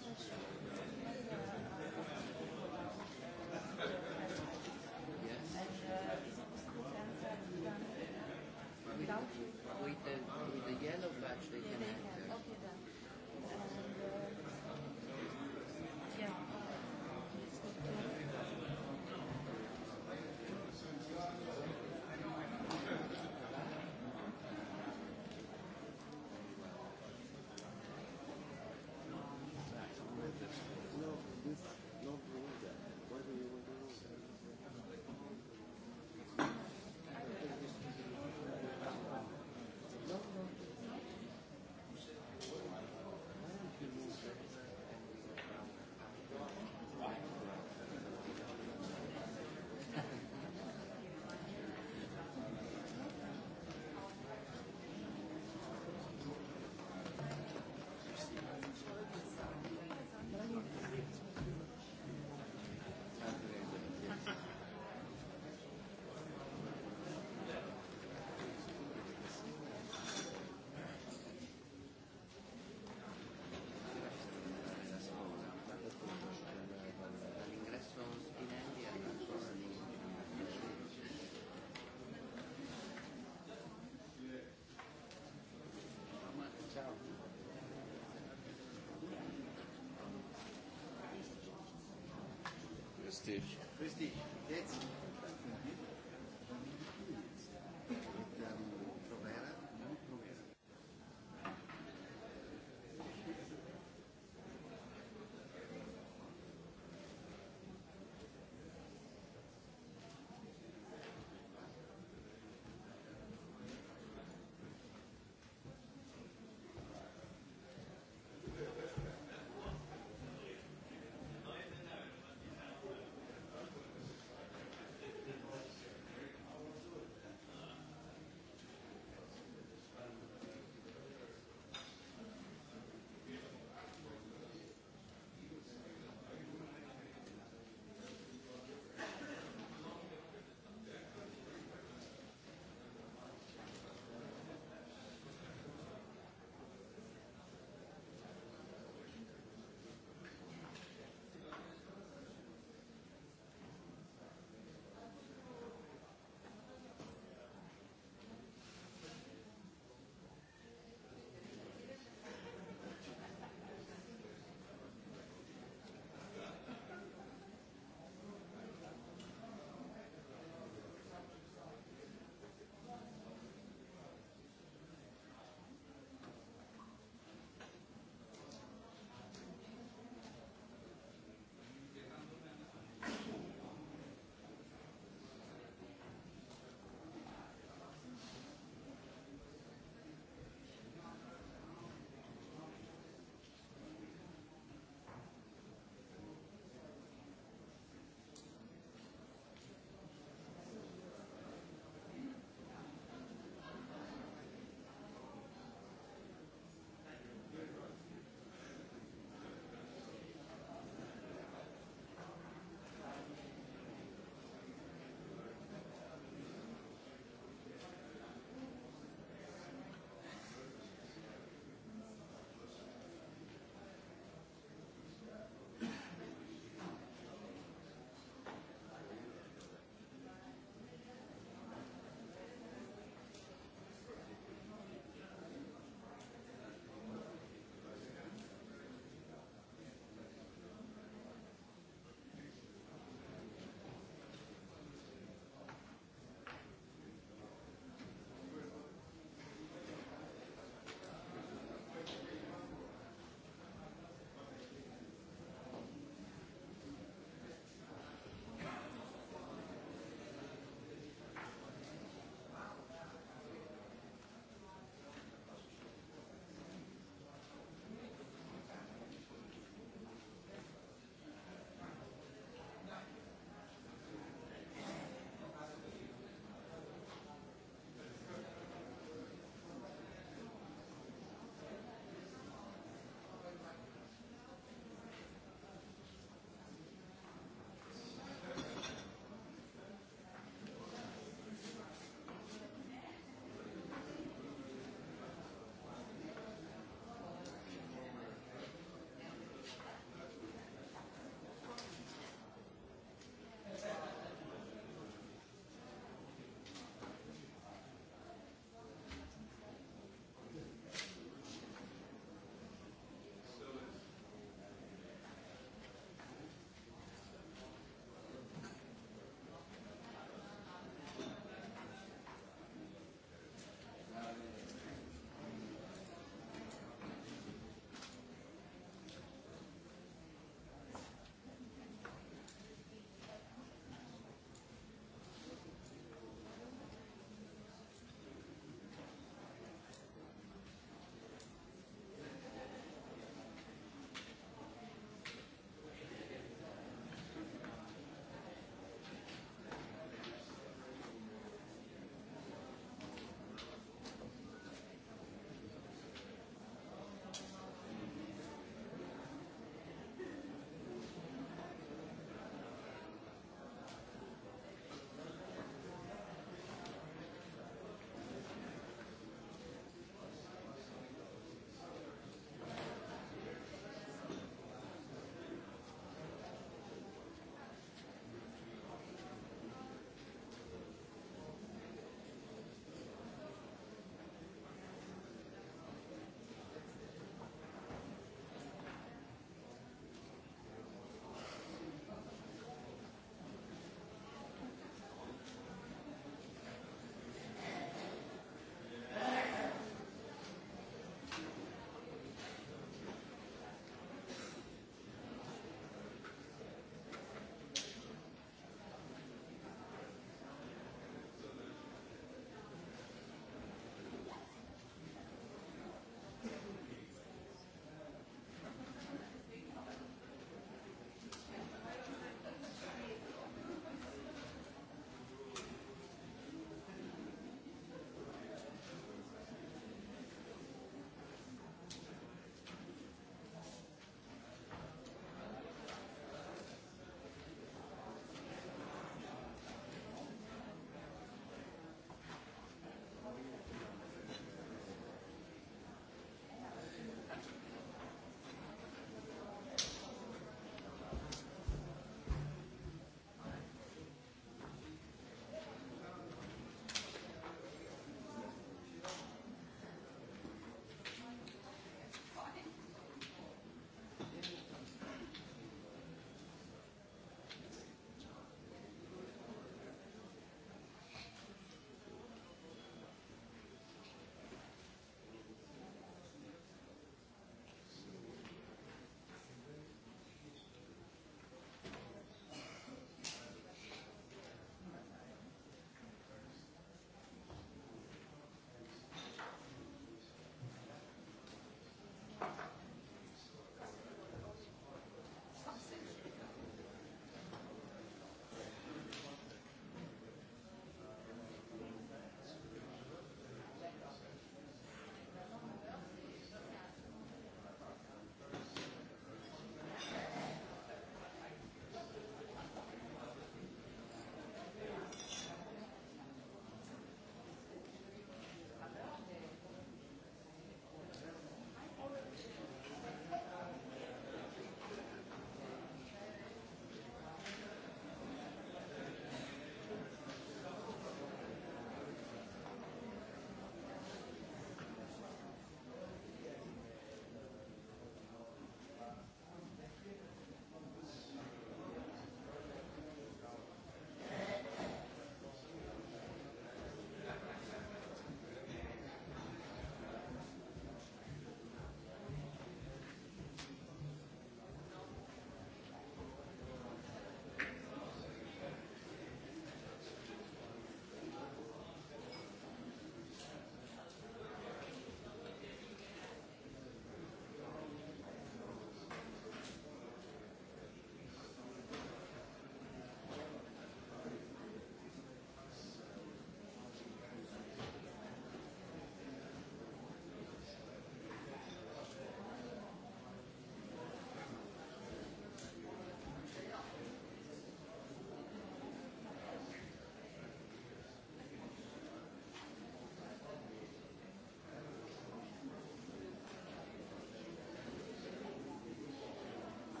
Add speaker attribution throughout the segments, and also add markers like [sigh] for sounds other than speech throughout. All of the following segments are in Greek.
Speaker 1: Υπότιτλοι AUTHORWAVE
Speaker 2: Richtig. Richtig. Jetzt.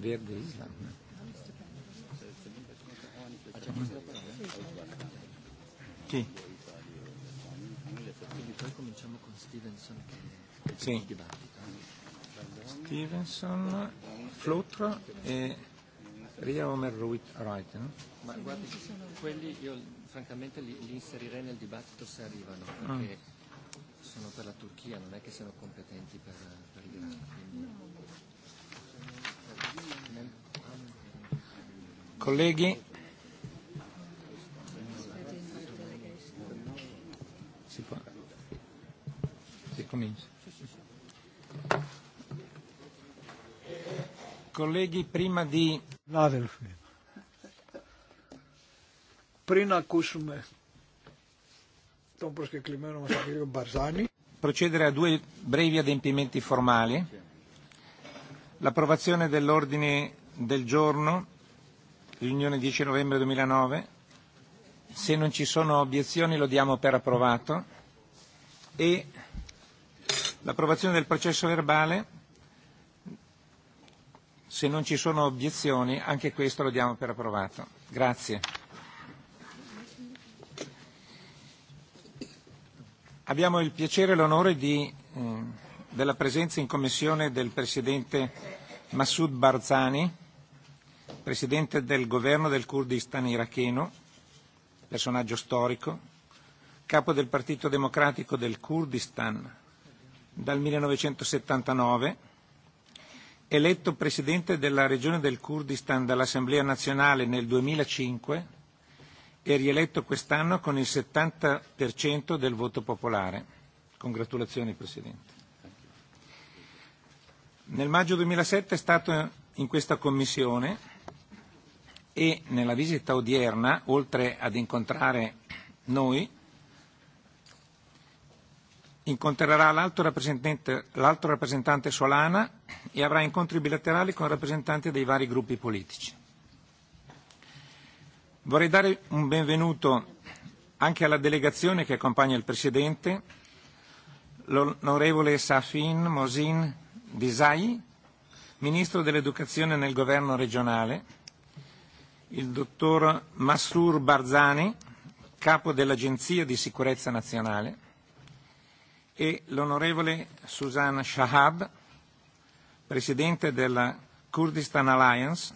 Speaker 3: Verde Ισλάμ.
Speaker 4: Chi? Quindi poi
Speaker 3: cominciamo con Stevenson che è dibattito. Stevenson, Flutra e Ria Ruit Wright. No? Ma guardi, quelli io francamente li, li inserirei nel dibattito se arrivano, perché sono per la Turchia, non è che siano competenti per, per Colleghi? Si può? Si comincia. Colleghi, prima di...
Speaker 5: Πριν ακούσουμε τον προσκεκλημένο μας κύριο Μπαρζάνη
Speaker 3: procedere a due brevi adempimenti formali. L'approvazione dell'ordine del giorno, riunione 10 novembre 2009. Se non ci sono obiezioni lo diamo per approvato. E l'approvazione del processo verbale, se non ci sono obiezioni, anche questo lo diamo per approvato. Grazie. Abbiamo il piacere e l'onore della presenza in Commissione del Presidente Massoud Barzani, Presidente del Governo del Kurdistan iracheno, personaggio storico, capo del Partito Democratico del Kurdistan dal 1979, eletto Presidente della Regione del Kurdistan dall'Assemblea Nazionale nel 2005 e rieletto quest'anno con il 70% del voto popolare. Congratulazioni Presidente. Nel maggio 2007 è stato in questa Commissione e nella visita odierna, oltre ad incontrare noi, incontrerà l'alto rappresentante Solana e avrà incontri bilaterali con rappresentanti dei vari gruppi politici. Vorrei dare un benvenuto anche alla delegazione che accompagna il Presidente, l'onorevole Safin Mosin Dizay, Ministro dell'Educazione nel Governo regionale, il Dottor Massur Barzani, Capo dell'Agenzia di Sicurezza Nazionale, e l'onorevole Susan Shahab, Presidente della Kurdistan Alliance,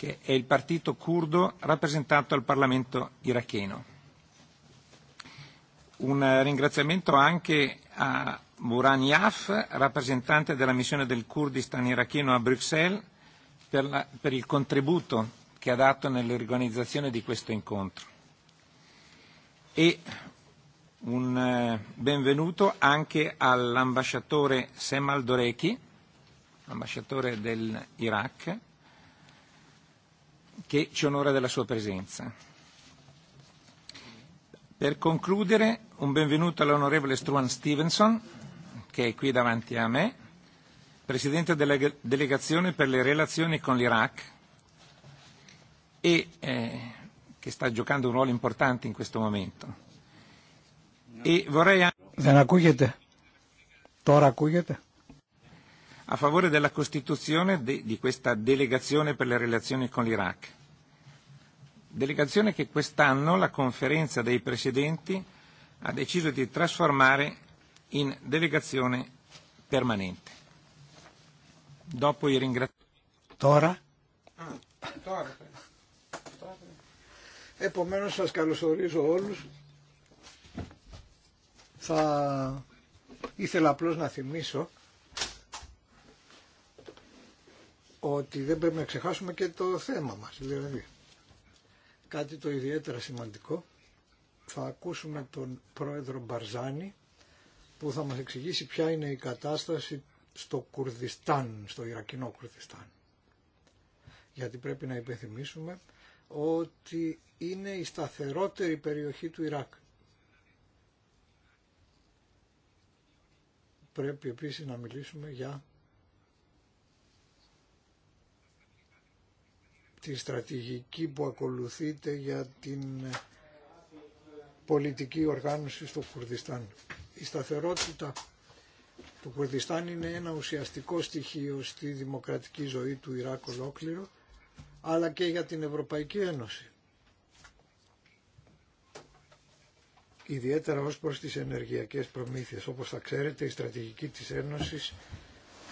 Speaker 3: che è il partito curdo rappresentato al Parlamento iracheno. Un ringraziamento anche a Muran Yaf, rappresentante della missione del Kurdistan iracheno a Bruxelles, per il contributo che ha dato nell'organizzazione di questo incontro. E un benvenuto anche all'ambasciatore Semal Dorechi, ambasciatore dell'Iraq, che ci onora della sua presenza. Per concludere, un benvenuto all'onorevole Struan Stevenson, che è qui davanti a me, Presidente della Delegazione per le relazioni con l'Iraq e che sta giocando un ruolo importante in questo momento. E vorrei a favore della costituzione di questa delegazione per le relazioni con l'Iraq. Delegazione che quest'anno la conferenza dei presidenti ha deciso di trasformare in delegazione permanente. Dopo i ringraziamenti.
Speaker 5: ήθελα απλώς να θυμίσω ότι δεν πρέπει να ξεχάσουμε και το θέμα μας. Δηλαδή, κάτι το ιδιαίτερα σημαντικό, θα ακούσουμε τον πρόεδρο Μπαρζάνη που θα μας εξηγήσει ποια είναι η κατάσταση στο Κουρδιστάν, στο Ιρακινό Κουρδιστάν. Γιατί πρέπει να υπενθυμίσουμε ότι είναι η σταθερότερη περιοχή του Ιράκ. Πρέπει επίσης να μιλήσουμε για τη στρατηγική που ακολουθείται για την πολιτική οργάνωση στο Κουρδιστάν. Η σταθερότητα του Κουρδιστάν είναι ένα ουσιαστικό στοιχείο στη δημοκρατική ζωή του Ιράκ ολόκληρο, αλλά και για την Ευρωπαϊκή Ένωση. Ιδιαίτερα ως προς τις ενεργειακές προμήθειες. Όπως θα ξέρετε, η στρατηγική της Ένωσης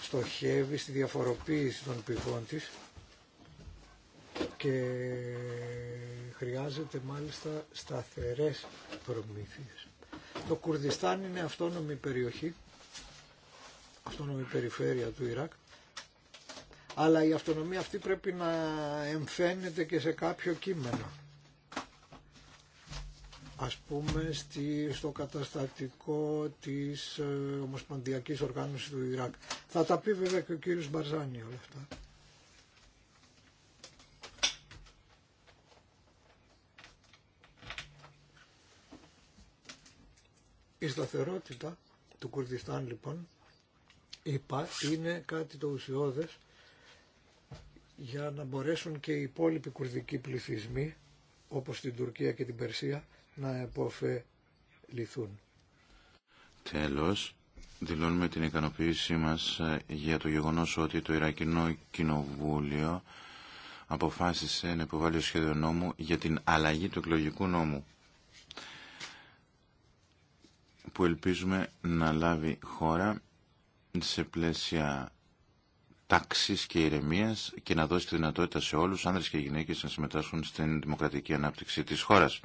Speaker 5: στοχεύει στη διαφοροποίηση των πηγών της και χρειάζεται μάλιστα σταθερές προμήθειες. Το Κουρδιστάν είναι αυτόνομη περιοχή, αυτόνομη περιφέρεια του Ιράκ, αλλά η αυτονομία αυτή πρέπει να εμφαίνεται και σε κάποιο κείμενο. Ας πούμε στη, στο καταστατικό της ε, Ομοσπονδιακής Οργάνωσης του Ιράκ. Θα τα πει βέβαια και ο κύριος Μπαρζάνη όλα αυτά. Η σταθερότητα του Κουρδιστάν λοιπόν είπα είναι κάτι το ουσιώδες για να μπορέσουν και οι υπόλοιποι κουρδικοί πληθυσμοί όπως την Τουρκία και την Περσία να επωφεληθούν.
Speaker 2: Τέλος, δηλώνουμε την ικανοποίησή μας ε, για το γεγονός ότι το Ιρακινό Κοινοβούλιο αποφάσισε να υποβάλει ο σχέδιο νόμου για την αλλαγή του εκλογικού νόμου που ελπίζουμε να λάβει χώρα σε πλαίσια τάξης και ηρεμίας και να δώσει τη δυνατότητα σε όλους, άνδρες και γυναίκες, να συμμετάσχουν στην δημοκρατική ανάπτυξη της χώρας.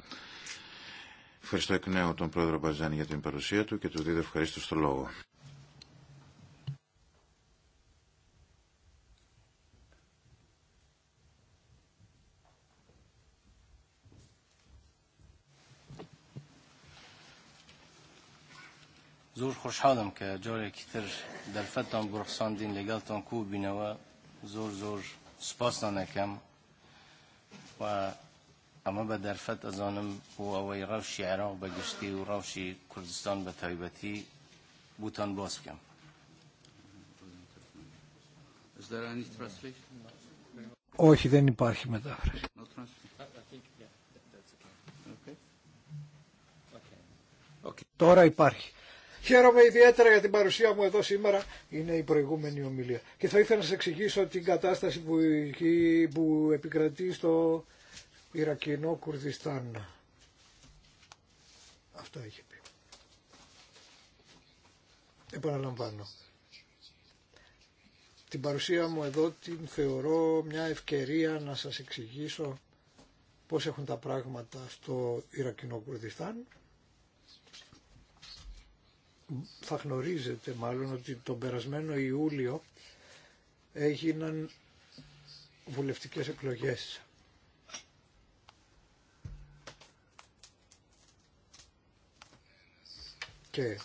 Speaker 2: Ευχαριστώ εκ νέου τον πρόεδρο Μπαζάνη για την παρουσία του και του δίδω ευχαρίστω στο λόγο.
Speaker 1: زور خوشحالم که کە جارێکی تر دەرفەتان بڕخساندین لەگەڵتان کو بینوا زور زور سپاس نکم و اما ئەمە بە دەرفەت ئەزانم بۆ ئەوەی ڕەوشی عێراق بەگشتی و ڕەوشی کردستان بە تایبەتی بوتان
Speaker 5: باز کم Όχι, δεν υπάρχει μετάφραση. Τώρα υπάρχει. Χαίρομαι ιδιαίτερα για την παρουσία μου εδώ σήμερα. Είναι η προηγούμενη ομιλία. Και θα ήθελα να σα εξηγήσω την κατάσταση που, που επικρατεί στο Ιρακινό Κουρδιστάν. Αυτό έχει πει. Επαναλαμβάνω. Την παρουσία μου εδώ την θεωρώ μια ευκαιρία να σας εξηγήσω πώς έχουν τα πράγματα στο Ιρακινό Κουρδιστάν θα γνωρίζετε μάλλον ότι τον περασμένο Ιούλιο έγιναν βουλευτικές εκλογές. Και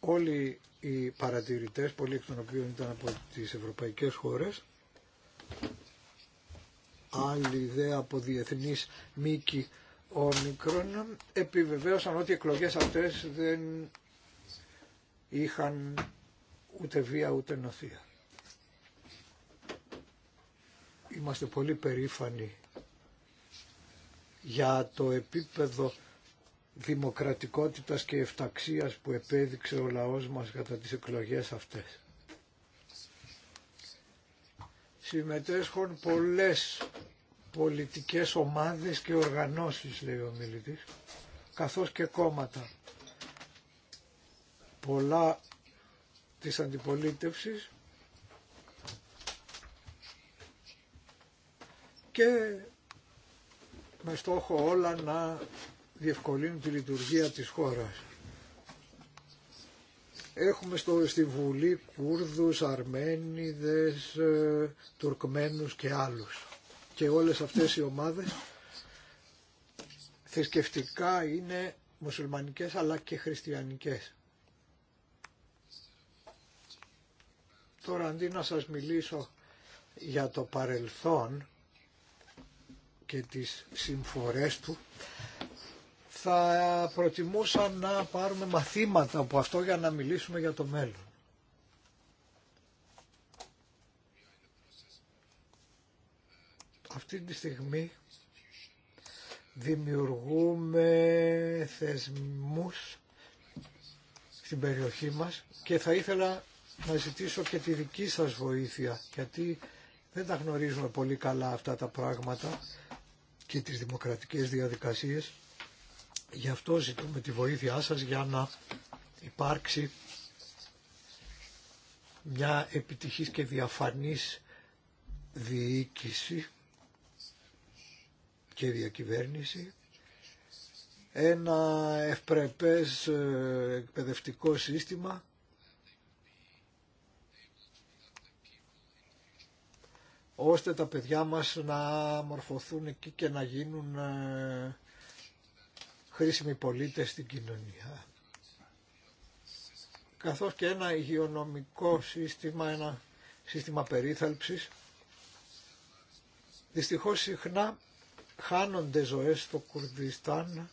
Speaker 5: όλοι οι παρατηρητές, πολλοί εκ των οποίων ήταν από τις ευρωπαϊκές χώρες, άλλη ιδέα από διεθνείς μήκη όμικρον επιβεβαίωσαν ότι οι εκλογές αυτές δεν είχαν ούτε βία ούτε νοθεία. Είμαστε πολύ περήφανοι για το επίπεδο δημοκρατικότητας και εφταξίας που επέδειξε ο λαός μας κατά τις εκλογές αυτές. Συμμετέσχουν πολλές πολιτικές ομάδες και οργανώσεις, λέει ο μιλητής, καθώς και κόμματα. Πολλά της αντιπολίτευσης και με στόχο όλα να διευκολύνουν τη λειτουργία της χώρας. Έχουμε στο, στη Βουλή Κούρδους, Αρμένιδες, ε, Τουρκμένους και άλλους και όλες αυτές οι ομάδες θρησκευτικά είναι μουσουλμανικές αλλά και χριστιανικές. Τώρα αντί να σας μιλήσω για το παρελθόν και τις συμφορές του, θα προτιμούσα να πάρουμε μαθήματα από αυτό για να μιλήσουμε για το μέλλον. Αυτή τη στιγμή δημιουργούμε θεσμούς στην περιοχή μας και θα ήθελα να ζητήσω και τη δική σας βοήθεια γιατί δεν τα γνωρίζουμε πολύ καλά αυτά τα πράγματα και τις δημοκρατικές διαδικασίες. Γι' αυτό ζητούμε τη βοήθειά σας για να υπάρξει μια επιτυχής και διαφανής διοίκηση και διακυβέρνηση ένα ευπρεπές ε, εκπαιδευτικό σύστημα ώστε τα παιδιά μας να μορφωθούν εκεί και να γίνουν ε, χρήσιμοι πολίτες στην κοινωνία. Καθώς και ένα υγειονομικό σύστημα, ένα σύστημα περίθαλψης. Δυστυχώς συχνά χάνονται ζωές στο Κουρδιστάν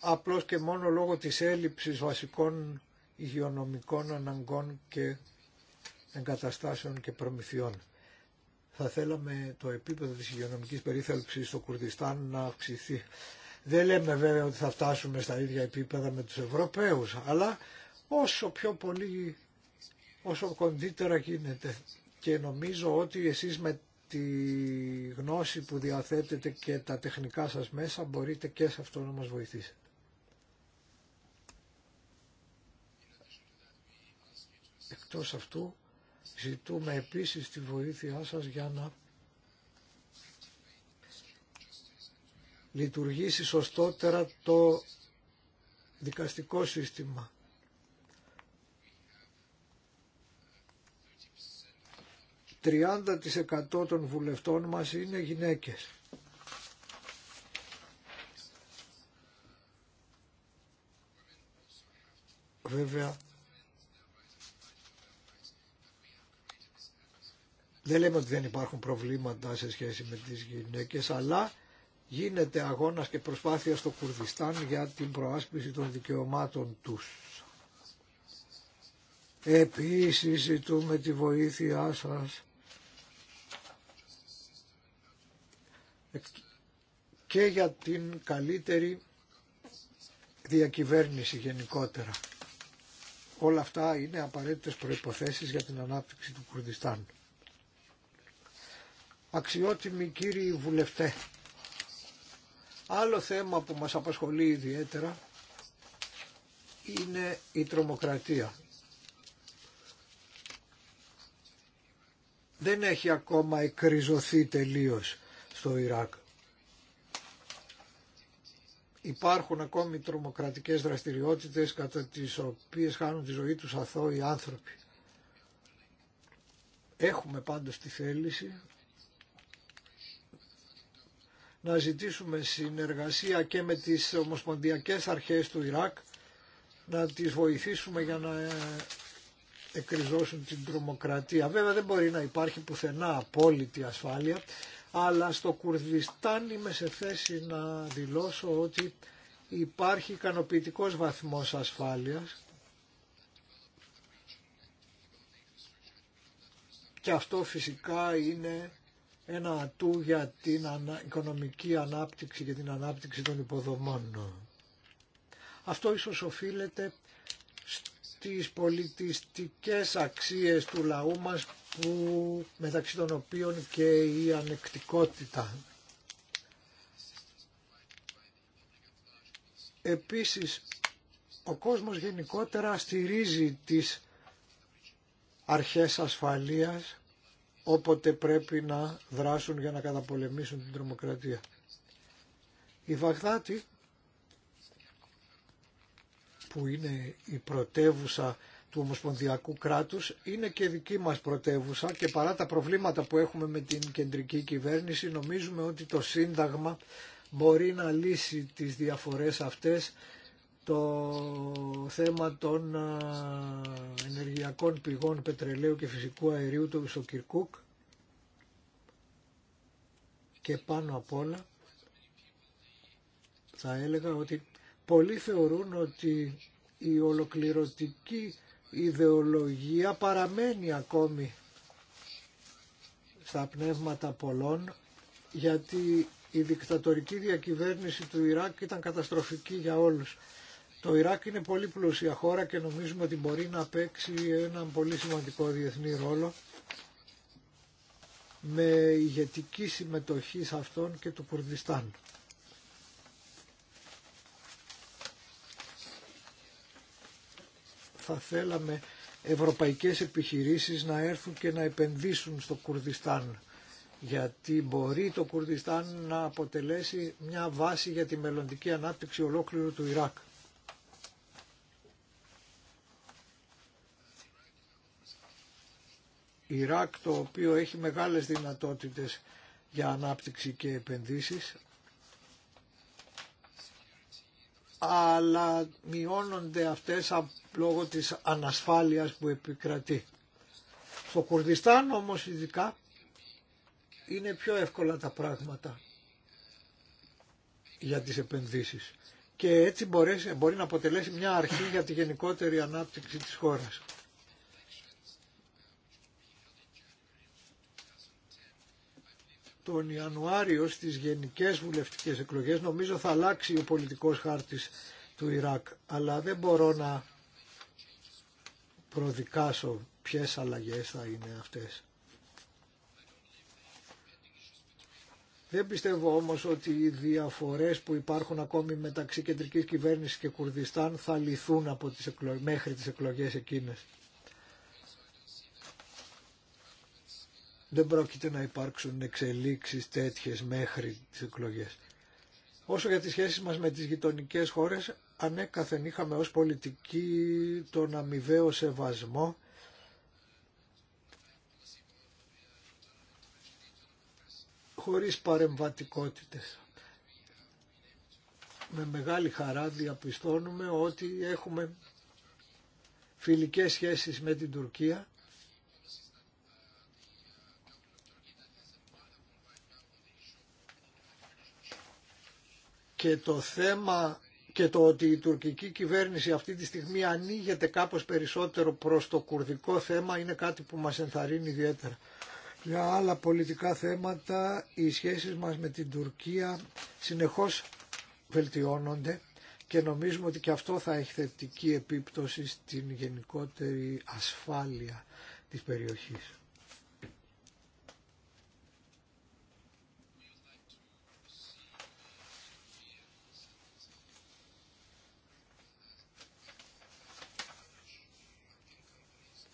Speaker 5: απλώς και μόνο λόγω της έλλειψης βασικών υγειονομικών αναγκών και εγκαταστάσεων και προμηθειών. Θα θέλαμε το επίπεδο της υγειονομικής περίθαλψης στο Κουρδιστάν να αυξηθεί. Δεν λέμε βέβαια ότι θα φτάσουμε στα ίδια επίπεδα με τους Ευρωπαίους, αλλά όσο πιο πολύ, όσο κοντύτερα γίνεται. Και νομίζω ότι εσείς με τη γνώση που διαθέτετε και τα τεχνικά σας μέσα μπορείτε και σε αυτό να μας βοηθήσετε. Εκτός αυτού ζητούμε επίσης τη βοήθειά σας για να λειτουργήσει σωστότερα το δικαστικό σύστημα 30% των βουλευτών μας είναι γυναίκες. Βέβαια, δεν λέμε ότι δεν υπάρχουν προβλήματα σε σχέση με τις γυναίκες, αλλά γίνεται αγώνας και προσπάθεια στο Κουρδιστάν για την προάσπιση των δικαιωμάτων τους. Επίσης ζητούμε τη βοήθειά σας και για την καλύτερη διακυβέρνηση γενικότερα. Όλα αυτά είναι απαραίτητες προϋποθέσεις για την ανάπτυξη του Κουρδιστάν. Αξιότιμοι κύριοι βουλευτέ, άλλο θέμα που μας απασχολεί ιδιαίτερα είναι η τρομοκρατία. Δεν έχει ακόμα εκκριζωθεί τελείως στο Ιράκ. Υπάρχουν ακόμη τρομοκρατικές δραστηριότητες κατά τις οποίες χάνουν τη ζωή τους αθώοι άνθρωποι. Έχουμε πάντως τη θέληση να ζητήσουμε συνεργασία και με τις ομοσπονδιακές αρχές του Ιράκ να τις βοηθήσουμε για να εκριζώσουν την τρομοκρατία. Βέβαια δεν μπορεί να υπάρχει πουθενά απόλυτη ασφάλεια αλλά στο Κουρδιστάν είμαι σε θέση να δηλώσω ότι υπάρχει ικανοποιητικό βαθμός ασφάλειας και αυτό φυσικά είναι ένα ατού για την οικονομική ανάπτυξη και την ανάπτυξη των υποδομών. Αυτό ίσως οφείλεται τις πολιτιστικές αξίες του λαού μας που, μεταξύ των οποίων και η ανεκτικότητα. Επίσης, ο κόσμος γενικότερα στηρίζει τις αρχές ασφαλείας όποτε πρέπει να δράσουν για να καταπολεμήσουν την τρομοκρατία. Η Βαγδάτη που είναι η πρωτεύουσα του Ομοσπονδιακού κράτους είναι και δική μας πρωτεύουσα και παρά τα προβλήματα που έχουμε με την κεντρική κυβέρνηση νομίζουμε ότι το Σύνταγμα μπορεί να λύσει τις διαφορές αυτές το θέμα των ενεργειακών πηγών πετρελαίου και φυσικού αερίου του Ισοκυρκούκ και πάνω απ' όλα θα έλεγα ότι Πολλοί θεωρούν ότι η ολοκληρωτική ιδεολογία παραμένει ακόμη στα πνεύματα πολλών γιατί η δικτατορική διακυβέρνηση του Ιράκ ήταν καταστροφική για όλους. Το Ιράκ είναι πολύ πλούσια χώρα και νομίζουμε ότι μπορεί να παίξει έναν πολύ σημαντικό διεθνή ρόλο με ηγετική συμμετοχή σε αυτόν και του Κουρδιστάν. θα θέλαμε ευρωπαϊκές επιχειρήσεις να έρθουν και να επενδύσουν στο Κουρδιστάν γιατί μπορεί το Κουρδιστάν να αποτελέσει μια βάση για τη μελλοντική ανάπτυξη ολόκληρου του Ιράκ. Ιράκ το οποίο έχει μεγάλες δυνατότητες για ανάπτυξη και επενδύσεις αλλά μειώνονται αυτές λόγω της ανασφάλειας που επικρατεί. Στο Κουρδιστάν όμως ειδικά είναι πιο εύκολα τα πράγματα για τις επενδύσεις και έτσι μπορέσει, μπορεί να αποτελέσει μια αρχή για τη γενικότερη ανάπτυξη της χώρας. Τον Ιανουάριο στις γενικές βουλευτικές εκλογές νομίζω θα αλλάξει ο πολιτικός χάρτης του Ιράκ αλλά δεν μπορώ να προδικάσω ποιες αλλαγές θα είναι αυτές. Δεν πιστεύω όμως ότι οι διαφορές που υπάρχουν ακόμη μεταξύ κεντρικής κυβέρνησης και Κουρδιστάν θα λυθούν από τις εκλογές, μέχρι τις εκλογές εκείνες. Δεν πρόκειται να υπάρξουν εξελίξεις τέτοιες μέχρι τις εκλογές. Όσο για τις σχέσεις μας με τις γειτονικές χώρες, ανέκαθεν είχαμε ως πολιτική τον αμοιβαίο σεβασμό χωρίς παρεμβατικότητες. Με μεγάλη χαρά διαπιστώνουμε ότι έχουμε φιλικές σχέσεις με την Τουρκία και το θέμα και το ότι η τουρκική κυβέρνηση αυτή τη στιγμή ανοίγεται κάπως περισσότερο προς το κουρδικό θέμα είναι κάτι που μας ενθαρρύνει ιδιαίτερα. Για άλλα πολιτικά θέματα οι σχέσεις μας με την Τουρκία συνεχώς βελτιώνονται και νομίζουμε ότι και αυτό θα έχει θετική επίπτωση στην γενικότερη ασφάλεια της περιοχής.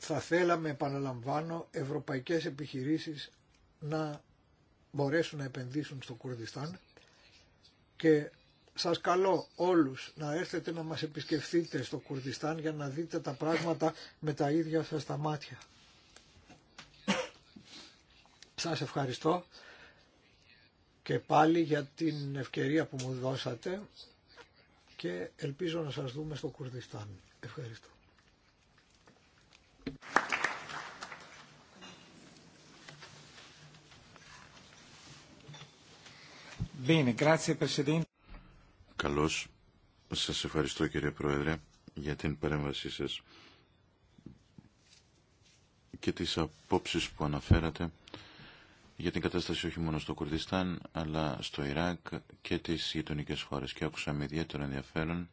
Speaker 5: θα θέλαμε, επαναλαμβάνω, ευρωπαϊκές επιχειρήσεις να μπορέσουν να επενδύσουν στο Κουρδιστάν και σας καλώ όλους να έρθετε να μας επισκεφθείτε στο Κουρδιστάν για να δείτε τα πράγματα με τα ίδια σας τα μάτια. Σας ευχαριστώ και πάλι για την ευκαιρία που μου δώσατε και ελπίζω να σας δούμε στο Κουρδιστάν. Ευχαριστώ.
Speaker 2: Καλώς. Σας ευχαριστώ κύριε Πρόεδρε για την παρέμβασή σας και τις απόψεις που αναφέρατε για την κατάσταση όχι μόνο στο Κουρδιστάν αλλά στο Ιράκ και τις γειτονικέ χώρες και άκουσα με ιδιαίτερο ενδιαφέρον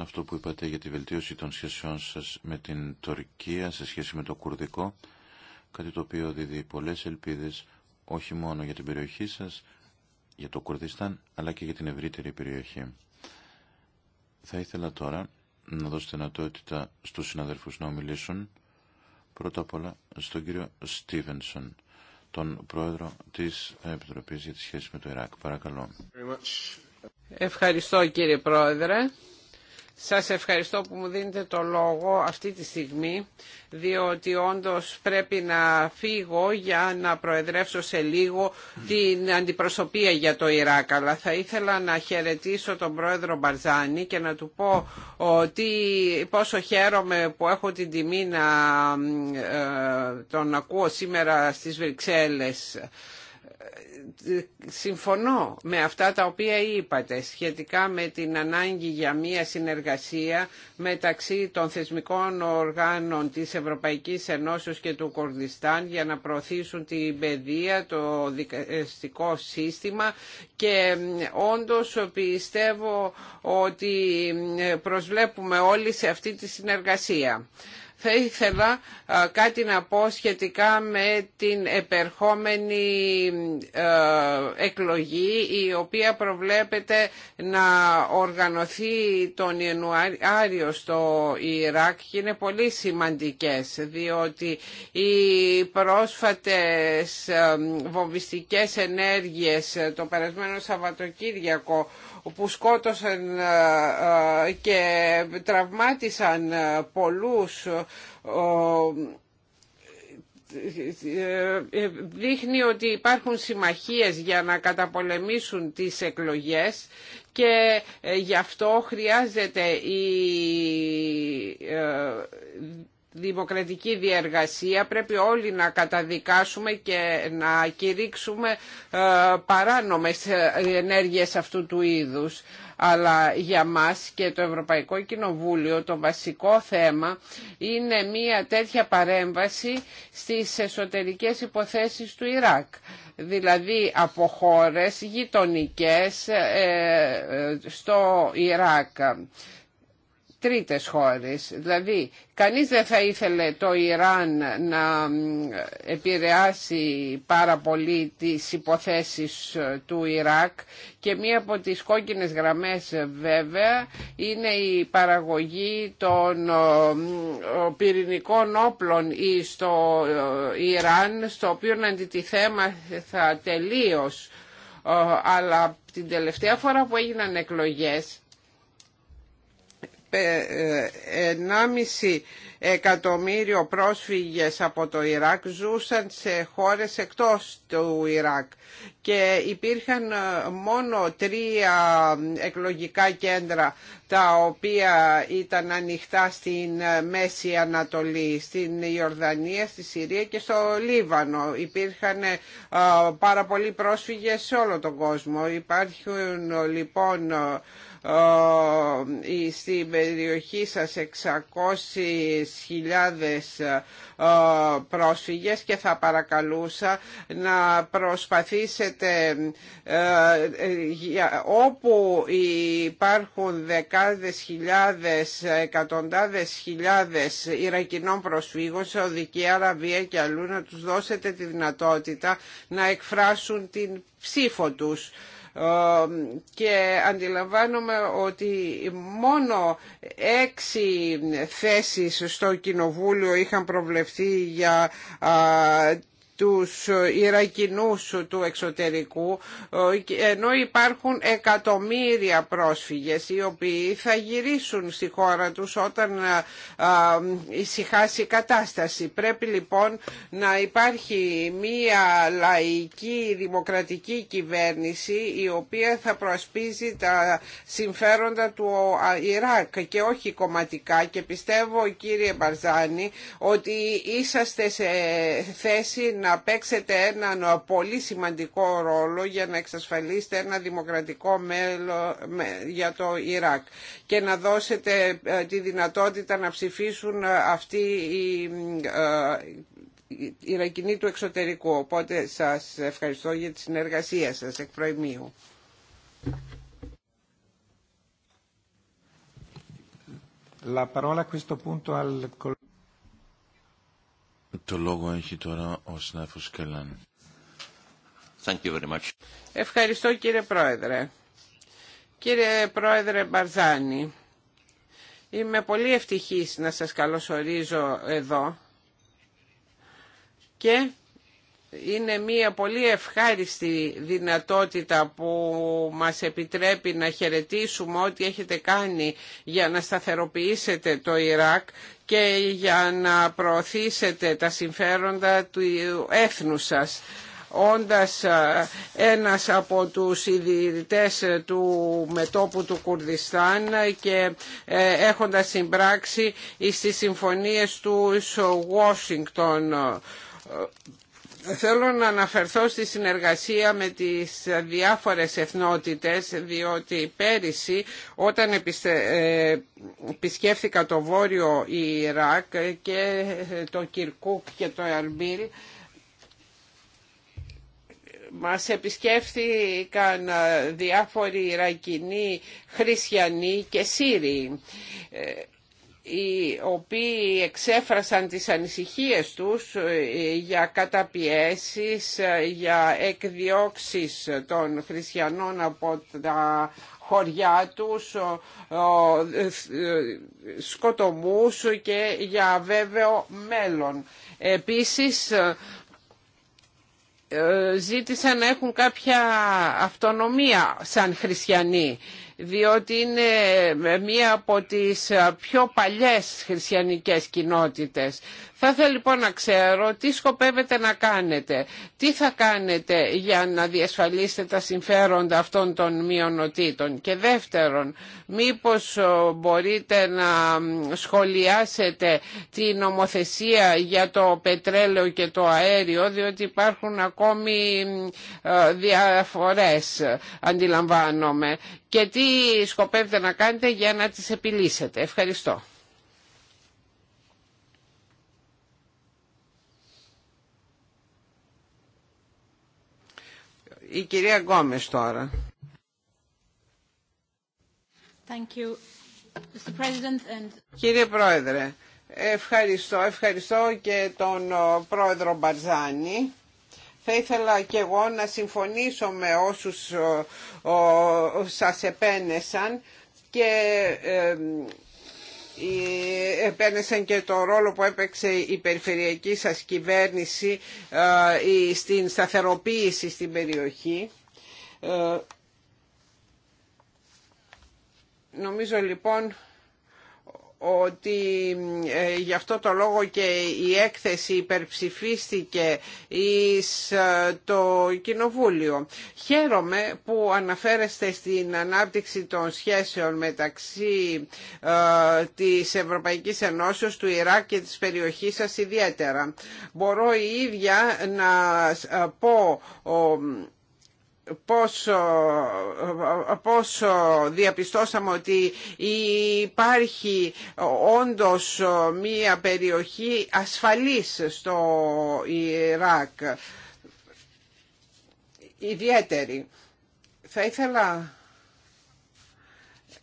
Speaker 2: αυτό που είπατε για τη βελτίωση των σχέσεών σας με την Τουρκία σε σχέση με το Κουρδικό, κάτι το οποίο δίδει πολλές ελπίδες όχι μόνο για την περιοχή σας, για το Κουρδιστάν, αλλά και για την ευρύτερη περιοχή. Θα ήθελα τώρα να δώσω δυνατότητα στους συναδελφούς να ομιλήσουν, πρώτα απ' όλα στον κύριο Στίβενσον, τον πρόεδρο της Επιτροπής για τη σχέση με το Ιράκ. Παρακαλώ.
Speaker 4: Ευχαριστώ κύριε πρόεδρε. Σας ευχαριστώ που μου δίνετε το λόγο αυτή τη στιγμή, διότι όντως πρέπει να φύγω για να προεδρεύσω σε λίγο την αντιπροσωπεία για το Ιράκ. Αλλά θα ήθελα να χαιρετήσω τον πρόεδρο Μπαρζάνη και να του πω ότι πόσο χαίρομαι που έχω την τιμή να ε, τον ακούω σήμερα στις Βρυξέλλες συμφωνώ με αυτά τα οποία είπατε σχετικά με την ανάγκη για μία συνεργασία μεταξύ των θεσμικών οργάνων της Ευρωπαϊκής Ενώσεως και του Κορδιστάν για να προωθήσουν την παιδεία, το δικαστικό σύστημα και όντως πιστεύω ότι προσβλέπουμε όλοι σε αυτή τη συνεργασία. Θα ήθελα κάτι να πω σχετικά με την επερχόμενη εκλογή η οποία προβλέπεται να οργανωθεί τον Ιανουάριο στο Ιράκ και είναι πολύ σημαντικές διότι οι πρόσφατες βομβιστικές ενέργειες το περασμένο Σαββατοκύριακο που σκότωσαν ε, ε, και τραυμάτισαν ε, πολλούς δείχνει ότι υπάρχουν συμμαχίες για να καταπολεμήσουν τις εκλογές και γι' αυτό χρειάζεται η δημοκρατική διεργασία πρέπει όλοι να καταδικάσουμε και να κηρύξουμε ε, παράνομες ε, ενέργειες αυτού του είδους. Αλλά για μας και το Ευρωπαϊκό Κοινοβούλιο το βασικό θέμα είναι μια τέτοια παρέμβαση στις εσωτερικές υποθέσεις του Ιράκ δηλαδή από χώρες γειτονικές ε, στο Ιράκ τρίτες χώρες. Δηλαδή, κανείς δεν θα ήθελε το Ιράν να επηρεάσει πάρα πολύ τις υποθέσεις ε, του Ιράκ και μία από τις κόκκινες γραμμές ε, βέβαια είναι η παραγωγή των ε, πυρηνικών όπλων στο Ιράν, στο οποίο θα τελείως αλλά την τελευταία φορά που έγιναν εκλογές 1,5 ε, εκατομμύριο πρόσφυγες από το Ιράκ ζούσαν σε χώρες εκτός του Ιράκ και υπήρχαν ε, μόνο τρία εκλογικά κέντρα τα οποία ήταν ανοιχτά στην ε, Μέση Ανατολή, στην Ιορδανία, στη Συρία και στο Λίβανο. Υπήρχαν πάρα πολλοί πρόσφυγες σε όλο τον κόσμο. Υπάρχουν λοιπόν στην περιοχή σας 600.000 ε, πρόσφυγες και θα παρακαλούσα να προσπαθήσετε ε, όπου υπάρχουν δεκάδες χιλιάδες, εκατοντάδες χιλιάδες Ιρακινών προσφύγων σε Οδική Αραβία και αλλού να τους δώσετε τη δυνατότητα να εκφράσουν την ψήφο τους και αντιλαμβάνομαι ότι μόνο έξι θέσεις στο Κοινοβούλιο είχαν προβλεφθεί για τους ε, Ιρακινούς του εξωτερικού ε, ενώ υπάρχουν εκατομμύρια πρόσφυγες οι οποίοι θα γυρίσουν στη χώρα τους όταν ε, ησυχάσει η κατάσταση. Πρέπει λοιπόν να υπάρχει μία λαϊκή δημοκρατική κυβέρνηση η οποία θα προασπίζει τα συμφέροντα του Ιράκ και όχι κομματικά και πιστεύω κύριε Μπαρζάνη ότι είσαστε σε θέση να να παίξετε έναν πολύ σημαντικό ρόλο για να εξασφαλίσετε ένα δημοκρατικό μέλο για το Ιράκ και να δώσετε ε, τη δυνατότητα να ψηφίσουν ε, αυτοί ε, οι Ιρακινοί του εξωτερικού. Οπότε σας ευχαριστώ για τη συνεργασία σας εκ προημίου.
Speaker 3: La parola a questo punto al
Speaker 2: το λόγο έχει τώρα ο συνάδελφος Κελάν. Thank you very much.
Speaker 4: Ευχαριστώ κύριε Πρόεδρε. Κύριε Πρόεδρε Μπαρζάνη, είμαι πολύ ευτυχής να σας καλωσορίζω εδώ και είναι μια πολύ ευχάριστη δυνατότητα που μας επιτρέπει να χαιρετήσουμε ό,τι έχετε κάνει για να σταθεροποιήσετε το Ιράκ και για να προωθήσετε τα συμφέροντα του έθνου σας όντας ένας από τους ιδιωτές του μετόπου του Κουρδιστάν και ε, έχοντας συμπράξει στις συμφωνίες του Ουάσιγκτον. Θέλω να αναφερθώ στη συνεργασία με τις διάφορες εθνότητες, διότι πέρυσι όταν ε, επισκέφθηκα το Βόρειο Ιράκ και το Κυρκούκ και το Αρμπίλ μας επισκέφθηκαν ε, διάφοροι Ιρακινοί, Χριστιανοί και Σύριοι. Ε, οι οποίοι εξέφρασαν τις ανησυχίες τους ε, για καταπιέσεις, ε, για εκδιώξεις των χριστιανών από τα χωριά τους, ε, σκοτωμούς και για βέβαιο μέλλον. Επίσης, ζήτησαν να έχουν κάποια αυτονομία σαν χριστιανοί διότι είναι μία από τις πιο παλιές χριστιανικές κοινότητες. Θα ήθελα λοιπόν να ξέρω τι σκοπεύετε να κάνετε, τι θα κάνετε για να διασφαλίσετε τα συμφέροντα αυτών των μειονοτήτων. Και δεύτερον, μήπως ε, μπορείτε να σχολιάσετε την νομοθεσία για το πετρέλαιο και το αέριο, διότι υπάρχουν ακόμη ε, διαφορές, αντιλαμβάνομαι και τι σκοπεύετε να κάνετε για να τις επιλύσετε. Ευχαριστώ. Η κυρία Γκόμες τώρα. Thank you. Mr. President and... Κύριε Πρόεδρε, ευχαριστώ. Ευχαριστώ και τον ε, Πρόεδρο Μπαρζάνη θα ήθελα και εγώ να συμφωνήσω με όσους ε, σας επένεσαν και ε, επένεσαν και το ρόλο που έπαιξε η περιφερειακή σας κυβέρνηση ε, στην σταθεροποίηση στην περιοχή. Νομίζω λοιπόν ότι ε, γι' αυτό το λόγο και η έκθεση υπερψηφίστηκε εις ε, το Κοινοβούλιο. Χαίρομαι που αναφέρεστε στην ανάπτυξη των σχέσεων μεταξύ ε, της Ευρωπαϊκής Ενώσεως, του Ιράκ και της περιοχής σας ιδιαίτερα. Μπορώ η ίδια να πω πόσο, πόσο διαπιστώσαμε ότι υπάρχει όντως μία περιοχή ασφαλής στο Ιράκ ιδιαίτερη. Θα ήθελα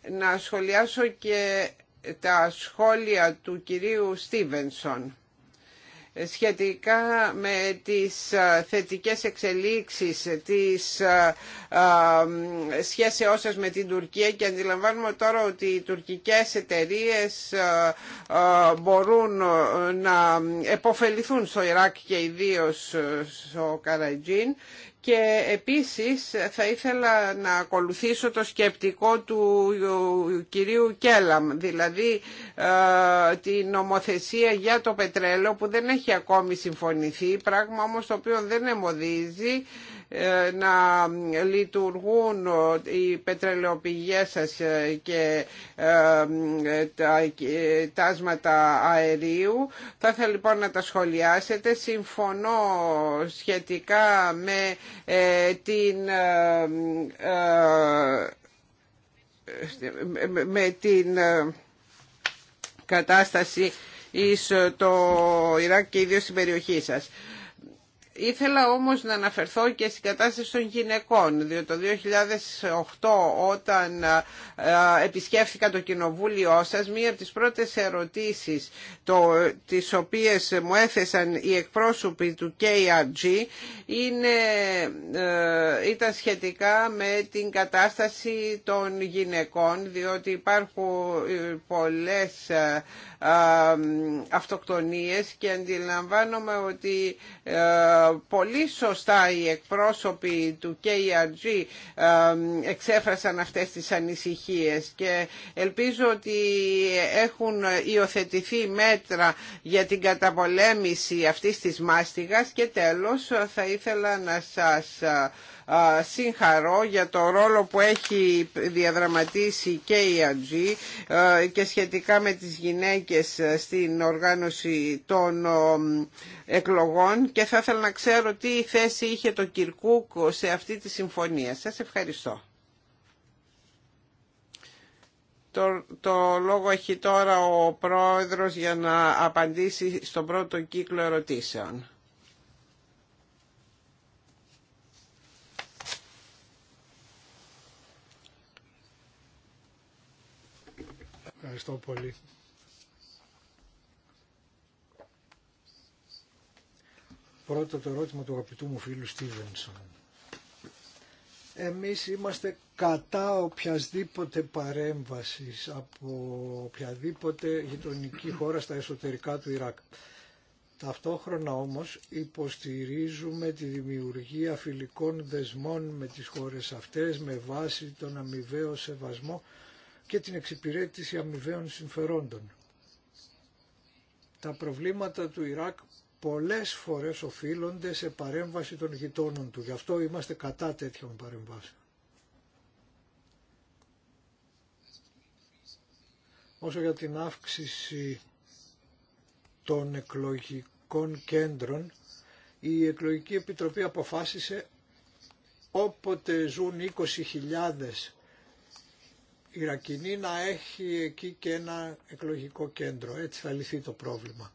Speaker 4: να σχολιάσω και τα σχόλια του κυρίου Στίβενσον σχετικά με τις ε, θετικές εξελίξεις της ε, ε, σχέσεώς σας με την Τουρκία και αντιλαμβάνουμε τώρα ότι οι τουρκικές εταιρείες μπορούν να επωφεληθούν στο Ιράκ και ιδίως στο Καρατζίν και επίσης θα ήθελα να ακολουθήσω το σκεπτικό του κυρίου Κέλαμ, δηλαδή ε, την νομοθεσία για το πετρέλαιο που δεν έχει ακόμη συμφωνηθεί, πράγμα όμως το οποίο δεν εμποδίζει ε, να λειτουργούν οι πετρελαιοπηγές σας ε, και ε, τα τάσματα αερίου. Θα ήθελα λοιπόν να τα σχολιάσετε. Συμφωνώ σχετικά με την με την κατάσταση εις το Ιράκ και ιδίως στην περιοχή σας. Ήθελα όμως να αναφερθώ και στην κατάσταση των γυναικών, διότι το 2008 όταν ε, επισκέφθηκα το κοινοβούλιο σας, μία από τις πρώτες ερωτήσεις το, τις οποίες μου έθεσαν οι εκπρόσωποι του KRG είναι, ε, ήταν σχετικά με την κατάσταση των γυναικών, διότι υπάρχουν ε, πολλές αυτοκτονίες και αντιλαμβάνομαι ότι πολύ σωστά οι εκπρόσωποι του KRG ε, εξέφρασαν αυτές τις ανησυχίες και ελπίζω ότι έχουν υιοθετηθεί μέτρα για την καταπολέμηση αυτής της μάστιγας και τέλος θα ήθελα να σας συγχαρώ για το ρόλο που έχει διαδραματίσει και η ΑΝΤΖΗ ε, και σχετικά με τις γυναίκες ε, στην οργάνωση των ε, εκλογών και θα ήθελα να ξέρω τι θέση είχε το Κυρκούκ σε αυτή τη συμφωνία. Σας ευχαριστώ. Το, το λόγο έχει τώρα ο πρόεδρος για να απαντήσει στον πρώτο κύκλο ερωτήσεων.
Speaker 5: Ευχαριστώ πολύ. Πρώτο το ερώτημα του αγαπητού μου φίλου Στίβενσον. Εμείς είμαστε κατά οποιασδήποτε παρέμβασης από οποιαδήποτε γειτονική χώρα στα εσωτερικά του Ιράκ. Ταυτόχρονα όμως υποστηρίζουμε τη δημιουργία φιλικών δεσμών με τις χώρες αυτές με βάση τον αμοιβαίο σεβασμό και την εξυπηρέτηση αμοιβαίων συμφερόντων. Τα προβλήματα του Ιράκ πολλές φορές οφείλονται σε παρέμβαση των γειτόνων του. Γι' αυτό είμαστε κατά τέτοιων παρεμβάσεων. Όσο για την αύξηση των εκλογικών κέντρων, η Εκλογική Επιτροπή αποφάσισε όποτε ζουν 20.000 ρακινή να έχει εκεί και ένα εκλογικό κέντρο. Έτσι θα λυθεί το πρόβλημα.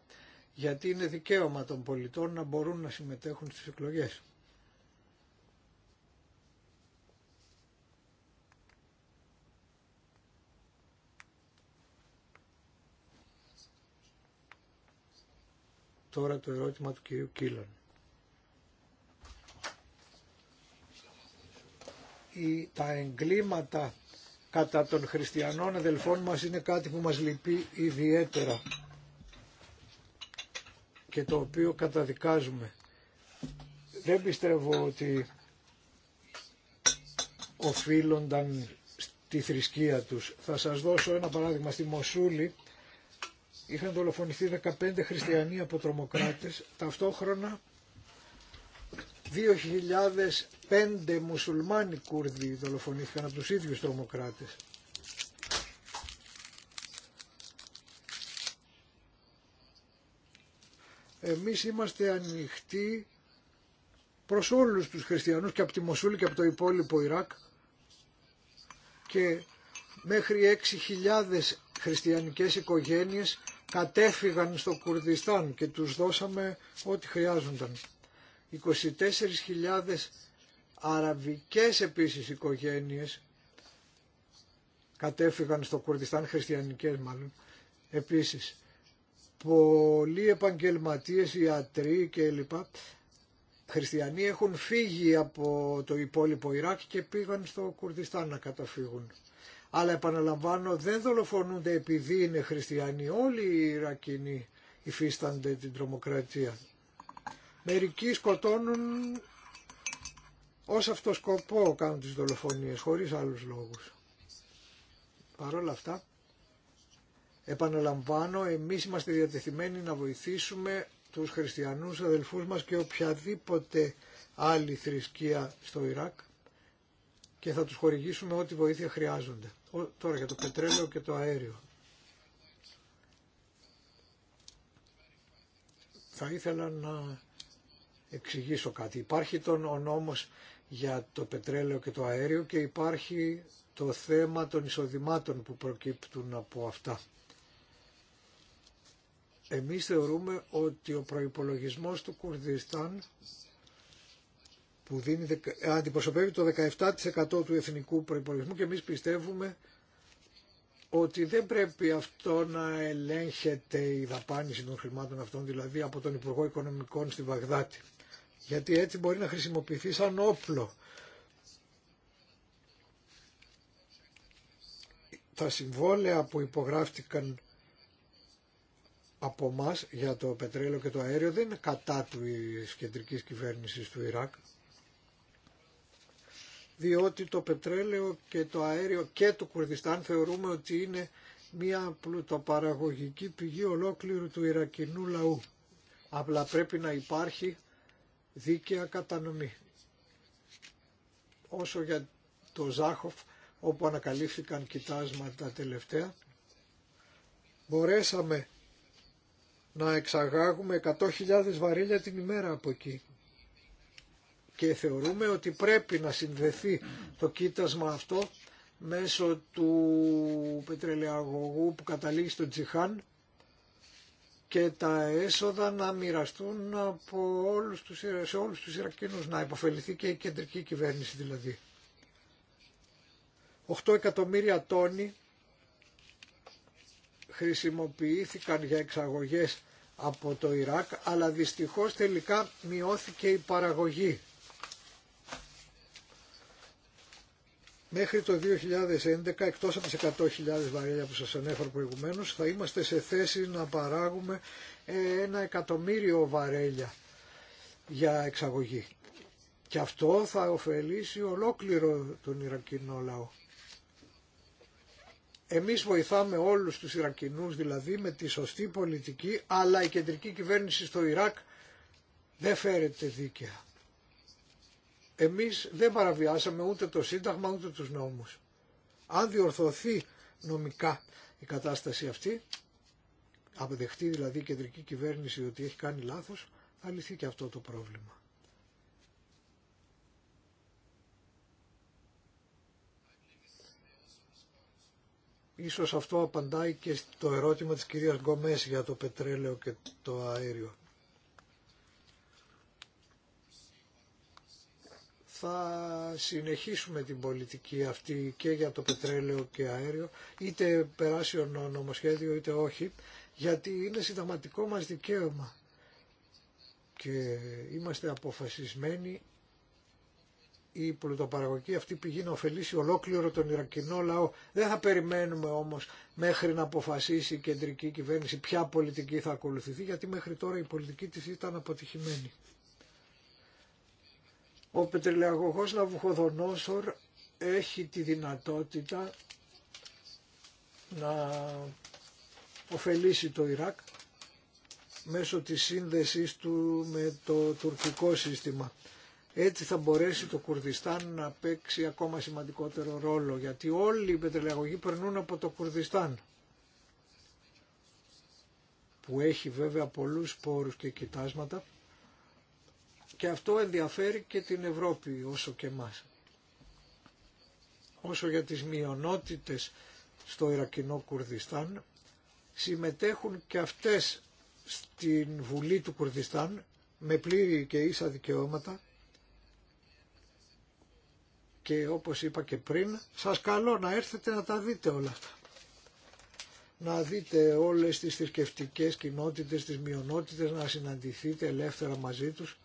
Speaker 5: Γιατί είναι δικαίωμα των πολιτών να μπορούν να συμμετέχουν στις εκλογές. Τώρα το ερώτημα του κυρίου Κίλων. τα εγκλήματα κατά των χριστιανών αδελφών μας είναι κάτι που μας λυπεί ιδιαίτερα και το οποίο καταδικάζουμε. Δεν πιστεύω ότι οφείλονταν στη θρησκεία τους. Θα σας δώσω ένα παράδειγμα. Στη Μοσούλη είχαν δολοφονηθεί 15 χριστιανοί από τρομοκράτες. Ταυτόχρονα 2.000 πέντε μουσουλμάνοι Κούρδοι δολοφονήθηκαν από τους ίδιους τρομοκράτες. Εμείς είμαστε ανοιχτοί προς όλους τους χριστιανούς και από τη Μοσούλη και από το υπόλοιπο Ιράκ και μέχρι 6.000 χριστιανικές οικογένειες κατέφυγαν στο Κουρδιστάν και τους δώσαμε ό,τι χρειάζονταν. 24.000 αραβικές επίσης οικογένειες κατέφυγαν στο Κουρδιστάν, χριστιανικές μάλλον, επίσης. Πολλοί επαγγελματίες, ιατροί κλπ. Χριστιανοί έχουν φύγει από το υπόλοιπο Ιράκ και πήγαν στο Κουρδιστάν να καταφύγουν. Αλλά επαναλαμβάνω δεν δολοφονούνται επειδή είναι χριστιανοί. Όλοι οι Ιρακινοί υφίστανται την τρομοκρατία. Μερικοί σκοτώνουν ως αυτό σκοπό κάνουν τις δολοφονίες, χωρίς άλλους λόγους. Παρ' όλα αυτά, επαναλαμβάνω, εμείς είμαστε διατεθειμένοι να βοηθήσουμε τους χριστιανούς αδελφούς μας και οποιαδήποτε άλλη θρησκεία στο Ιράκ και θα τους χορηγήσουμε ό,τι βοήθεια χρειάζονται. Τώρα για το πετρέλαιο και το αέριο. Θα ήθελα να εξηγήσω κάτι. Υπάρχει τον ο για το πετρέλαιο και το αέριο και υπάρχει το θέμα των εισοδημάτων που προκύπτουν από αυτά. Εμείς θεωρούμε ότι ο προϋπολογισμός του Κουρδιστάν που δίνει, αντιπροσωπεύει το 17% του εθνικού προϋπολογισμού και εμείς πιστεύουμε ότι δεν πρέπει αυτό να ελέγχεται η δαπάνηση των χρημάτων αυτών, δηλαδή από τον Υπουργό Οικονομικών στη Βαγδάτη γιατί έτσι μπορεί να χρησιμοποιηθεί σαν όπλο. Τα συμβόλαια που υπογράφτηκαν από εμά για το πετρέλαιο και το αέριο δεν είναι κατά της κεντρικής κυβέρνησης του Ιράκ διότι το πετρέλαιο και το αέριο και του Κουρδιστάν θεωρούμε ότι είναι μια πλουτοπαραγωγική πηγή ολόκληρου του Ιρακινού λαού. Απλά πρέπει να υπάρχει δίκαια κατανομή. Όσο για το Ζάχοφ όπου ανακαλύφθηκαν κοιτάσματα τελευταία, μπορέσαμε να εξαγάγουμε 100.000 βαρύλια την ημέρα από εκεί. Και θεωρούμε ότι πρέπει να συνδεθεί το κοίτασμα αυτό μέσω του πετρελαιαγωγού που καταλήγει στο Τζιχάν και τα έσοδα να μοιραστούν από όλους τους, σε όλους τους Ιρακίνους, να υποφεληθεί και η κεντρική κυβέρνηση δηλαδή. 8 εκατομμύρια τόνοι χρησιμοποιήθηκαν για εξαγωγές από το Ιράκ, αλλά δυστυχώς τελικά μειώθηκε η παραγωγή. Μέχρι το 2011, εκτός από τις 100.000 βαρέλια που σας ανέφερα προηγουμένως, θα είμαστε σε θέση να παράγουμε ε, ένα εκατομμύριο βαρέλια για εξαγωγή. Και αυτό θα ωφελήσει ολόκληρο τον Ιρακινό λαό. Εμείς βοηθάμε όλους τους Ιρακινούς δηλαδή με τη σωστή πολιτική, αλλά η κεντρική κυβέρνηση στο Ιράκ δεν φέρεται δίκαια. Εμείς δεν παραβιάσαμε ούτε το Σύνταγμα ούτε τους νόμους. Αν διορθωθεί νομικά η κατάσταση αυτή, αποδεχτεί δηλαδή η κεντρική κυβέρνηση ότι έχει κάνει λάθος, θα λυθεί και αυτό το πρόβλημα. Ίσως αυτό απαντάει και στο ερώτημα της κυρίας Γκομές για το πετρέλαιο και το αέριο. θα συνεχίσουμε την πολιτική αυτή και για το πετρέλαιο και αέριο, είτε περάσει ο νομοσχέδιο είτε όχι, γιατί είναι συνταγματικό μας δικαίωμα και είμαστε αποφασισμένοι η πλουτοπαραγωγική αυτή πηγή να ωφελήσει ολόκληρο τον Ιρακινό λαό. Δεν θα περιμένουμε όμως μέχρι να αποφασίσει η κεντρική κυβέρνηση ποια πολιτική θα ακολουθηθεί, γιατί μέχρι τώρα η πολιτική της ήταν αποτυχημένη. Ο πετρελαγωγός Ναβουχοδονόσορ έχει τη δυνατότητα να ωφελήσει το Ιράκ μέσω της σύνδεσης του με το τουρκικό σύστημα. Έτσι θα μπορέσει το Κουρδιστάν να παίξει ακόμα σημαντικότερο ρόλο, γιατί όλοι οι πετρελαγωγοί περνούν από το Κουρδιστάν, που έχει βέβαια πολλούς πόρους και κοιτάσματα, και αυτό ενδιαφέρει και την Ευρώπη όσο και μας. Όσο για τις μειονότητες στο Ιρακινό Κουρδιστάν, συμμετέχουν και αυτές στην Βουλή του Κουρδιστάν με πλήρη και ίσα δικαιώματα και όπως είπα και πριν σας καλώ να έρθετε να τα δείτε όλα αυτά να δείτε όλες τις θρησκευτικέ κοινότητες, τις μειονότητες, να συναντηθείτε ελεύθερα μαζί τους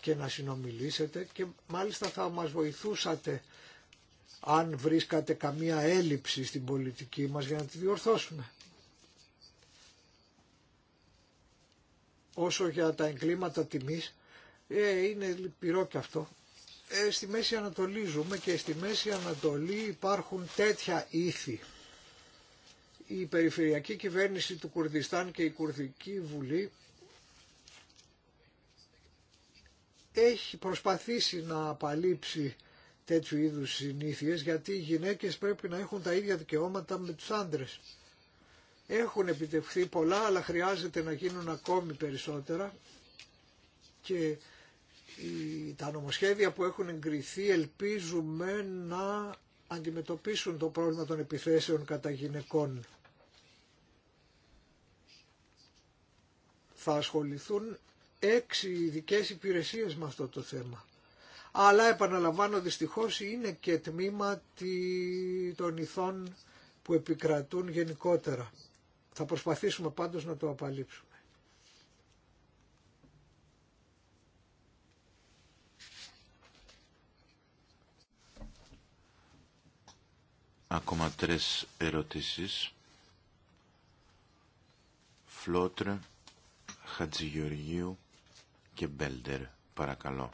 Speaker 5: και να συνομιλήσετε και μάλιστα θα μας βοηθούσατε αν βρίσκατε καμία έλλειψη στην πολιτική μας για να τη διορθώσουμε. Όσο για τα εγκλήματα τιμής, ε, είναι λυπηρό και αυτό. Ε, στη Μέση Ανατολή ζούμε και στη Μέση Ανατολή υπάρχουν τέτοια ήθη. Η περιφερειακή κυβέρνηση του Κουρδιστάν και η Κουρδική Βουλή έχει προσπαθήσει να απαλείψει τέτοιου είδους συνήθειες γιατί οι γυναίκες πρέπει να έχουν τα ίδια δικαιώματα με τους άντρες. Έχουν επιτευχθεί πολλά αλλά χρειάζεται να γίνουν ακόμη περισσότερα και τα νομοσχέδια που έχουν εγκριθεί ελπίζουμε να αντιμετωπίσουν το πρόβλημα των επιθέσεων κατά γυναικών. Θα ασχοληθούν έξι ειδικέ υπηρεσίε με αυτό το θέμα. Αλλά επαναλαμβάνω δυστυχώ είναι και τμήμα των ηθών που επικρατούν γενικότερα. Θα προσπαθήσουμε πάντως να το απαλείψουμε.
Speaker 2: Ακόμα τρεις ερωτήσεις. Φλότρε, Χατζηγεωργίου και Μπέλτερ, παρακαλώ.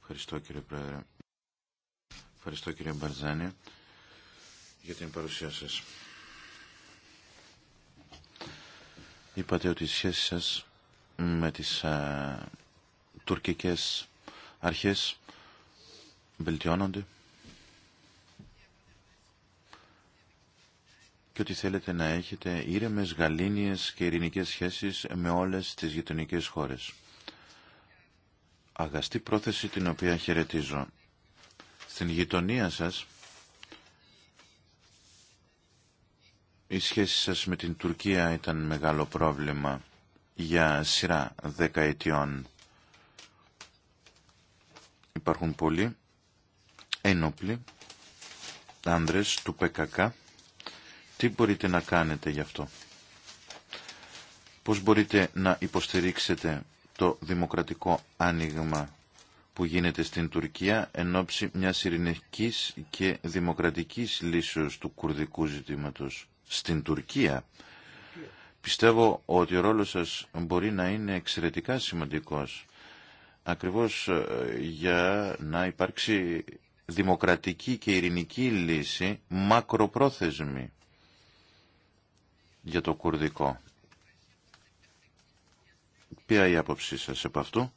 Speaker 2: Ευχαριστώ κύριε Πρόεδρε. Ευχαριστώ κύριε Μπαρζάνη για την παρουσία σας. Είπατε ότι η σχέση σας με τις α, τουρκικές αρχές βελτιώνονται και ότι θέλετε να έχετε ήρεμες, γαλήνιες και ειρηνικές σχέσεις με όλες τις γειτονικέ χώρες. Αγαστή πρόθεση την οποία χαιρετίζω. Στην γειτονία σας, η σχέση σας με την Τουρκία ήταν μεγάλο πρόβλημα για σειρά δεκαετιών. Υπάρχουν πολλοί ένοπλοι άνδρες του ΠΚΚ τι μπορείτε να κάνετε γι' αυτό. Πώς μπορείτε να υποστηρίξετε το δημοκρατικό άνοιγμα που γίνεται στην Τουρκία εν ώψη μιας ειρηνικής και δημοκρατικής λύσεως του κουρδικού ζητήματος στην Τουρκία. Πιστεύω ότι ο ρόλος σας μπορεί να είναι εξαιρετικά σημαντικός ακριβώς ε, για να υπάρξει δημοκρατική και ειρηνική λύση μακροπρόθεσμη για το κουρδικό. Ποια η άποψή σας από αυτού,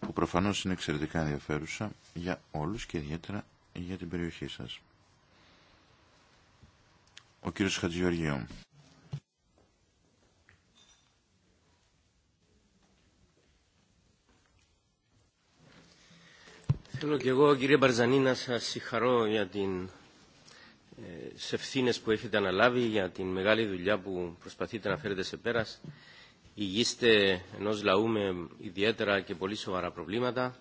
Speaker 2: που προφανώς είναι εξαιρετικά ενδιαφέρουσα για όλους και ιδιαίτερα για την περιοχή σας. Ο κύριος Χατζιωργίου.
Speaker 1: Θέλω και εγώ κύριε Μπαρζανή να σας συγχαρώ για την σε ευθύνε που έχετε αναλάβει για την μεγάλη δουλειά που προσπαθείτε να φέρετε σε πέρας. Υγείστε ενό λαού με ιδιαίτερα και πολύ σοβαρά προβλήματα.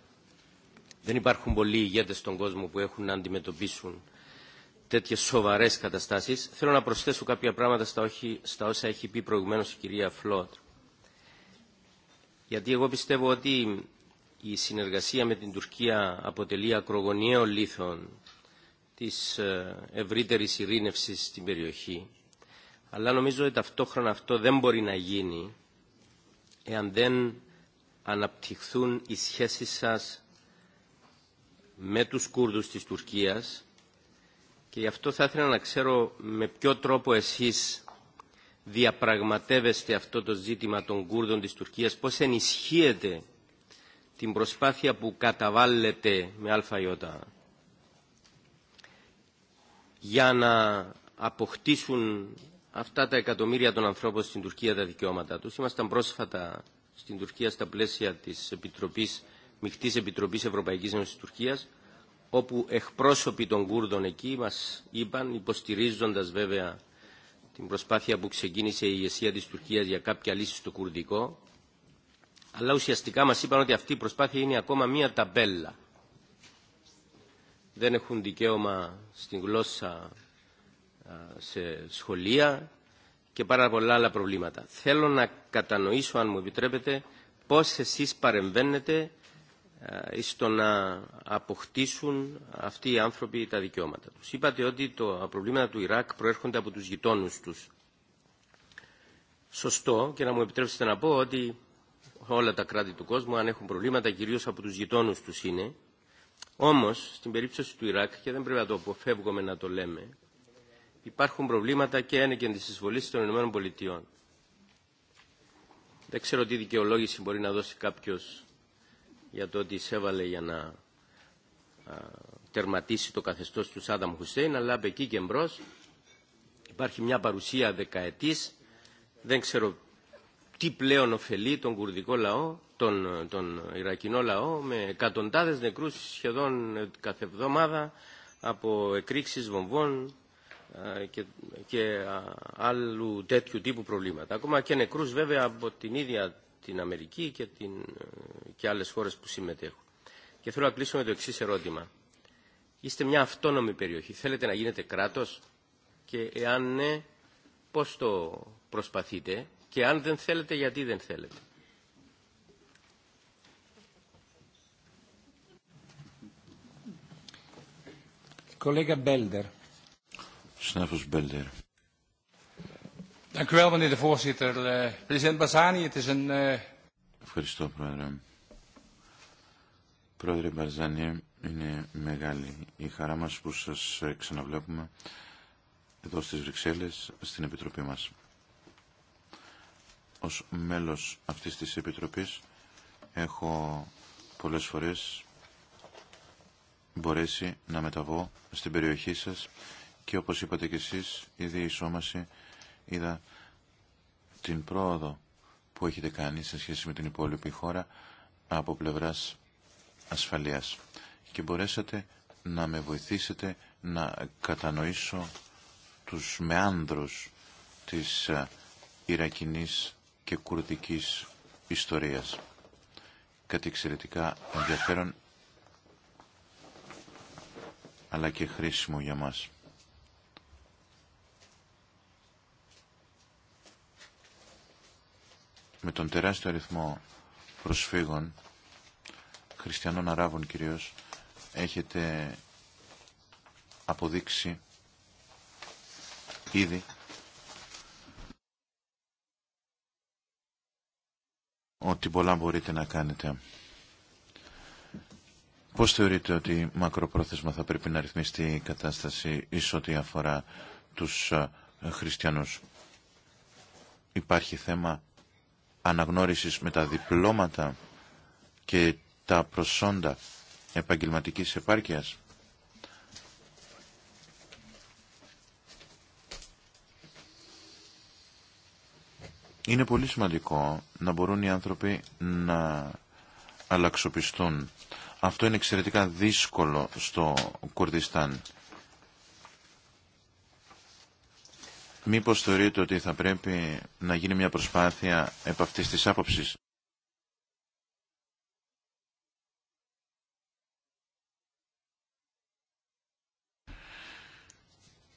Speaker 1: Δεν υπάρχουν πολλοί ηγέτες στον κόσμο που έχουν να αντιμετωπίσουν τέτοιες σοβαρές καταστάσεις. Θέλω να προσθέσω κάποια πράγματα στα, όχι, όσα έχει πει προηγουμένως η κυρία Φλότ. Γιατί εγώ πιστεύω ότι η συνεργασία με την Τουρκία αποτελεί ακρογωνιαίο λίθον της ε, ευρύτερης ειρήνευσης στην περιοχή. Αλλά νομίζω ότι ταυτόχρονα αυτό δεν μπορεί να γίνει εάν δεν αναπτυχθούν οι σχέσεις σας με τους Κούρδους της Τουρκίας και γι' αυτό θα ήθελα να ξέρω με ποιο τρόπο εσείς διαπραγματεύεστε αυτό το ζήτημα των Κούρδων της Τουρκίας, πώς ενισχύετε την προσπάθεια που καταβάλλετε με αλφαϊότα για να αποκτήσουν αυτά τα εκατομμύρια των ανθρώπων στην Τουρκία τα δικαιώματά τους. Ήμασταν πρόσφατα στην Τουρκία στα πλαίσια της Επιτροπής, Μικτής Επιτροπής Ευρωπαϊκής Ένωσης Τουρκίας, όπου εκπρόσωποι των Κούρδων εκεί μας είπαν, υποστηρίζοντας βέβαια την προσπάθεια που ξεκίνησε η ηγεσία της Τουρκίας για κάποια λύση στο κουρδικό, αλλά ουσιαστικά μας είπαν ότι αυτή η προσπάθεια είναι ακόμα μία ταμπέλα δεν έχουν δικαίωμα στην γλώσσα σε σχολεία και πάρα πολλά άλλα προβλήματα. Θέλω να κατανοήσω, αν μου επιτρέπετε, πώς εσείς παρεμβαίνετε στο να αποκτήσουν αυτοί οι άνθρωποι τα δικαιώματα τους. Είπατε ότι τα προβλήματα του Ιράκ προέρχονται από τους γειτόνους τους. Σωστό και να μου επιτρέψετε να πω ότι όλα τα κράτη του κόσμου αν έχουν προβλήματα κυρίως από τους γειτόνους τους είναι όμως, στην περίπτωση του Ιράκ, και δεν πρέπει να το αποφεύγουμε να το λέμε, υπάρχουν προβλήματα και ένεκεν της εισβολής των ΗΠΑ. Δεν ξέρω τι δικαιολόγηση μπορεί να δώσει κάποιος για το ότι εισέβαλε για να τερματίσει το καθεστώς του Σάδαμ Χουσέιν, αλλά από εκεί και μπρος υπάρχει μια παρουσία δεκαετής, δεν ξέρω τι πλέον ωφελεί τον κουρδικό λαό, τον, Ιρακινό λαό, με εκατοντάδες νεκρούς σχεδόν κάθε εβδομάδα από εκρήξεις βομβών και, άλλου τέτοιου τύπου προβλήματα. Ακόμα και νεκρούς βέβαια από την ίδια την Αμερική και, την, και άλλες χώρες που συμμετέχουν. Και θέλω να κλείσω με το εξή ερώτημα. Είστε μια αυτόνομη περιοχή. Θέλετε να γίνετε κράτος και εάν ναι, πώς το προσπαθείτε και αν δεν θέλετε, γιατί δεν θέλετε.
Speaker 3: Κολέγα Μπέλντερ.
Speaker 2: Μπέλντερ. Ευχαριστώ, Πρόεδρε. Πρόεδρε Μπαρζάνι, είναι μεγάλη η χαρά μας που σας ε, ξαναβλέπουμε εδώ στις Βρυξέλλες, στην Επιτροπή μας ως μέλος αυτής της Επιτροπής έχω πολλές φορές μπορέσει να μεταβώ στην περιοχή σας και όπως είπατε και εσείς, ήδη η σώμαση είδα την πρόοδο που έχετε κάνει σε σχέση με την υπόλοιπη χώρα από πλευράς ασφαλείας και μπορέσατε να με βοηθήσετε να κατανοήσω τους μεάνδρους της ε, Ιρακινής και κουρδικής ιστορίας. Κάτι εξαιρετικά ενδιαφέρον αλλά και χρήσιμο για μας. Με τον τεράστιο αριθμό προσφύγων, χριστιανών Αράβων κυρίως, έχετε αποδείξει ήδη ότι πολλά μπορείτε να κάνετε. Πώς θεωρείτε ότι μακροπρόθεσμα θα πρέπει να ρυθμιστεί η κατάσταση ίσως ό,τι αφορά τους ε, χριστιανούς. Υπάρχει θέμα αναγνώρισης με τα διπλώματα και τα προσόντα επαγγελματικής επάρκειας. Είναι πολύ σημαντικό να μπορούν οι άνθρωποι να αλλαξοπιστούν. Αυτό είναι εξαιρετικά δύσκολο στο Κουρδιστάν. Μήπως θεωρείτε ότι θα πρέπει να γίνει μια προσπάθεια επ' αυτής της άποψης.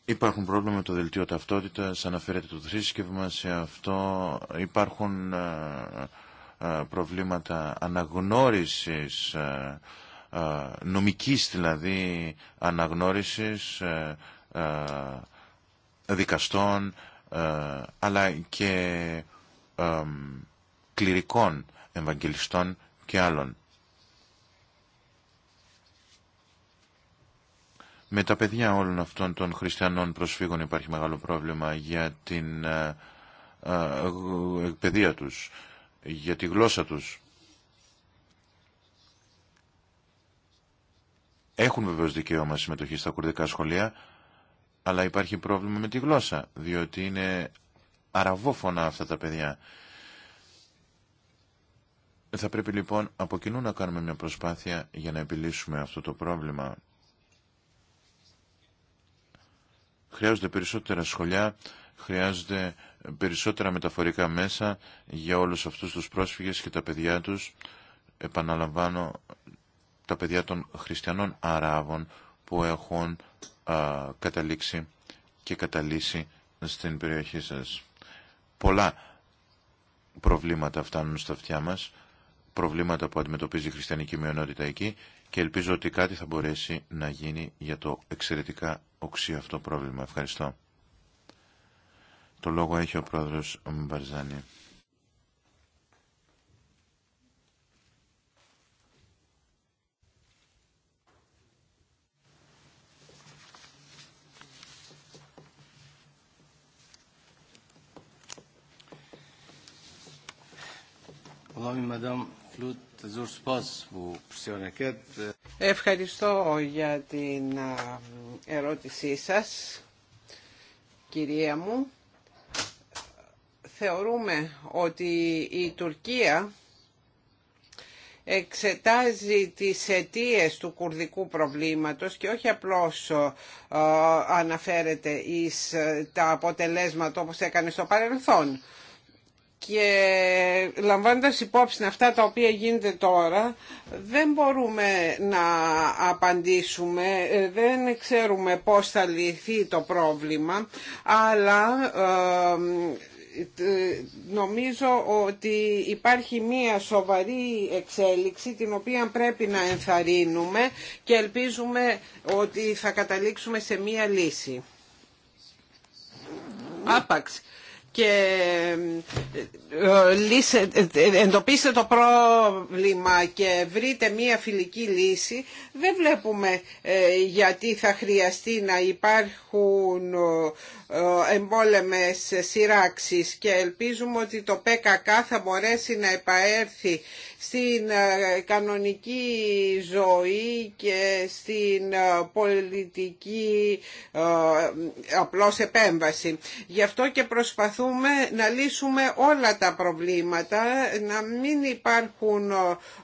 Speaker 2: Υπάρχουν πρόβλημα με το δελτίο ταυτότητας, αναφέρεται το θρήσκευμα σε αυτό, υπάρχουν ε, ε, προβλήματα αναγνώρισης, ε, νομικής δηλαδή αναγνώρισης δικαστών, αλλά και κληρικών, ευαγγελιστών και άλλων. Με τα παιδιά όλων αυτών των χριστιανών προσφύγων υπάρχει μεγάλο πρόβλημα για την ε, ε, παιδεία τους, για τη γλώσσα τους. Έχουν βεβαίως δικαίωμα συμμετοχή στα κουρδικά σχολεία, αλλά υπάρχει πρόβλημα με τη γλώσσα, διότι είναι αραβόφωνα αυτά τα παιδιά. Θα πρέπει λοιπόν από κοινού να κάνουμε μια προσπάθεια για να επιλύσουμε αυτό το πρόβλημα. Χρειάζονται περισσότερα σχολιά, χρειάζονται περισσότερα μεταφορικά μέσα για όλους αυτούς τους πρόσφυγες και τα παιδιά τους. Επαναλαμβάνω, τα παιδιά των χριστιανών Αράβων που έχουν καταλήξει και καταλύσει στην περιοχή σας. Πολλά προβλήματα φτάνουν στα αυτιά μας, προβλήματα που αντιμετωπίζει η χριστιανική μειονότητα εκεί και ελπίζω ότι κάτι θα μπορέσει να γίνει για το εξαιρετικά οξύ αυτό πρόβλημα. Ευχαριστώ. Το λόγο έχει ο πρόεδρος Μπαρζάνη.
Speaker 1: Madame Claude
Speaker 4: Ευχαριστώ για την ερώτησή σας, κυρία μου. Θεωρούμε ότι η Τουρκία εξετάζει τις αιτίες του κουρδικού προβλήματος και όχι απλώς αναφέρεται εις τα αποτελέσματα όπως έκανε στο παρελθόν και λαμβάνοντας υπόψη αυτά τα οποία γίνεται τώρα δεν μπορούμε να απαντήσουμε, ε, δεν ξέρουμε πώς θα λυθεί το πρόβλημα αλλά ε, νομίζω ότι υπάρχει μία σοβαρή εξέλιξη την οποία πρέπει να ενθαρρύνουμε και ελπίζουμε ότι θα καταλήξουμε σε μία λύση. Άπαξ και ε, ε, ε, εντοπίστε το πρόβλημα και βρείτε μία φιλική λύση δεν βλέπουμε γιατί θα χρειαστεί να υπάρχουν εμπόλεμες σειράξεις και ελπίζουμε ότι το ΠΚΚ θα μπορέσει να επαέρθει στην ε, κανονική ζωή και στην ε, πολιτική ε, απλώς επέμβαση. Γι' αυτό και προσπαθούμε να λύσουμε όλα τα προβλήματα, να μην υπάρχουν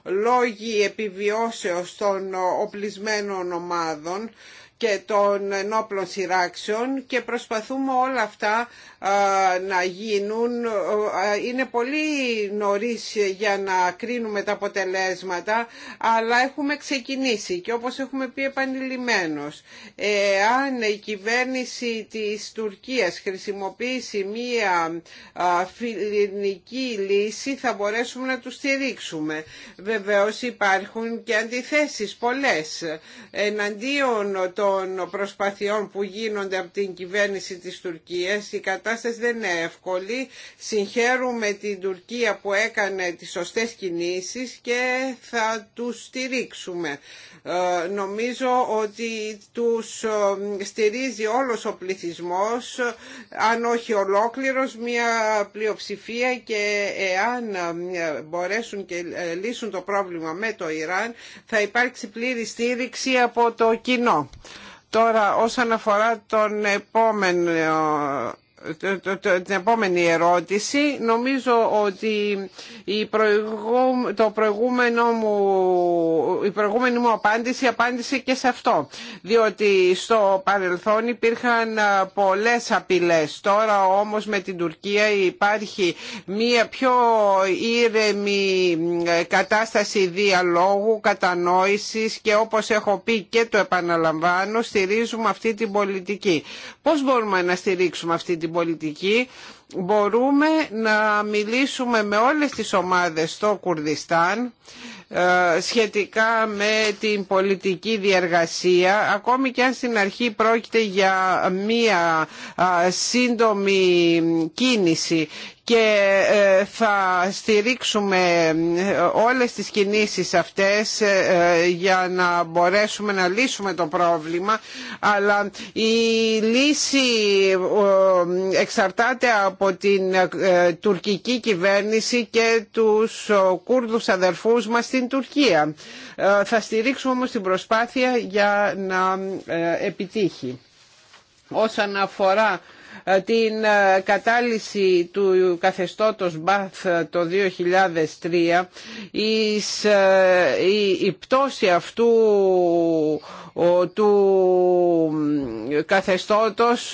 Speaker 4: λόγοι επιβιώσεως των οπλισμένων ομάδων και των ενόπλων σειράξεων και προσπαθούμε όλα αυτά να γίνουν. Είναι πολύ νωρίς για να κρίνουμε τα αποτελέσματα, αλλά έχουμε ξεκινήσει και όπως έχουμε πει επανειλημμένως, αν η κυβέρνηση της Τουρκίας χρησιμοποιήσει μία φιλική λύση θα μπορέσουμε να τους στηρίξουμε. Βεβαίως υπάρχουν και αντιθέσεις πολλές εναντίον των προσπαθειών που γίνονται από την κυβέρνηση της Τουρκίας η κατάσταση δεν είναι εύκολη. Συγχαίρουμε την Τουρκία που έκανε τις σωστές κινήσεις και θα τους στηρίξουμε. Ε, νομίζω ότι τους ε, στηρίζει όλος ο πληθυσμός, αν όχι ολόκληρος, μια πλειοψηφία και εάν ε, μπορέσουν και λύσουν το πρόβλημα με το Ιράν θα υπάρξει πλήρη στήριξη από το κοινό. Τώρα όσον αφορά τον επόμενο την επόμενη ερώτηση. Νομίζω ότι η το προηγούμενο μου... η προηγούμενη μου απάντηση απάντησε και σε αυτό. Διότι στο παρελθόν υπήρχαν πολλές απειλές. Τώρα όμως με την Τουρκία υπάρχει μία πιο ήρεμη κατάσταση διαλόγου, κατανόησης και όπως έχω πει και το επαναλαμβάνω στηρίζουμε αυτή την πολιτική. Πώς μπορούμε να στηρίξουμε αυτή την πολιτική μπορούμε να μιλήσουμε με όλες τις ομάδες στο Κουρδιστάν ε, σχετικά με την πολιτική διεργασία ακόμη και αν στην αρχή πρόκειται για μία σύντομη κίνηση και ε, θα στηρίξουμε ε, όλες τις κινήσεις αυτές ε, για να μπορέσουμε να λύσουμε το πρόβλημα αλλά η λύση εξαρτάται από την τουρκική κυβέρνηση και τους Κούρδους αδερφούς μας στην Τουρκία. Θα στηρίξουμε όμως την προσπάθεια για να επιτύχει. Όσον αφορά ε, την ε, κατάλυση του καθεστώτος Μπαθ ε, το 2003 η, η, η πτώση αυτού του καθεστώτος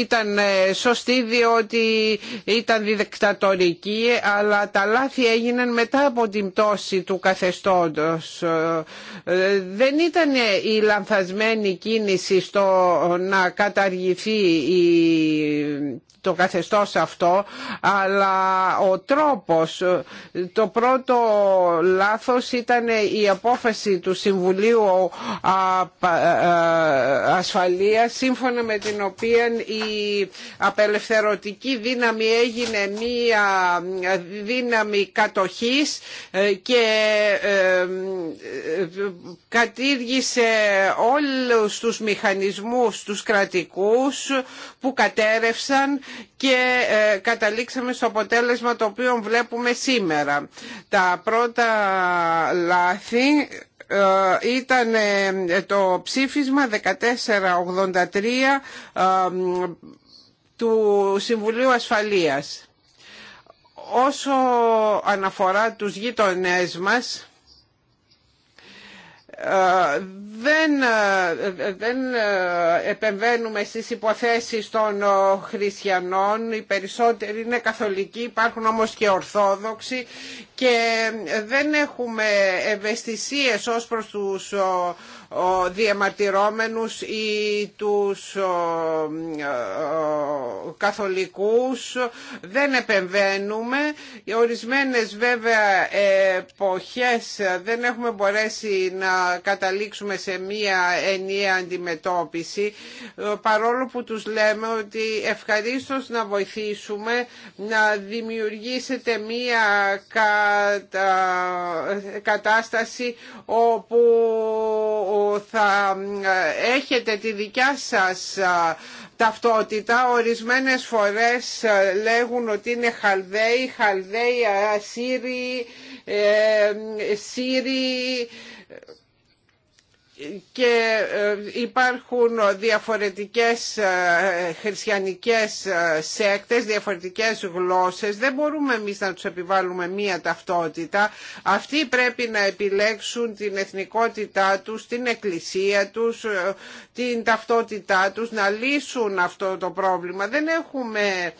Speaker 4: ήταν ε, σωστή διότι ήταν διδεκτατορική αλλά τα λάθη έγιναν μετά από την πτώση του καθεστώτος. Ε, δεν ήταν ε, η λανθασμένη κίνηση στο να καταργηθεί η το καθεστώς αυτό αλλά ο τρόπος το πρώτο λάθος ήταν η απόφαση του Συμβουλίου Ασφαλείας σύμφωνα με την οποία η απελευθερωτική δύναμη έγινε μία δύναμη κατοχής και ε, κατήργησε όλους τους μηχανισμούς τους κρατικούς που κατέρευσαν και ε, καταλήξαμε στο αποτέλεσμα το οποίο βλέπουμε σήμερα. Τα πρώτα λάθη ε, ήταν ε, το ψήφισμα 1483 του Συμβουλίου Ασφαλείας. Όσο αναφορά τους γείτονές μας, ε, δεν, ε, δεν ε, επεμβαίνουμε στις υποθέσεις των χριστιανών, οι περισσότεροι είναι καθολικοί, υπάρχουν όμως και ορθόδοξοι και δεν έχουμε ευαισθησίες ως προς τους ο διαμαρτυρόμενους ή τους καθολικούς δεν επεμβαίνουμε ορισμένες βέβαια εποχές δεν έχουμε μπορέσει να καταλήξουμε σε μία ενιαία αντιμετώπιση παρόλο που τους λέμε ότι ευχαρίστως να βοηθήσουμε να δημιουργήσετε μία κατάσταση όπου θα ε, έχετε τη δικιά σας ε, ταυτότητα. Ορισμένες φορές ε, λέγουν ότι είναι Χαλδαίοι, Χαλδαίοι, σύρι Σύριοι, και ε, υπάρχουν διαφορετικές ε, χριστιανικές ε, σέκτες, διαφορετικές γλώσσες. Δεν μπορούμε εμείς να τους επιβάλλουμε μία ταυτότητα. Αυτοί πρέπει να επιλέξουν την εθνικότητά τους, την εκκλησία τους, την ταυτότητά τους, να λύσουν αυτό το πρόβλημα. Δεν έχουμε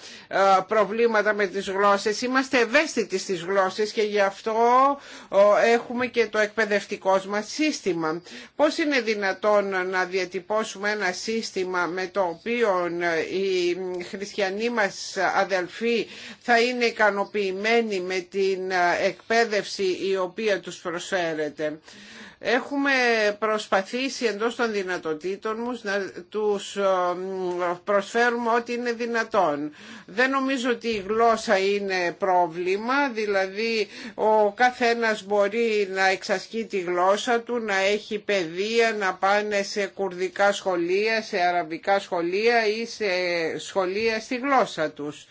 Speaker 4: προβλήματα με τις γλώσσες. Είμαστε ευαίσθητοι στις γλώσσες και γι' αυτό έχουμε και το εκπαιδευτικό μας σύστημα. Πώς είναι δυνατόν να διατυπώσουμε ένα σύστημα με το οποίο ε, οι χριστιανοί μας αδελφοί θα είναι ικανοποιημένοι με την ε, εκπαίδευση η οποία τους προσφέρεται. Έχουμε προσπαθήσει εντός των δυνατοτήτων μου να τους ε, προσφέρουμε ό,τι είναι δυνατόν. Δεν νομίζω ότι η γλώσσα είναι πρόβλημα, δηλαδή ο καθένας μπορεί να εξασκεί τη γλώσσα του, να έχει παιδεία, να πάνε σε κουρδικά σχολεία, σε αραβικά σχολεία ή σε σχολεία στη γλώσσα τους.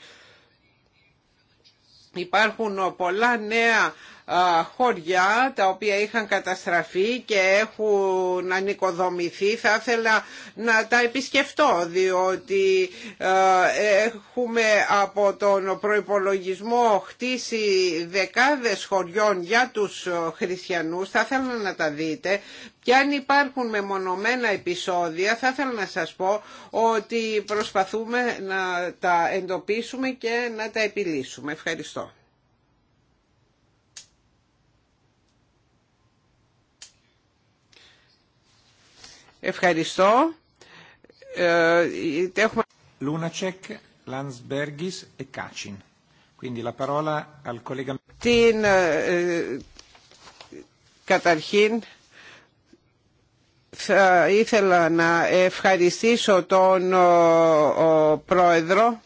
Speaker 4: Υπάρχουν πολλά νέα χωριά τα οποία είχαν καταστραφεί και έχουν ανοικοδομηθεί θα ήθελα να τα επισκεφτώ διότι έχουμε από τον προϋπολογισμό χτίσει δεκάδες χωριών για τους χριστιανούς θα ήθελα να τα δείτε και αν υπάρχουν μεμονωμένα επεισόδια θα ήθελα να σας πω ότι προσπαθούμε να τα εντοπίσουμε και να τα επιλύσουμε. Ευχαριστώ. Ευχαριστώ. Λούνατσεκ,
Speaker 3: και Κάτσιν. Quindi la Την,
Speaker 4: ε, καταρχήν, θα ήθελα να ευχαριστήσω τον πρόεδρο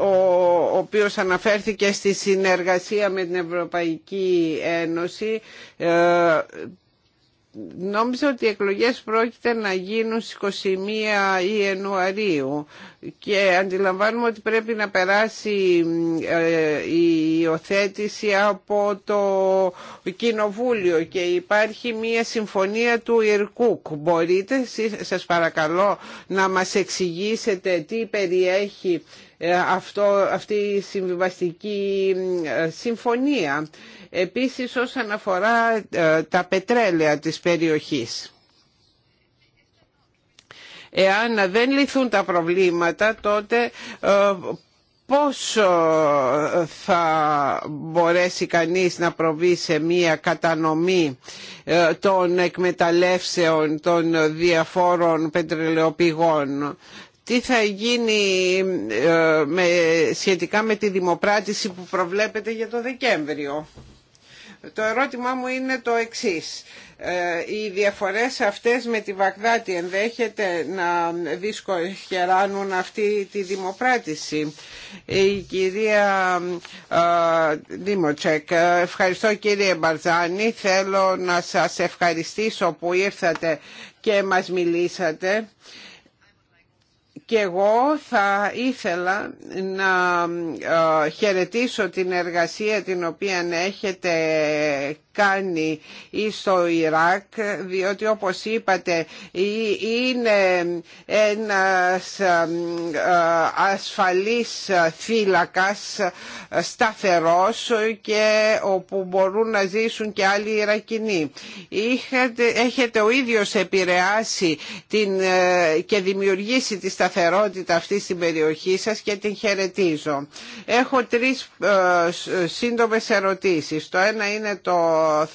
Speaker 4: ο οποίος αναφέρθηκε στη συνεργασία με την Ευρωπαϊκή Ένωση ε, νόμιζα ότι οι εκλογές πρόκειται να γίνουν στις 21 Ιανουαρίου και αντιλαμβάνουμε ότι πρέπει να περάσει ε, η υιοθέτηση από το Κοινοβούλιο και υπάρχει μια συμφωνία του Ιρκούκ. Μπορείτε σας παρακαλώ να μας εξηγήσετε τι περιέχει ε, αυτό, αυτή η συμβιβαστική ε, συμφωνία. Επίσης όσον αφορά ε, τα πετρέλαια της περιοχής. Εάν δεν λυθούν τα προβλήματα τότε πώς θα μπορέσει κανείς να προβεί σε μία κατανομή των εκμεταλλεύσεων των διαφόρων πετρελαιοπηγών τι θα γίνει ε, με, σχετικά με τη δημοπράτηση που προβλέπεται για το Δεκέμβριο. Το ερώτημά μου είναι το εξής. Ε, οι διαφορές αυτές με τη Βαγδάτη ενδέχεται να δυσκοχεράνουν αυτή τη δημοπράτηση. Η κυρία Δήμοτσεκ, ε, ευχαριστώ κύριε Μπαρζάνη. Θέλω να σας ευχαριστήσω που ήρθατε και μας μιλήσατε και εγώ θα ήθελα να ε, χαιρετήσω την εργασία την οποία έχετε κάνει στο Ιράκ διότι όπως είπατε είναι ένας ε, ε, ασφαλής φύλακας σταθερός και όπου μπορούν να ζήσουν και άλλοι Ιρακινοί. Έχετε έχετε ο ίδιος επηρεάσει την, ε, και δημιουργήσει τη σταθερότητα αυτή στην περιοχή σας και την χαιρετίζω. Έχω τρεις ε, σύντομες ερωτήσεις. Το ένα είναι το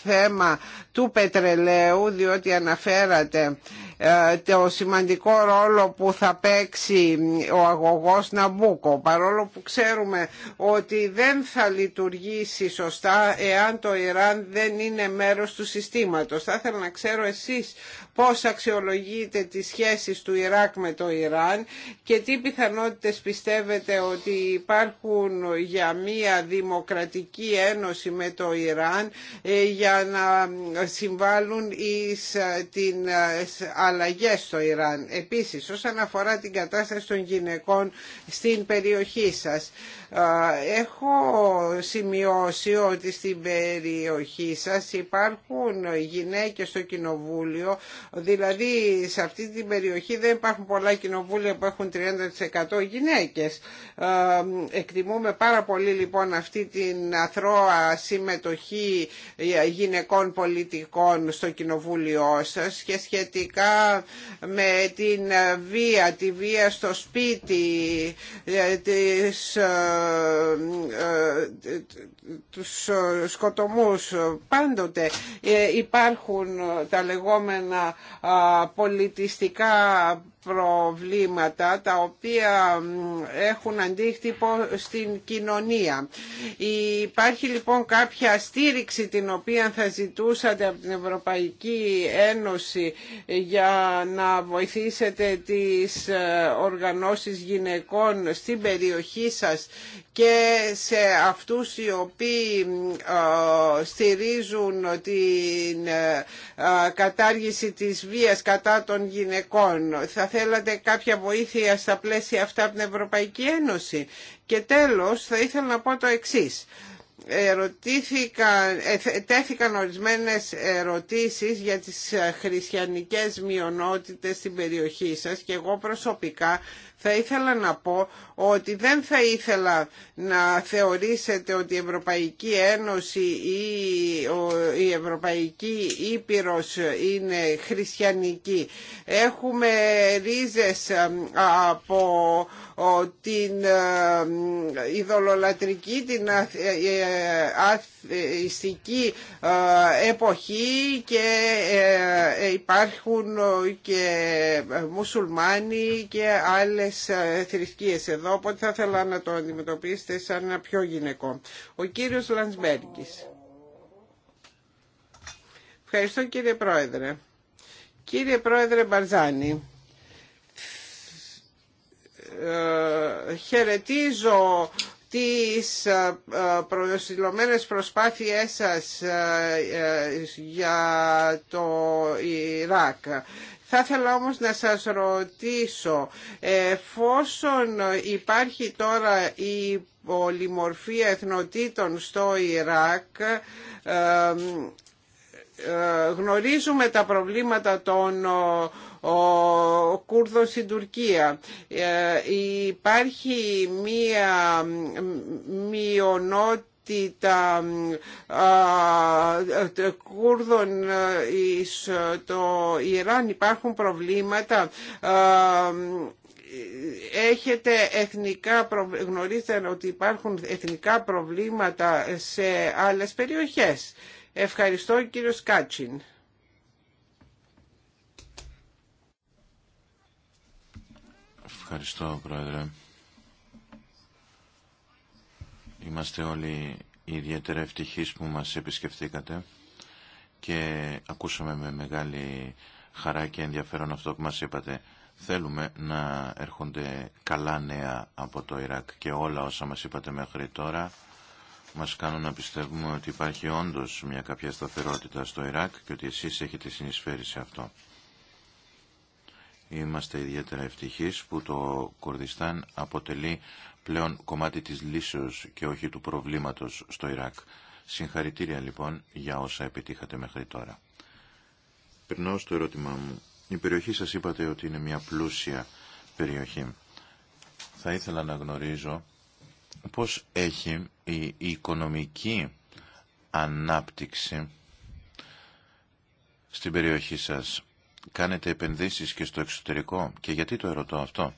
Speaker 4: θέμα του πετρελαίου διότι αναφέρατε ε, το σημαντικό ρόλο που θα παίξει ο αγωγός Ναμπούκο παρόλο που ξέρουμε ότι δεν θα λειτουργήσει σωστά εάν το Ιράν δεν είναι μέρος του συστήματος. Θα ήθελα να ξέρω εσείς πώς αξιολογείτε τις σχέσεις του Ιράκ με το Ιράν και τι πιθανότητες πιστεύετε ότι υπάρχουν για μία δημοκρατική ένωση με το Ιράν ε, για να συμβάλλουν εις ε, την ε, αλλαγές στο Ιράν. Επίσης, όσον αφορά την κατάσταση των γυναικών στην περιοχή σας. Έχω σημειώσει ότι στην περιοχή σας υπάρχουν γυναίκες στο κοινοβούλιο, δηλαδή σε αυτή την περιοχή δεν υπάρχουν πολλά κοινοβούλια που έχουν 30% γυναίκες. Εκτιμούμε πάρα πολύ λοιπόν αυτή την αθρώα συμμετοχή γυναικών πολιτικών στο κοινοβούλιο σας και σχετικά με την βία, τη βία στο σπίτι, ε, της τους σκοτομούς. Πάντοτε ε, υπάρχουν τα λεγόμενα πολιτιστικά προβλήματα τα οποία έχουν αντίκτυπο στην κοινωνία. Υπάρχει λοιπόν κάποια στήριξη την οποία θα ζητούσατε από την Ευρωπαϊκή Ένωση για να βοηθήσετε τις ε, οργανώσεις γυναικών στην περιοχή σας και σε αυτούς οι οποίοι ε, στηρίζουν την ε, κατάργηση της βίας κατά των γυναικών. Θα θέλατε κάποια βοήθεια στα πλαίσια αυτά από την Ευρωπαϊκή Ένωση. Και τέλος θα ήθελα να πω το εξής ερωτήθηκαν, ε, τέθηκαν ορισμένες ερωτήσεις για τις ε, χριστιανικές μειονότητες στην περιοχή σας και εγώ προσωπικά θα ήθελα να πω ότι δεν θα ήθελα να θεωρήσετε ότι η Ευρωπαϊκή Ένωση ή η Ευρωπαϊκή Ήπειρος είναι χριστιανική. Έχουμε ρίζες ε, από την ε, ιδολολατρική την ε, αθεϊστική εποχή και υπάρχουν και μουσουλμάνοι και άλλες ε, θρησκείες εδώ, οπότε θα ήθελα να το αντιμετωπίσετε σαν ένα πιο γυναικό. Ο κύριος Λανσμπέργκης. Ευχαριστώ κύριε Πρόεδρε. Κύριε Πρόεδρε Μπαρζάνη, ε, χαιρετίζω τις ε, προσιλωμένες προσπάθειές σας για το Ιράκ θα ήθελα όμως να σας ρωτήσω, εφόσον υπάρχει τώρα η πολυμορφία εθνοτήτων στο Ιράκ, ε, γνωρίζουμε τα προβλήματα των ο Κούρδος στην Τουρκία. Ε, υπάρχει μία μειονότητα τα Κούρδων το Ιράν υπάρχουν προβλήματα έχετε εθνικά γνωρίζετε ότι υπάρχουν εθνικά προβλήματα σε άλλες περιοχές ευχαριστώ κύριο Κάτσιν
Speaker 2: ευχαριστώ πρόεδρε Είμαστε όλοι ιδιαίτερα ευτυχείς που μας επισκεφθήκατε και ακούσαμε με μεγάλη χαρά και ενδιαφέρον αυτό που μας είπατε. Θέλουμε να έρχονται καλά νέα από το Ιράκ και όλα όσα μας είπατε μέχρι τώρα μας κάνουν να πιστεύουμε ότι υπάρχει όντως μια κάποια σταθερότητα στο Ιράκ και ότι εσείς έχετε συνεισφέρει σε αυτό. Είμαστε ιδιαίτερα ευτυχείς που το Κουρδιστάν αποτελεί πλέον κομμάτι της λύσεως και όχι του προβλήματος στο Ιράκ. Συγχαρητήρια λοιπόν για όσα επιτύχατε μέχρι τώρα. Περνώ στο ερώτημά μου. Η περιοχή σας είπατε ότι είναι μια πλούσια περιοχή. Θα ήθελα να γνωρίζω πώς έχει η οικονομική ανάπτυξη στην περιοχή σας. Κάνετε επενδύσεις και στο εξωτερικό και γιατί το ερωτώ αυτό.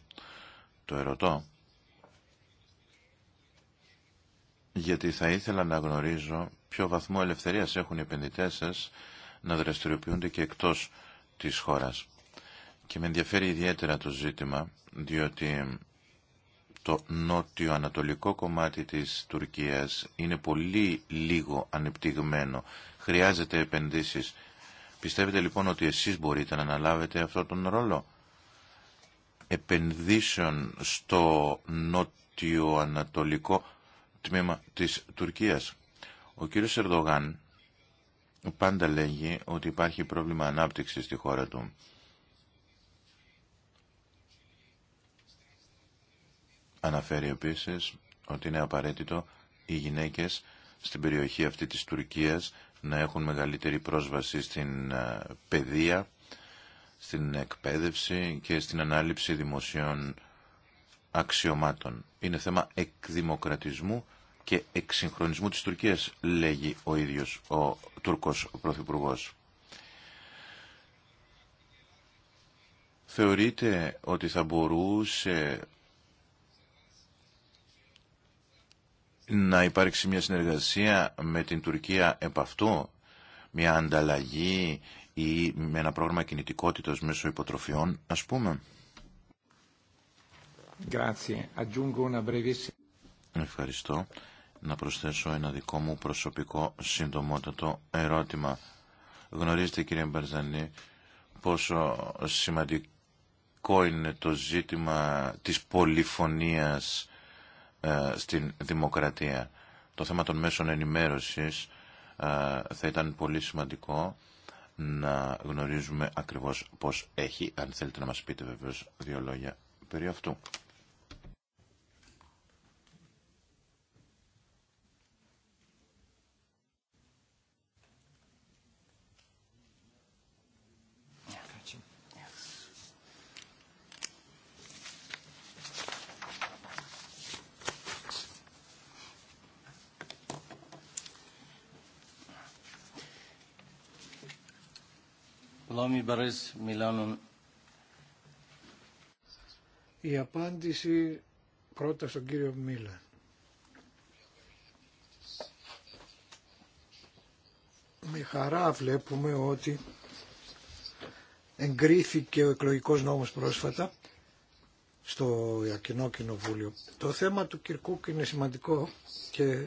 Speaker 2: Το ερωτώ γιατί θα ήθελα να γνωρίζω ποιο βαθμό ελευθερίας έχουν οι επενδυτές σας να δραστηριοποιούνται και εκτός της χώρας. Και με ενδιαφέρει ιδιαίτερα το ζήτημα, διότι το νότιο-ανατολικό κομμάτι της Τουρκίας είναι πολύ λίγο ανεπτυγμένο. Χρειάζεται επενδύσεις. Πιστεύετε λοιπόν ότι εσείς μπορείτε να αναλάβετε αυτόν τον ρόλο επενδύσεων στο νότιο-ανατολικό τμήμα της Τουρκίας. Ο κύριος Ερδογάν πάντα λέγει ότι υπάρχει πρόβλημα ανάπτυξης στη χώρα του. Αναφέρει επίσης ότι είναι απαραίτητο οι γυναίκες στην περιοχή αυτή της Τουρκίας να έχουν μεγαλύτερη πρόσβαση στην ε, παιδεία, στην εκπαίδευση και στην ανάληψη δημοσίων αξιωμάτων. Είναι θέμα εκδημοκρατισμού και εξυγχρονισμού της Τουρκίας, λέγει ο ίδιος ο Τούρκος Πρωθυπουργό. Θεωρείτε ότι θα μπορούσε να υπάρξει μια συνεργασία με την Τουρκία επ' αυτού, μια ανταλλαγή ή με ένα πρόγραμμα κινητικότητας μέσω υποτροφιών, ας πούμε. Ευχαριστώ να προσθέσω ένα δικό μου προσωπικό συντομότατο ερώτημα. Γνωρίζετε κύριε Μπαρζανή πόσο σημαντικό είναι το ζήτημα της πολυφωνίας ε, στην δημοκρατία. Το θέμα των μέσων ενημέρωσης ε, θα ήταν πολύ σημαντικό να γνωρίζουμε ακριβώς πώς έχει. Αν θέλετε να μας πείτε βεβαίως δύο λόγια περί αυτού.
Speaker 5: Η απάντηση πρώτα στον κύριο Μίλα. Με χαρά βλέπουμε ότι εγκρίθηκε ο εκλογικός νόμος πρόσφατα στο Ιακοινό Κοινοβούλιο. Το θέμα του Κυρκούκ είναι σημαντικό και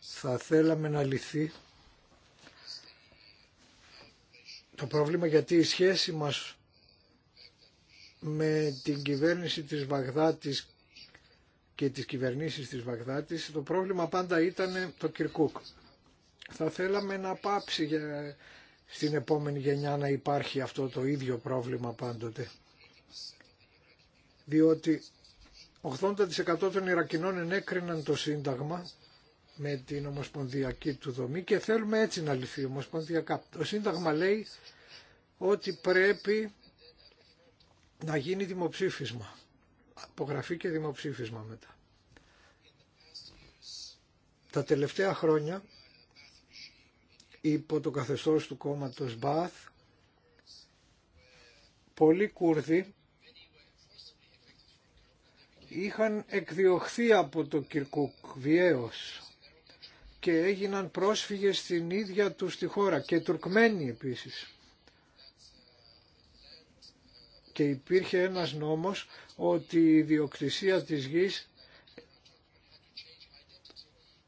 Speaker 5: θα θέλαμε να λυθεί το πρόβλημα γιατί η σχέση μας με την κυβέρνηση της Βαγδάτης και τις κυβερνήσεις της Βαγδάτης το πρόβλημα πάντα ήταν το Κυρκούκ. Θα θέλαμε να πάψει για... στην επόμενη γενιά να υπάρχει αυτό το ίδιο πρόβλημα πάντοτε. Διότι 80% των Ιρακινών ενέκριναν το Σύνταγμα με την ομοσπονδιακή του δομή και θέλουμε έτσι να λυθεί ομοσπονδιακά. Το Σύνταγμα λέει ότι πρέπει να γίνει δημοψήφισμα. Απογραφή και δημοψήφισμα μετά. Τα τελευταία χρόνια υπό το καθεστώς του κόμματος Μπαθ πολλοί Κούρδοι είχαν εκδιωχθεί από το Κυρκουκ βιαίως και έγιναν πρόσφυγες στην ίδια του τη χώρα και Τουρκμένοι επίσης. Και υπήρχε ένας νόμος ότι η ιδιοκτησία της γης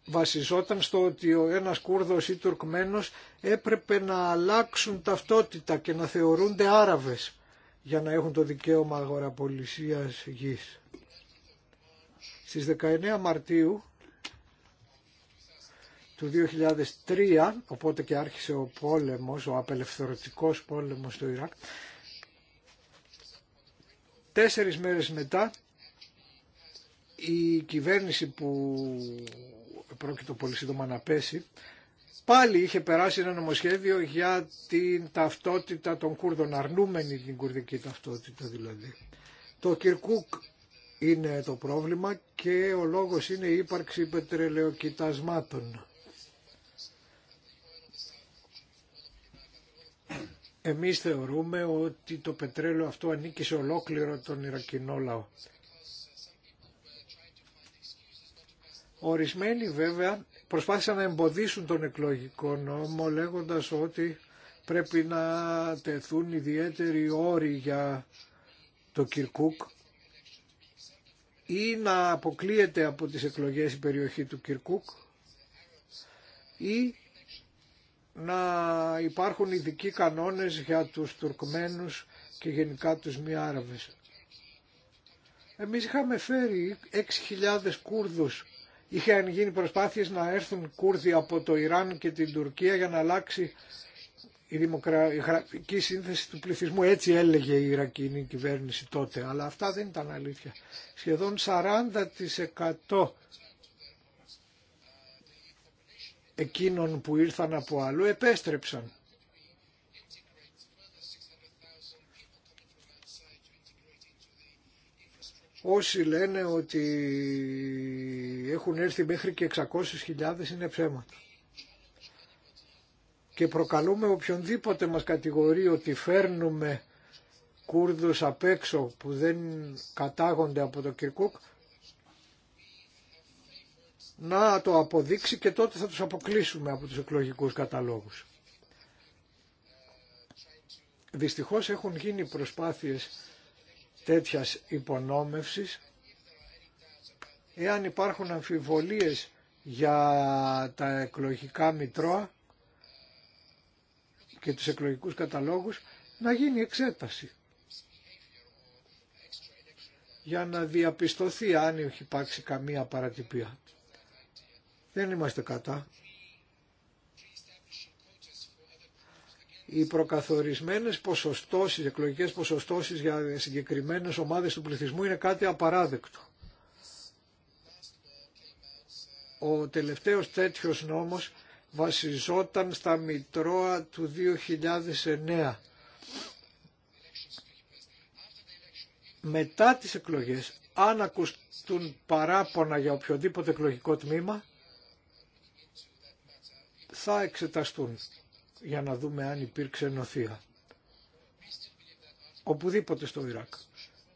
Speaker 5: βασιζόταν στο ότι ο ένας Κούρδος ή Τουρκμένος έπρεπε να αλλάξουν ταυτότητα και να θεωρούνται Άραβες για να έχουν το δικαίωμα αγοραπολισίας γης. Στις 19 Μαρτίου του 2003, οπότε και άρχισε ο πόλεμος, ο απελευθερωτικός πόλεμος του Ιράκ. Τέσσερις μέρες μετά η κυβέρνηση που πρόκειται πολύ σύντομα να πέσει, πάλι είχε περάσει ένα νομοσχέδιο για την ταυτότητα των Κούρδων, αρνούμενη την κουρδική ταυτότητα δηλαδή. Το Κυρκούκ είναι το πρόβλημα και ο λόγος είναι η ύπαρξη πετρελαιοκοιτασμάτων. Εμείς θεωρούμε ότι το πετρέλαιο αυτό ανήκει σε ολόκληρο τον Ιρακινό λαό. Ορισμένοι βέβαια προσπάθησαν να εμποδίσουν τον εκλογικό νόμο λέγοντας ότι πρέπει να τεθούν ιδιαίτεροι όροι για το Κυρκούκ ή να αποκλείεται από τις εκλογές η περιοχή του Κυρκούκ ή να υπάρχουν ειδικοί κανόνες για τους Τουρκμένους και γενικά τους μη Άραβες. Εμείς είχαμε φέρει 6.000 Κούρδους. Είχαν γίνει προσπάθειες να έρθουν Κούρδοι από το Ιράν και την Τουρκία για να αλλάξει η δημοκρατική σύνθεση του πληθυσμού. Έτσι έλεγε η Ιρακινή κυβέρνηση τότε. Αλλά αυτά δεν ήταν αλήθεια. Σχεδόν 40% εκείνων που ήρθαν από αλλού επέστρεψαν. Όσοι λένε ότι έχουν έρθει μέχρι και 600.000 είναι ψέματα. Και προκαλούμε οποιονδήποτε μας κατηγορεί ότι φέρνουμε Κούρδους απ' έξω που δεν κατάγονται από το Κυρκούκ να το αποδείξει και τότε θα τους αποκλείσουμε από τους εκλογικούς καταλόγους. Δυστυχώς έχουν γίνει προσπάθειες τέτοιας υπονόμευσης. Εάν υπάρχουν αμφιβολίες για τα εκλογικά μητρώα και τους εκλογικούς καταλόγους, να γίνει εξέταση για να διαπιστωθεί αν έχει υπάρξει καμία παρατυπία. Δεν είμαστε κατά. Οι προκαθορισμένες ποσοστώσεις, εκλογικές ποσοστώσεις για συγκεκριμένες ομάδες του πληθυσμού είναι κάτι απαράδεκτο. Ο τελευταίος τέτοιος νόμος βασιζόταν στα Μητρώα του 2009. Μετά τις εκλογές, αν ακουστούν παράπονα για οποιοδήποτε εκλογικό τμήμα, θα εξεταστούν για να δούμε αν υπήρξε νοθεία. Οπουδήποτε στο Ιράκ.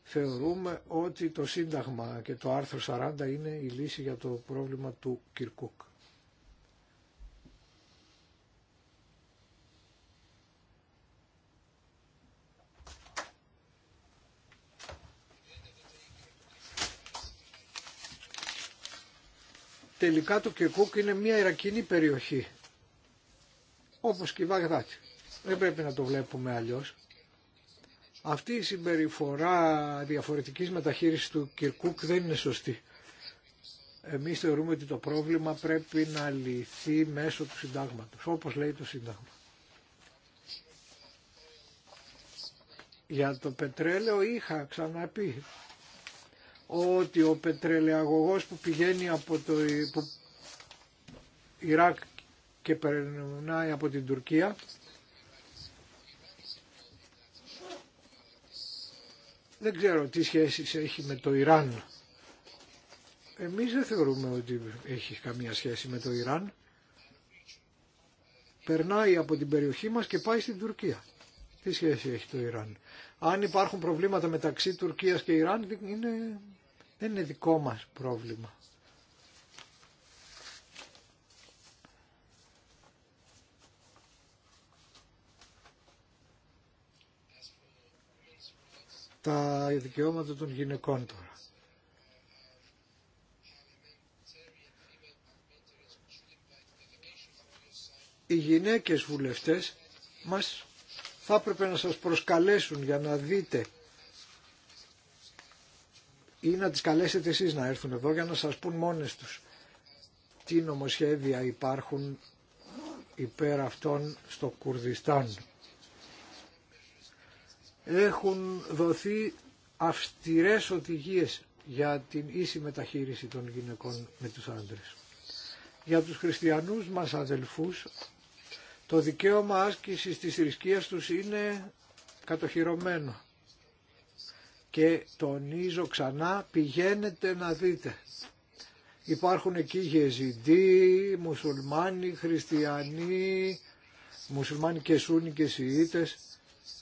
Speaker 5: Θεωρούμε ότι το Σύνταγμα και το άρθρο 40 είναι η λύση για το πρόβλημα του Κυρκούκ. Τελικά το Κυρκούκ είναι μια Ιρακινή περιοχή όπως και η Βαγδάτη. Δεν πρέπει να το βλέπουμε αλλιώς. Αυτή η συμπεριφορά διαφορετικής μεταχείρισης του Κυρκούκ δεν είναι σωστή. Εμείς θεωρούμε ότι το πρόβλημα πρέπει να λυθεί μέσω του συντάγματος, όπως λέει το συντάγμα. Για το πετρέλαιο είχα ξαναπεί ότι ο πετρελαιαγωγός που πηγαίνει από το Ιράκ και περνάει από την Τουρκία. Δεν ξέρω τι σχέση έχει με το Ιράν. Εμείς δεν θεωρούμε ότι έχει καμία σχέση με το Ιράν. Περνάει από την περιοχή μας και πάει στην Τουρκία. Τι σχέση έχει το Ιράν. Αν υπάρχουν προβλήματα μεταξύ Τουρκίας και Ιράν είναι, δεν είναι δικό μας πρόβλημα. τα δικαιώματα των γυναικών τώρα. Οι γυναίκες βουλευτές μας θα έπρεπε να σας προσκαλέσουν για να δείτε ή να τις καλέσετε εσείς να έρθουν εδώ για να σας πούν μόνες τους τι νομοσχέδια υπάρχουν υπέρ αυτών στο Κουρδιστάν έχουν δοθεί αυστηρές οδηγίες για την ίση μεταχείριση των γυναικών με τους άντρες. Για τους χριστιανούς μας αδελφούς το δικαίωμα άσκησης της θρησκείας τους είναι κατοχυρωμένο. Και τονίζω ξανά πηγαίνετε να δείτε. Υπάρχουν εκεί γεζιντοί, μουσουλμάνοι, χριστιανοί, μουσουλμάνοι και σούνοι και σιήτες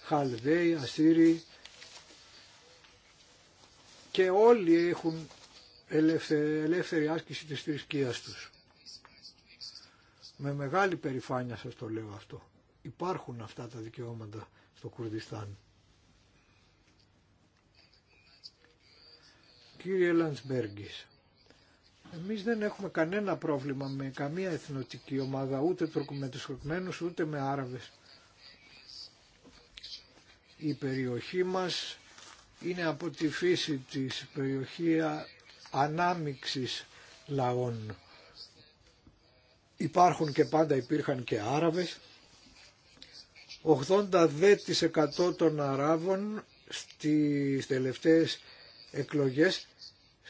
Speaker 5: Χαλδαίοι, Ασσύριοι και όλοι έχουν ελεύθερη άσκηση της θρησκείας τους. Με μεγάλη περηφάνεια σας το λέω αυτό. Υπάρχουν αυτά τα δικαιώματα στο Κουρδιστάν. Κύριε Λαντσμπέργκης, εμείς δεν έχουμε κανένα πρόβλημα με καμία εθνοτική ομάδα, ούτε με τους ούτε με Άραβες. Η περιοχή μας είναι από τη φύση της περιοχή ανάμιξης λαών. Υπάρχουν και πάντα υπήρχαν και Άραβες. 80% των Αράβων στις τελευταίες εκλογές,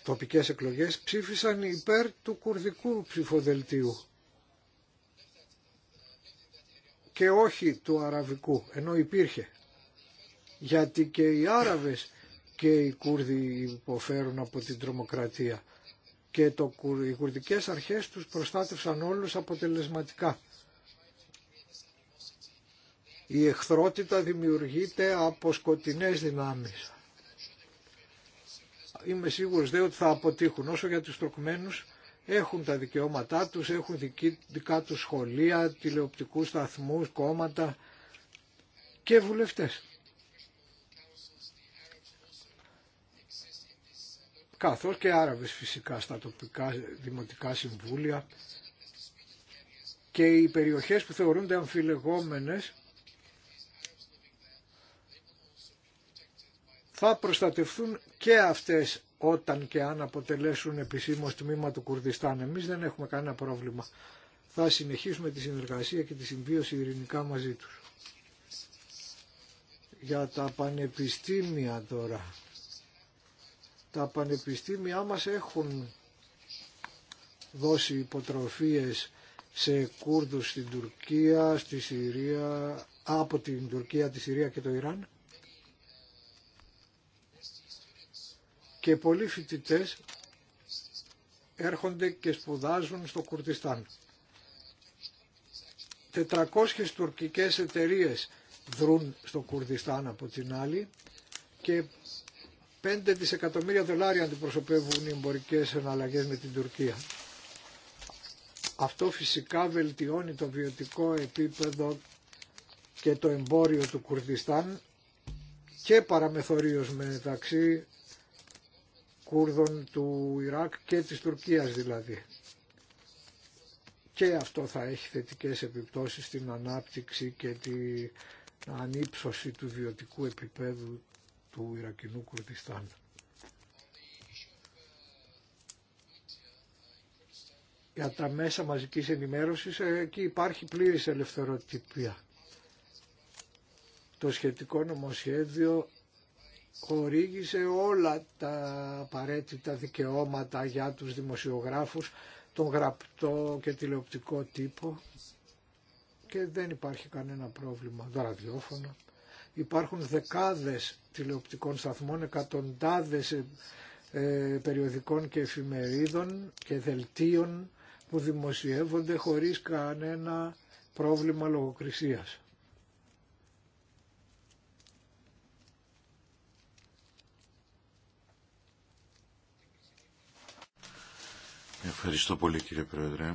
Speaker 5: τοπικές εκλογές, ψήφισαν υπέρ του κουρδικού ψηφοδελτίου και όχι του αραβικού, ενώ υπήρχε γιατί και οι Άραβες και οι Κούρδοι υποφέρουν από την τρομοκρατία και το, οι κουρδικές αρχές τους προστάτευσαν όλους αποτελεσματικά. Η εχθρότητα δημιουργείται από σκοτεινές δυνάμεις. Είμαι σίγουρος δε ότι θα αποτύχουν. Όσο για τους τροκμένους έχουν τα δικαιώματά τους, έχουν δικά τους σχολεία, τηλεοπτικούς σταθμούς, κόμματα και βουλευτές. καθώς και Άραβες φυσικά στα τοπικά δημοτικά συμβούλια και οι περιοχές που θεωρούνται αμφιλεγόμενες θα προστατευτούν και αυτές όταν και αν αποτελέσουν επισήμως τμήμα του Κουρδιστάν. Εμείς δεν έχουμε κανένα πρόβλημα. Θα συνεχίσουμε τη συνεργασία και τη συμβίωση ειρηνικά μαζί τους. Για τα πανεπιστήμια τώρα. Τα πανεπιστήμια μας έχουν δώσει υποτροφίες σε Κούρδους στην Τουρκία, στη Συρία, από την Τουρκία, τη Συρία και το Ιράν. Και πολλοί φοιτητέ έρχονται και σπουδάζουν στο Κουρδιστάν. 400 τουρκικές εταιρείες δρούν στο Κουρδιστάν από την άλλη και 5 δισεκατομμύρια δολάρια αντιπροσωπεύουν οι εμπορικές εναλλαγές με την Τουρκία. Αυτό φυσικά βελτιώνει το βιωτικό επίπεδο και το εμπόριο του Κουρδιστάν και παραμεθορίως μεταξύ Κούρδων του Ιράκ και της Τουρκίας δηλαδή. Και αυτό θα έχει θετικές επιπτώσεις στην ανάπτυξη και την ανύψωση του βιωτικού επίπεδου του Ιρακινού Κουρτιστάν. Για τα μέσα μαζικής ενημέρωσης ε, εκεί υπάρχει πλήρης ελευθεροτυπία. Το σχετικό νομοσχέδιο χορήγησε όλα τα απαραίτητα δικαιώματα για τους δημοσιογράφους, τον γραπτό και τηλεοπτικό τύπο και δεν υπάρχει κανένα πρόβλημα. Το Υπάρχουν δεκάδες τηλεοπτικών σταθμών, εκατοντάδες ε, ε, περιοδικών και εφημερίδων και δελτίων που δημοσιεύονται χωρίς κανένα πρόβλημα λογοκρισίας.
Speaker 2: Ευχαριστώ πολύ κύριε Πρόεδρε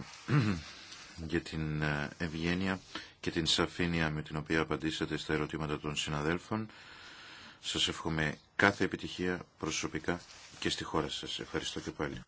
Speaker 2: [clears throat] για την ε, ευγένεια και την σαφήνεια με την οποία απαντήσατε στα ερωτήματα των συναδέλφων. Σας εύχομαι κάθε επιτυχία προσωπικά και στη χώρα σας. Ευχαριστώ και πάλι.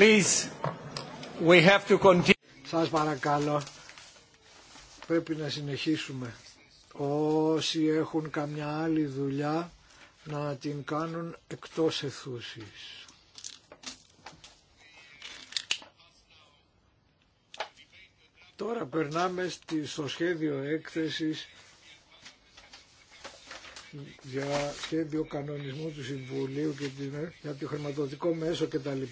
Speaker 5: Please, Σας παρακαλώ, πρέπει να συνεχίσουμε. Όσοι έχουν καμιά άλλη δουλειά να την κάνουν εκτός εθούσης. Τώρα περνάμε στο σχέδιο έκθεσης για σχέδιο κανονισμού του Συμβουλίου και για το χρηματοδοτικό μέσο κτλ.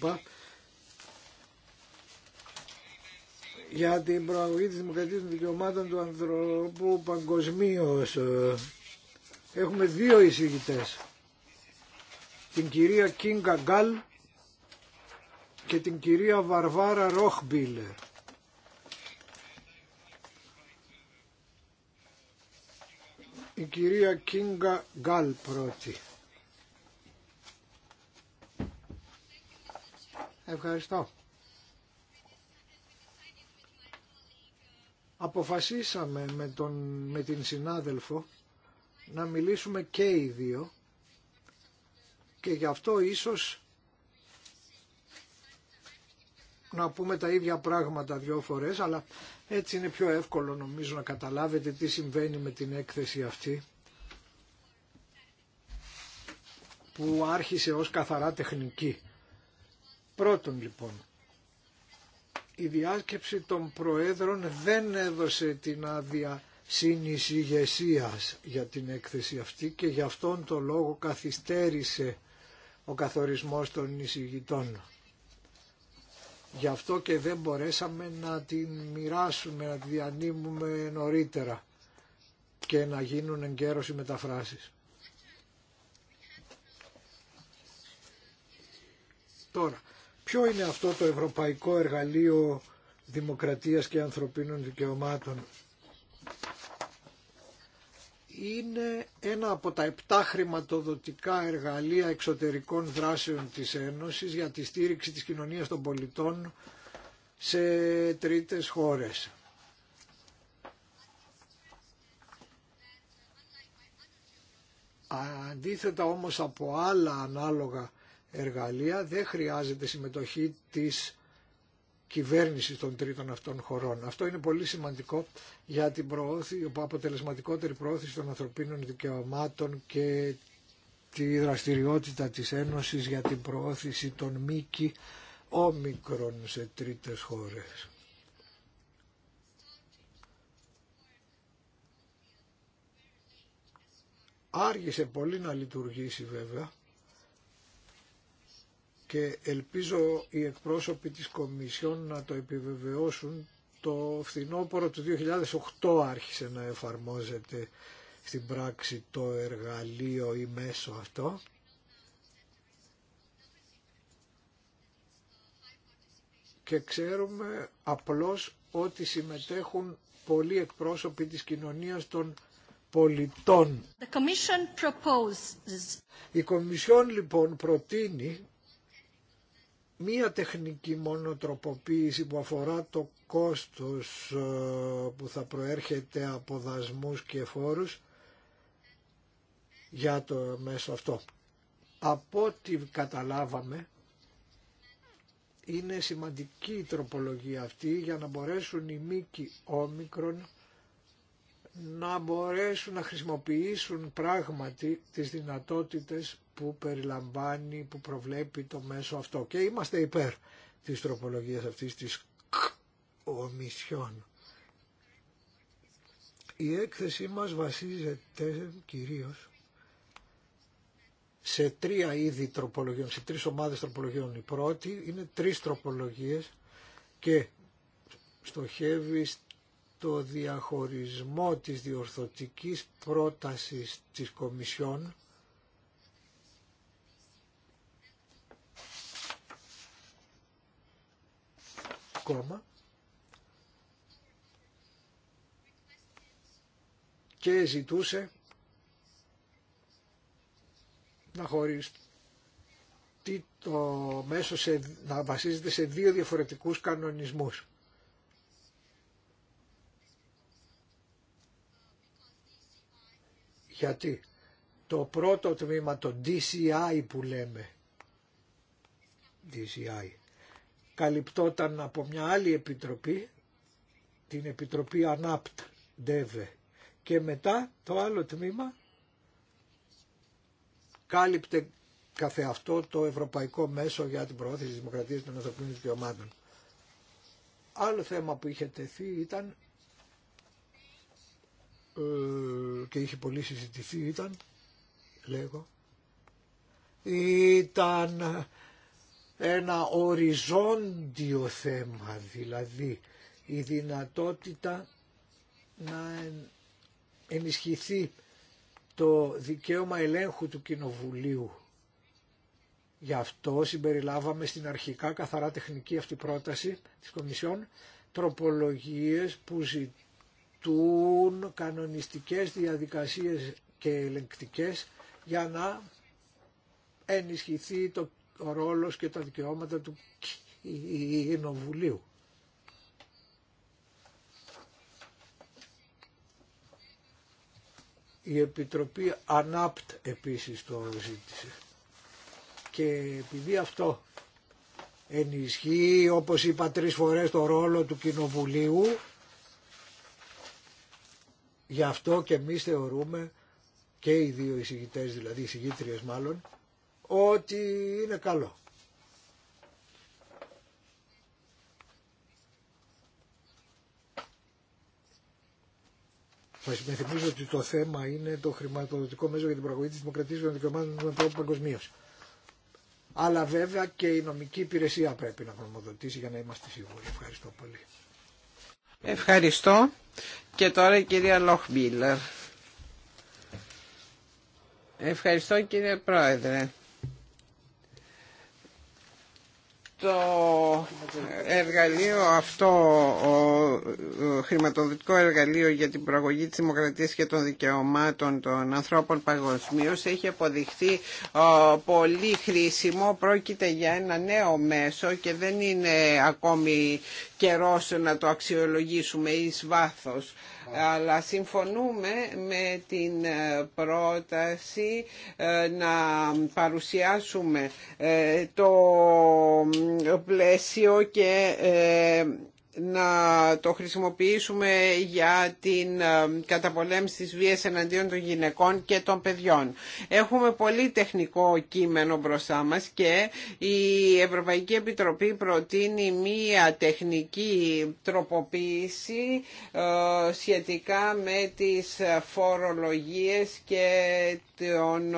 Speaker 5: για την προαγωγή της δημοκρατίας των δικαιωμάτων του ανθρώπου παγκοσμίω. Ε, έχουμε δύο εισηγητές. Την κυρία Κίνγκα Γκάλ και την κυρία Βαρβάρα Ρόχμπιλερ. Η κυρία Κίνγκα Γκάλ πρώτη. Ευχαριστώ. αποφασίσαμε με, τον, με την συνάδελφο να μιλήσουμε και οι δύο και γι' αυτό ίσως να πούμε τα ίδια πράγματα δυο φορές, αλλά έτσι είναι πιο εύκολο νομίζω να καταλάβετε τι συμβαίνει με την έκθεση αυτή που άρχισε ως καθαρά τεχνική. Πρώτον λοιπόν, η διάσκεψη των Προέδρων δεν έδωσε την άδεια συνεισηγεσίας για την έκθεση αυτή και γι' αυτόν τον λόγο καθυστέρησε ο καθορισμός των εισηγητών. Γι' αυτό και δεν μπορέσαμε να την μοιράσουμε, να τη διανύμουμε νωρίτερα και να γίνουν εγκαίρως οι μεταφράσεις. Τώρα, Ποιο είναι αυτό το Ευρωπαϊκό Εργαλείο Δημοκρατίας και Ανθρωπίνων Δικαιωμάτων. Είναι ένα από τα επτά χρηματοδοτικά εργαλεία εξωτερικών δράσεων της Ένωσης για τη στήριξη της κοινωνίας των πολιτών σε τρίτες χώρες. Αντίθετα όμως από άλλα ανάλογα εργαλεία δεν χρειάζεται συμμετοχή της κυβέρνησης των τρίτων αυτών χωρών. Αυτό είναι πολύ σημαντικό για την προώθη, αποτελεσματικότερη προώθηση των ανθρωπίνων δικαιωμάτων και τη δραστηριότητα της Ένωσης για την προώθηση των μήκη όμικρων σε τρίτες χώρες. Άργησε πολύ να λειτουργήσει βέβαια και ελπίζω οι εκπρόσωποι της Κομισιόν να το επιβεβαιώσουν το φθινόπωρο του 2008 άρχισε να εφαρμόζεται στην πράξη το εργαλείο ή μέσο αυτό και ξέρουμε απλώς ότι συμμετέχουν πολλοί εκπρόσωποι της κοινωνίας των πολιτών. Η Κομισιόν λοιπόν προτείνει μία τεχνική μόνο τροποποίηση που αφορά το κόστος ε, που θα προέρχεται από δασμούς και φόρους για το μέσο αυτό. Από ό,τι καταλάβαμε είναι σημαντική η τροπολογία αυτή για να μπορέσουν οι μήκοι όμικρον να μπορέσουν να χρησιμοποιήσουν πράγματι τις δυνατότητες που περιλαμβάνει, που προβλέπει το μέσο αυτό. Και είμαστε υπέρ της τροπολογίας αυτής της ομισιών. Η έκθεσή μας βασίζεται κυρίως σε τρία είδη τροπολογιών, σε τρεις ομάδες τροπολογιών. Η πρώτη είναι τρεις τροπολογίες και στοχεύει το διαχωρισμό της διορθωτικής πρότασης της Κομισιόν κόμμα και ζητούσε να χωρίσει το μέσο σε, να βασίζεται σε δύο διαφορετικούς κανονισμούς. Γιατί το πρώτο τμήμα, το DCI που λέμε, DCI, καλυπτόταν από μια άλλη επιτροπή, την Επιτροπή ΑΝΑΠΤ, ΔΕΒΕ. Και μετά το άλλο τμήμα κάλυπτε καθεαυτό το Ευρωπαϊκό Μέσο για την Προώθηση της Δημοκρατίας των Ανθρωπίνων Δικαιωμάτων. Άλλο θέμα που είχε τεθεί ήταν ε, και είχε πολύ συζητηθεί ήταν, λέγω, ήταν ένα οριζόντιο θέμα, δηλαδή η δυνατότητα να ενισχυθεί το δικαίωμα ελέγχου του Κοινοβουλίου. Γι' αυτό συμπεριλάβαμε στην αρχικά καθαρά τεχνική αυτή πρόταση της Κομισιόν τροπολογίες που ζητούν απαιτούν κανονιστικές διαδικασίες και ελεγκτικές για να ενισχυθεί το ρόλος και τα δικαιώματα του Κοινοβουλίου. Η Επιτροπή ΑΝΑΠΤ επίσης το ζήτησε. Και επειδή αυτό ενισχύει όπως είπα τρεις φορές το ρόλο του Κοινοβουλίου Γι' αυτό και εμείς θεωρούμε και οι δύο εισηγητές, δηλαδή οι εισηγήτριες μάλλον, ότι είναι καλό. Θα συμμεθυμίζω ότι το θέμα είναι το χρηματοδοτικό μέσο για την προαγωγή της δημοκρατίας και των δικαιωμάτων του ανθρώπου παγκοσμίω. Αλλά βέβαια και η νομική υπηρεσία πρέπει να χρηματοδοτήσει για να είμαστε σίγουροι. Ευχαριστώ πολύ.
Speaker 4: Ευχαριστώ. Και τώρα η κυρία Λόχμπίλερ. Ευχαριστώ κύριε Πρόεδρε. το εργαλείο αυτό, το χρηματοδοτικό εργαλείο για την προαγωγή της δημοκρατίας και των δικαιωμάτων των ανθρώπων παγκοσμίω έχει αποδειχθεί πολύ χρήσιμο. Πρόκειται για ένα νέο μέσο και δεν είναι ακόμη καιρός να το αξιολογήσουμε εις βάθος αλλά συμφωνούμε με την ε, πρόταση ε, να παρουσιάσουμε ε, το πλαίσιο και να το χρησιμοποιήσουμε για την καταπολέμηση της βίας εναντίον των γυναικών και των παιδιών. Έχουμε πολύ τεχνικό κείμενο μπροστά μας και η Ευρωπαϊκή Επιτροπή προτείνει μία τεχνική τροποποίηση σχετικά με τις φορολογίες και τον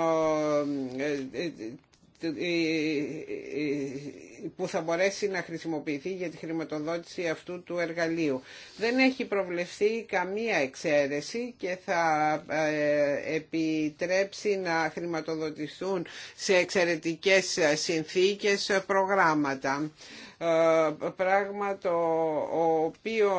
Speaker 4: που θα μπορέσει να χρησιμοποιηθεί για τη χρηματοδότηση αυτού του εργαλείου. Δεν έχει προβλεφθεί καμία εξαίρεση και θα ε, επιτρέψει να χρηματοδοτηθούν σε εξαιρετικές συνθήκες προγράμματα. Ε, πράγμα το οποίο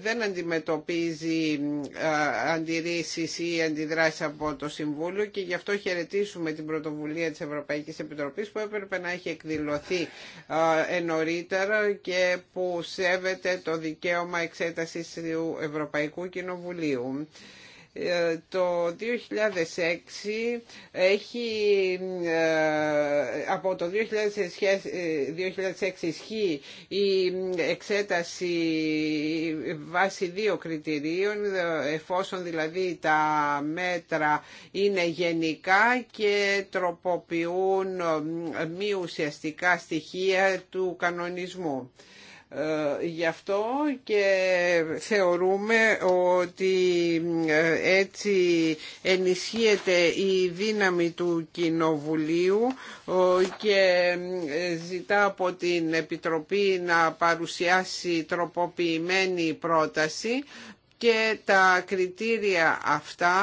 Speaker 4: δεν αντιμετωπίζει ε, αντιρρήσεις ή αντιδράσεις από το Συμβούλιο και γι' αυτό χαιρετήσουμε την πρωτοβουλία της Ευρωπαϊκής Επιτροπής που έπρεπε να έχει εκδηλωθεί ε, ενωρίτερα και που σέβεται το δικαίωμα εξέτασης του Ευρωπαϊκού Κοινοβουλίου. Ε, το 2006 έχει ε, από το 2006 ε, ισχύει η εξέταση βάσει δύο κριτηρίων εφόσον δηλαδή τα μέτρα είναι γενικά και τροποποιούν μη ουσιαστικά στοιχεία του κανονισμού. Ε, γι' αυτό και θεωρούμε ότι ε, έτσι ενισχύεται η δύναμη του Κοινοβουλίου και ε, ζητά από την Επιτροπή να παρουσιάσει τροποποιημένη πρόταση και τα κριτήρια αυτά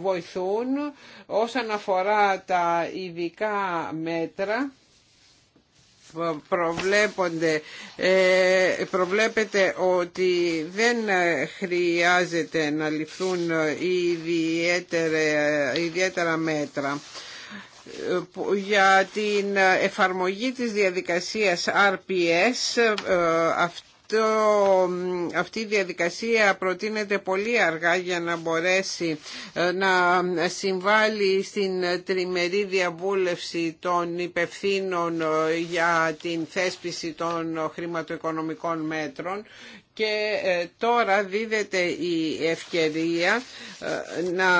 Speaker 4: βοηθούν όσον αφορά τα ειδικά μέτρα προβλέπονται, ε, προβλέπεται ότι δεν χρειάζεται να ληφθούν ιδιαίτερα, ιδιαίτερα μέτρα για την εφαρμογή της διαδικασίας RPS αυτή η διαδικασία προτείνεται πολύ αργά για να μπορέσει ε, να συμβάλλει στην τριμερή διαβούλευση των υπευθύνων ε, για την θέσπιση των χρηματοοικονομικών μέτρων και ε, τώρα δίδεται η ευκαιρία ε, να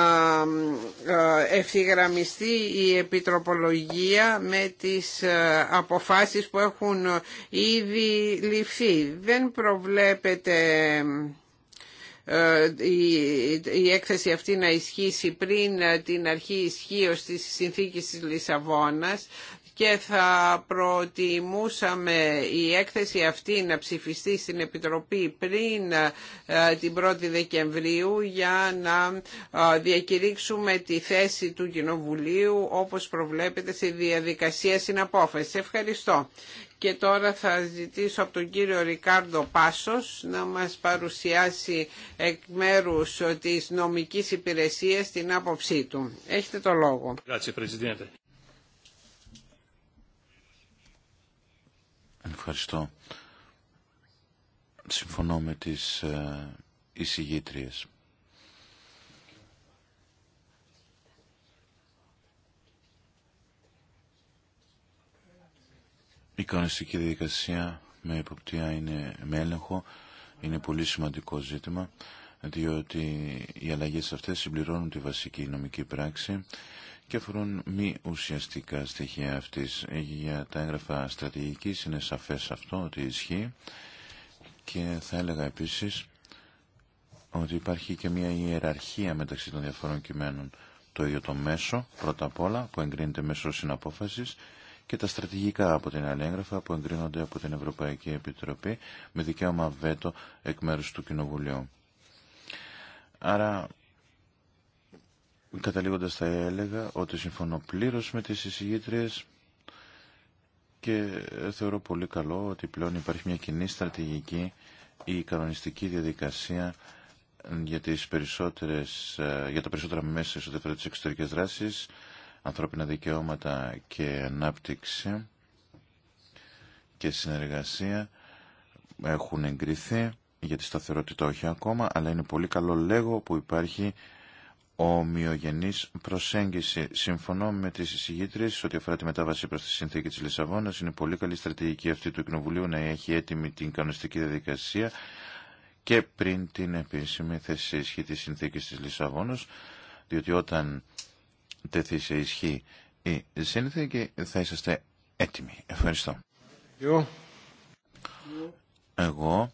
Speaker 4: ε, ευθυγραμμιστεί η επιτροπολογία με τις αποφάσεις που έχουν ήδη ληφθεί. Δεν προβλέπεται η έκθεση αυτή να ισχύσει πριν την αρχή ισχύω της συνθήκης της Λισαβόνας και θα προτιμούσαμε η έκθεση αυτή να ψηφιστεί στην Επιτροπή πριν ε, την 1η Δεκεμβρίου για να ε, διακηρύξουμε τη θέση του Κοινοβουλίου όπως προβλέπεται στη διαδικασία συναπόφασης. Ευχαριστώ. Και τώρα θα ζητήσω από τον κύριο Ρικάρντο Πάσος να μας παρουσιάσει εκ μέρους της νομικής
Speaker 2: υπηρεσίας
Speaker 4: την άποψή του. Έχετε το λόγο.
Speaker 2: Ευχαριστώ. Συμφωνώ με τις ε, εισηγήτριες. Η κανονιστική διαδικασία με υποπτία είναι με έλεγχο, είναι πολύ σημαντικό ζήτημα, διότι οι αλλαγές αυτές συμπληρώνουν τη βασική νομική πράξη και αφορούν μη ουσιαστικά στοιχεία αυτής. Για τα έγγραφα στρατηγικής είναι σαφές αυτό ότι ισχύει και θα έλεγα επίσης ότι υπάρχει και μια ιεραρχία μεταξύ των διαφορών κειμένων. Το ίδιο το μέσο, πρώτα απ' όλα, που εγκρίνεται μέσω συναπόφασης και τα στρατηγικά από την άλλη έγγραφα που εγκρίνονται από την Ευρωπαϊκή Επιτροπή με δικαίωμα βέτο εκ μέρους του Κοινοβουλίου. Άρα Καταλήγοντας θα έλεγα ότι συμφωνώ πλήρως με τις εισηγήτριες και θεωρώ πολύ καλό ότι πλέον υπάρχει μια κοινή στρατηγική η κανονιστική διαδικασία για, τις περισσότερες, ε, για τα περισσότερα μέσα στο δεύτερο τις δράσεις, ανθρώπινα δικαιώματα και ανάπτυξη και συνεργασία έχουν εγκριθεί για τη σταθερότητα όχι ακόμα, αλλά είναι πολύ καλό λέγω που υπάρχει ομοιογενής προσέγγιση. Συμφωνώ με τις εισηγήτρες ότι αφορά τη μετάβαση προς τη συνθήκη της Λισαβόνας. Είναι πολύ καλή στρατηγική αυτή του Κοινοβουλίου να έχει έτοιμη την κανονιστική διαδικασία και πριν την επίσημη θέση σε ισχύ της συνθήκης της Λισαβόνας, διότι όταν τεθεί σε ισχύ η συνθήκη θα είσαστε έτοιμοι. Ευχαριστώ. Εγώ.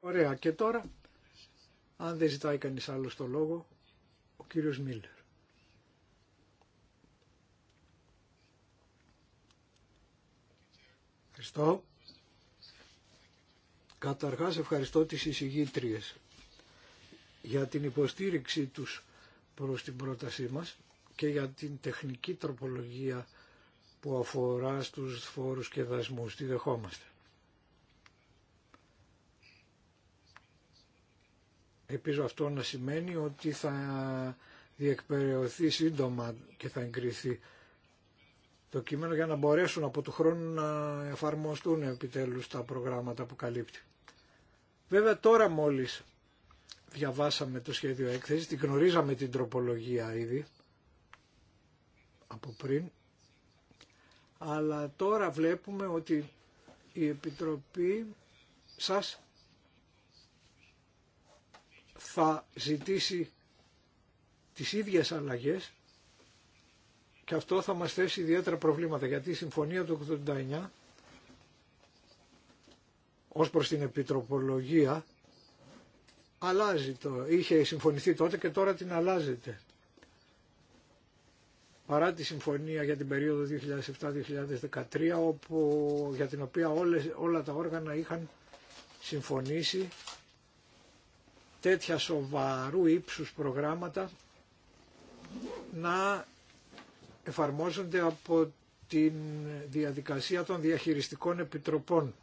Speaker 5: Ωραία. Και τώρα αν δεν ζητάει κανείς άλλο το λόγο, ο κύριος Μίλλερ. Ευχαριστώ. Καταρχάς ευχαριστώ τις εισηγήτριες για την υποστήριξη τους προς την πρότασή μας και για την τεχνική τροπολογία που αφορά στους φόρους και δασμούς. Τη δεχόμαστε. Ελπίζω αυτό να σημαίνει ότι θα διεκπαιρεωθεί σύντομα και θα εγκριθεί το κείμενο για να μπορέσουν από του χρόνου να εφαρμοστούν επιτέλους τα προγράμματα που καλύπτει. Βέβαια τώρα μόλις διαβάσαμε το σχέδιο έκθεσης, την γνωρίζαμε την τροπολογία ήδη από πριν, αλλά τώρα βλέπουμε ότι η Επιτροπή σας θα ζητήσει τις ίδιες αλλαγές και αυτό θα μας θέσει ιδιαίτερα προβλήματα γιατί η Συμφωνία του 89 ως προς την Επιτροπολογία αλλάζει το. Είχε συμφωνηθεί τότε και τώρα την αλλάζεται. Παρά τη συμφωνία για την περίοδο 2007-2013 όπου, για την οποία όλα τα όργανα είχαν συμφωνήσει τέτοια σοβαρού ύψους προγράμματα να εφαρμόζονται από την διαδικασία των διαχειριστικών επιτροπών.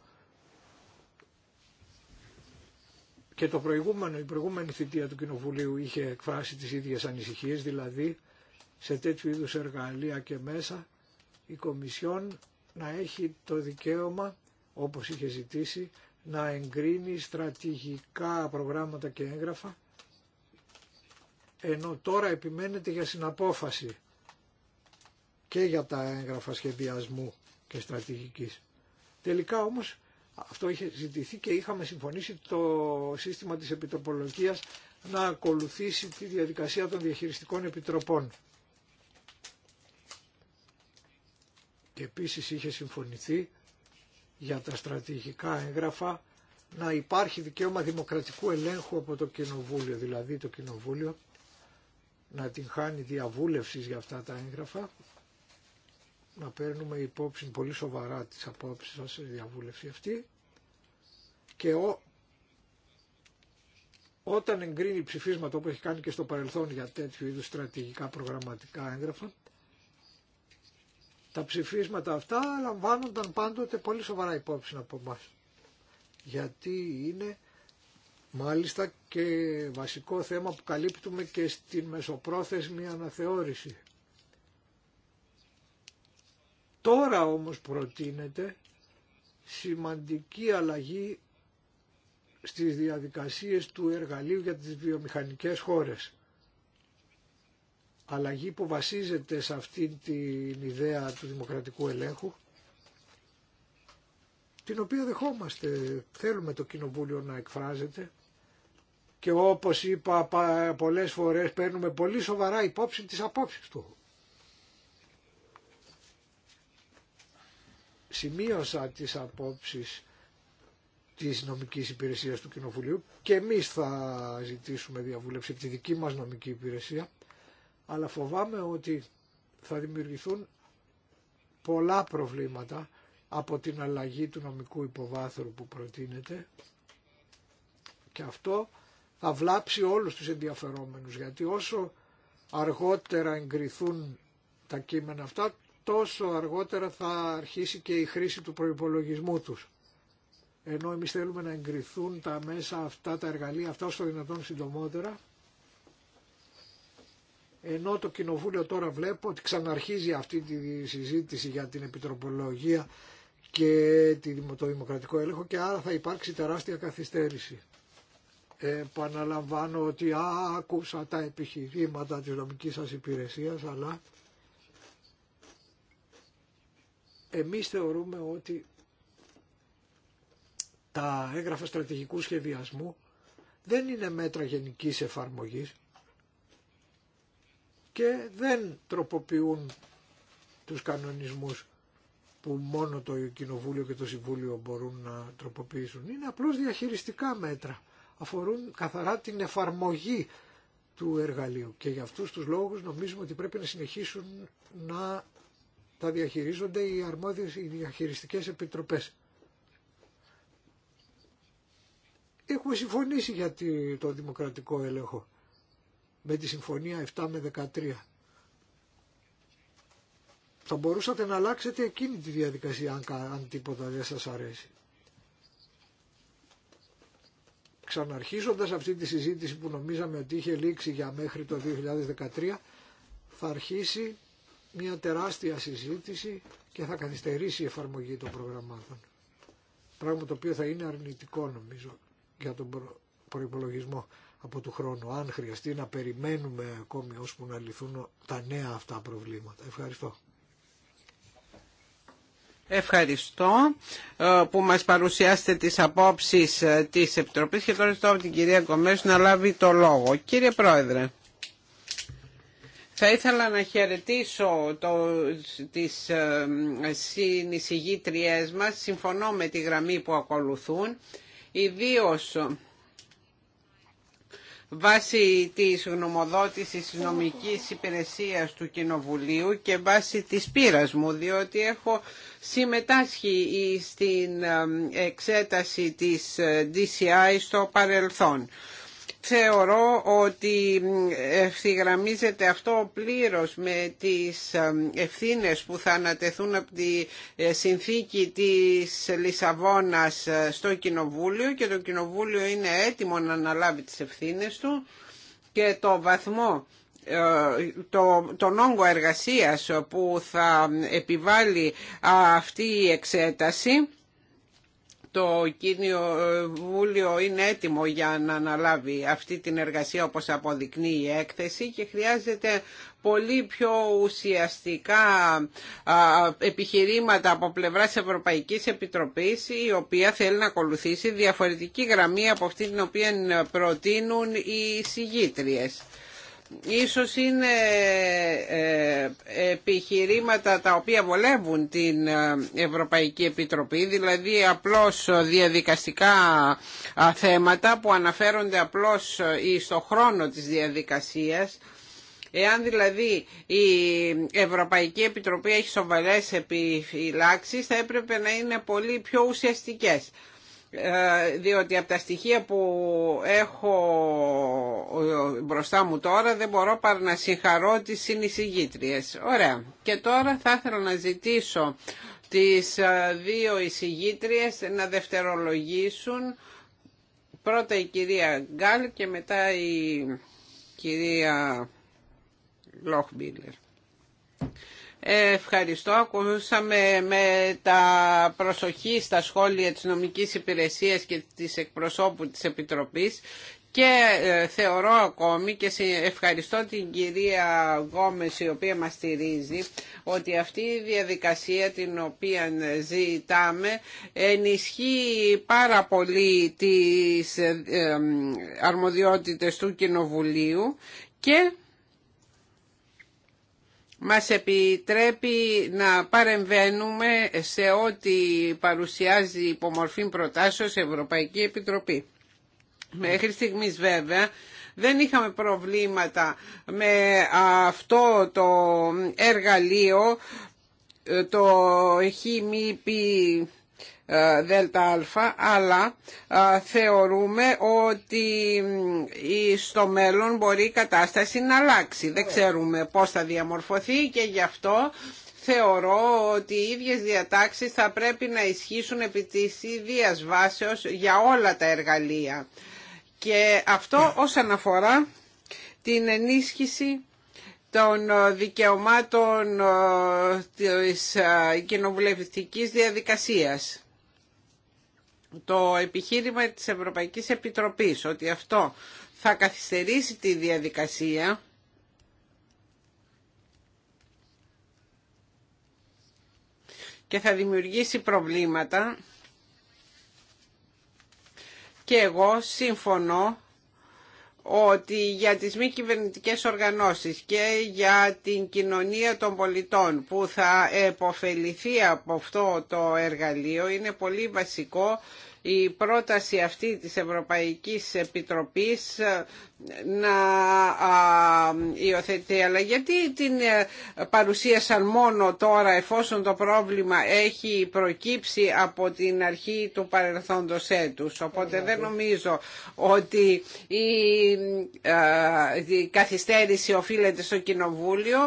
Speaker 5: Και το προηγούμενο, η προηγούμενη θητεία του Κοινοβουλίου είχε εκφράσει τις ίδιες ανησυχίες, δηλαδή σε τέτοιου είδους εργαλεία και μέσα η Κομισιόν να έχει το δικαίωμα, όπως είχε ζητήσει, να εγκρίνει στρατηγικά προγράμματα και έγγραφα, ενώ τώρα επιμένεται για συναπόφαση και για τα έγγραφα σχεδιασμού και στρατηγικής. Τελικά όμως αυτό είχε ζητηθεί και είχαμε συμφωνήσει το σύστημα της επιτροπολογίας να ακολουθήσει τη διαδικασία των διαχειριστικών επιτροπών. Και επίσης είχε συμφωνηθεί για τα στρατηγικά έγγραφα να υπάρχει δικαίωμα δημοκρατικού ελέγχου από το Κοινοβούλιο, δηλαδή το Κοινοβούλιο να την χάνει διαβούλευσης για αυτά τα έγγραφα, να παίρνουμε υπόψη πολύ σοβαρά τις απόψεις σας σε διαβούλευση αυτή και ο, όταν εγκρίνει ψηφίσματα όπως έχει κάνει και στο παρελθόν για τέτοιου είδους στρατηγικά προγραμματικά έγγραφα τα ψηφίσματα αυτά λαμβάνονταν πάντοτε πολύ σοβαρά υπόψη από εμά. Γιατί είναι μάλιστα και βασικό θέμα που καλύπτουμε και στην μεσοπρόθεσμη αναθεώρηση. Τώρα όμως προτείνεται σημαντική αλλαγή στις διαδικασίες του εργαλείου για τις βιομηχανικές χώρες αλλαγή που βασίζεται σε αυτή την ιδέα του δημοκρατικού ελέγχου την οποία δεχόμαστε, θέλουμε το κοινοβούλιο να εκφράζεται και όπως είπα πολλές φορές παίρνουμε πολύ σοβαρά υπόψη τις απόψεις του. Σημείωσα τις απόψεις της νομικής υπηρεσίας του Κοινοβουλίου και εμείς θα ζητήσουμε διαβούλευση από τη δική μας νομική υπηρεσία αλλά φοβάμαι ότι θα δημιουργηθούν πολλά προβλήματα από την αλλαγή του νομικού υποβάθρου που προτείνεται και αυτό θα βλάψει όλους τους ενδιαφερόμενους γιατί όσο αργότερα εγκριθούν τα κείμενα αυτά τόσο αργότερα θα αρχίσει και η χρήση του προϋπολογισμού τους ενώ εμείς θέλουμε να εγκριθούν τα μέσα αυτά, τα εργαλεία αυτά όσο δυνατόν συντομότερα ενώ το Κοινοβούλιο τώρα βλέπω ότι ξαναρχίζει αυτή τη συζήτηση για την επιτροπολογία και το δημοκρατικό έλεγχο και άρα θα υπάρξει τεράστια καθυστέρηση. Επαναλαμβάνω ότι άκουσα τα επιχειρήματα της νομικής σας υπηρεσίας, αλλά εμείς θεωρούμε ότι τα έγγραφα στρατηγικού σχεδιασμού δεν είναι μέτρα γενικής εφαρμογής, και δεν τροποποιούν τους κανονισμούς που μόνο το Κοινοβούλιο και το Συμβούλιο μπορούν να τροποποιήσουν. Είναι απλώς διαχειριστικά μέτρα. Αφορούν καθαρά την εφαρμογή του εργαλείου και για αυτούς τους λόγους νομίζουμε ότι πρέπει να συνεχίσουν να τα διαχειρίζονται οι αρμόδιες οι διαχειριστικές επιτροπές. Έχουμε συμφωνήσει για το δημοκρατικό έλεγχο με τη συμφωνία 7 με 13. Θα μπορούσατε να αλλάξετε εκείνη τη διαδικασία αν, αν τίποτα δεν σας αρέσει. Ξαναρχίζοντας αυτή τη συζήτηση που νομίζαμε ότι είχε λήξει για μέχρι το 2013 θα αρχίσει μια τεράστια συζήτηση και θα καθυστερήσει η εφαρμογή των προγραμμάτων. Πράγμα το οποίο θα είναι αρνητικό νομίζω για τον προϋπολογισμό από του χρόνου, αν χρειαστεί να περιμένουμε ακόμη ώσπου να λυθούν τα νέα αυτά προβλήματα. Ευχαριστώ.
Speaker 4: Ευχαριστώ ε, που μας παρουσιάσετε τις απόψεις ε, της Επιτροπής και τώρα από την κυρία Κομέσου να λάβει το λόγο. Κύριε Πρόεδρε. Θα ήθελα να χαιρετήσω το, τις ε, συνεισηγήτριές μας. Συμφωνώ με τη γραμμή που ακολουθούν. Ιδίως βάσει της γνωμοδότησης νομικής υπηρεσίας του Κοινοβουλίου και βάσει της πείρας μου, διότι έχω συμμετάσχει στην εξέταση της DCI ε, στο παρελθόν. Θεωρώ ότι ευθυγραμμίζεται αυτό πλήρως με τις ε, ευθύνες που θα ανατεθούν από τη ε, συνθήκη της Λισαβόνας ε, στο Κοινοβούλιο και το Κοινοβούλιο είναι έτοιμο να αναλάβει τις ευθύνες του και το βαθμό το, τον όγκο εργασίας που θα επιβάλλει αυτή η εξέταση το κοινό ε, Βούλιο είναι έτοιμο για να αναλάβει αυτή την εργασία όπως αποδεικνύει η έκθεση και χρειάζεται πολύ πιο ουσιαστικά επιχειρήματα από πλευρά Ευρωπαϊκή Ευρωπαϊκής Επιτροπής η οποία θέλει να ακολουθήσει διαφορετική γραμμή από αυτή την οποία προτείνουν οι συγγήτριες ίσως είναι ε, επιχειρήματα τα οποία βολεύουν την ε, Ευρωπαϊκή Επιτροπή, δηλαδή απλώς διαδικαστικά θέματα που αναφέρονται απλώς στο ε, χρόνο της διαδικασίας. Εάν δηλαδή η Ευρωπαϊκή Επιτροπή έχει σοβαρές επιφυλάξεις θα έπρεπε να είναι πολύ πιο ουσιαστικές. Ε, διότι από τα στοιχεία που έχω ε, μπροστά μου τώρα δεν μπορώ παρά να συγχαρώ τις συνεισηγήτριες. Ωραία. Και τώρα θα ήθελα να ζητήσω τις ε, δύο εισηγήτριες να δευτερολογήσουν πρώτα η κυρία Γκάλ και μετά η κυρία Λόχμπίλερ. Ευχαριστώ. Ακούσαμε με τα προσοχή στα σχόλια της νομικής υπηρεσίας και της εκπροσώπου της Επιτροπής και ε, θεωρώ ακόμη και ευχαριστώ την κυρία Γόμες η οποία μας στηρίζει ότι αυτή η διαδικασία την οποία ζητάμε ενισχύει πάρα πολύ τις ε, ε, αρμοδιότητες του Κοινοβουλίου και μας επιτρέπει να παρεμβαίνουμε σε ό,τι παρουσιάζει υπομορφή προτάσεως Ευρωπαϊκή Επιτροπή. Μέχρι στιγμής βέβαια δεν είχαμε προβλήματα με αυτό το εργαλείο το χιμιπι ΔΕΛΤΑ ΑΛΦΑ, αλλά θεωρούμε ότι στο μέλλον μπορεί η κατάσταση να αλλάξει. Δεν ξέρουμε πώς θα διαμορφωθεί και γι' αυτό θεωρώ ότι οι ίδιες διατάξεις θα πρέπει να ισχύσουν επί της ίδιας βάσεως για όλα τα εργαλεία. Και αυτό όσον αφορά την ενίσχυση των δικαιωμάτων της κοινοβουλευτικής διαδικασίας το επιχείρημα της Ευρωπαϊκής Επιτροπής ότι αυτό θα καθυστερήσει τη διαδικασία και θα δημιουργήσει προβλήματα και εγώ συμφωνώ ότι για τις μη κυβερνητικέ οργανώσεις και για την κοινωνία των πολιτών που θα επωφεληθεί από αυτό το εργαλείο είναι πολύ βασικό η πρόταση αυτή της Ευρωπαϊκής Επιτροπής να υιοθετεί αλλά γιατί την ε, παρουσίασαν μόνο τώρα εφόσον το πρόβλημα έχει προκύψει από την αρχή του παρελθόντος έτους οπότε δεν νομίζω ότι ε, η καθυστέρηση οφείλεται στο Κοινοβούλιο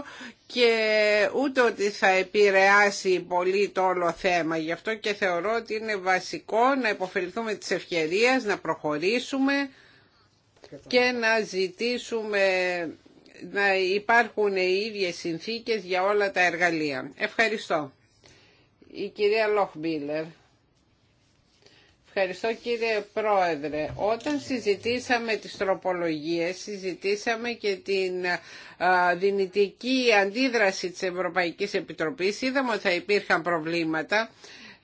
Speaker 4: και ούτε ότι θα επηρεάσει πολύ το όλο θέμα. Γι' αυτό και θεωρώ ότι είναι βασικό να υποφεληθούμε της ευκαιρίας, να προχωρήσουμε και να ζητήσουμε να υπάρχουν οι ίδιες συνθήκες για όλα τα εργαλεία. Ευχαριστώ. Η κυρία Λοχμπίλερ. Ευχαριστώ κύριε Πρόεδρε. Όταν συζητήσαμε τις τροπολογίες, συζητήσαμε και την δυνητική αντίδραση της Ευρωπαϊκής Επιτροπής. Είδαμε ότι θα υπήρχαν προβλήματα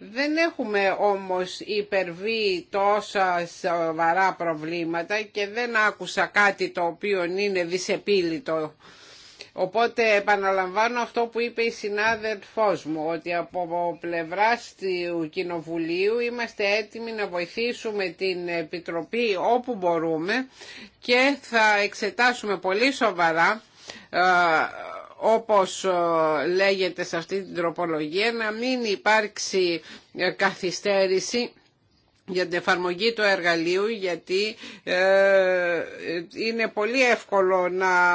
Speaker 4: δεν έχουμε όμως υπερβεί τόσα σοβαρά προβλήματα και δεν άκουσα κάτι το οποίο είναι δυσεπίλητο. Οπότε επαναλαμβάνω αυτό που είπε η συνάδελφός μου, ότι από πλευρά του Κοινοβουλίου είμαστε έτοιμοι να βοηθήσουμε την Επιτροπή όπου μπορούμε και θα εξετάσουμε πολύ σοβαρά ε, όπως ε, λέγεται σε αυτή την τροπολογία να μην υπάρξει ε, καθυστέρηση για την εφαρμογή του εργαλείου γιατί ε, είναι πολύ εύκολο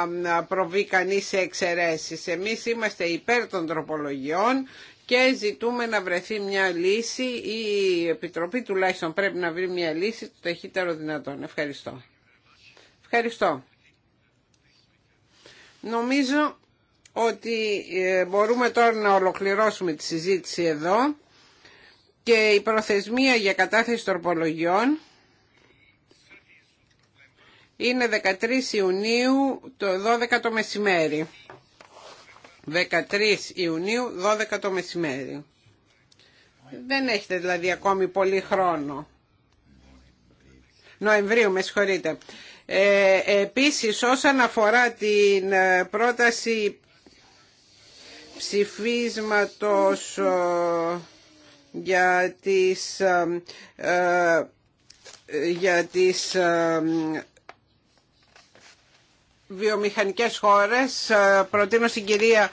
Speaker 4: να προβεί κανείς σε εξαιρέσεις. Εμείς είμαστε υπέρ των τροπολογιών και ζητούμε να βρεθεί μια λύση ή η Επιτροπή τουλάχιστον πρέπει να βρει μια λύση το ταχύτερο δυνατόν. Ευχαριστώ. Ευχαριστώ. Νομίζω ότι ε, μπορούμε τώρα να ολοκληρώσουμε τη συζήτηση εδώ και η προθεσμία για κατάθεση τροπολογιών είναι 13 Ιουνίου το 12 το μεσημέρι. 13 Ιουνίου 12 το μεσημέρι. Δεν έχετε δηλαδή ακόμη πολύ χρόνο. Νοεμβρίου, με συγχωρείτε. Ε, επίσης όσον αφορά την ε, πρόταση ψηφίσματος ε, για τις ε, ε, για τις βιομηχανικές χώρες ε, προτείνω στην κυρία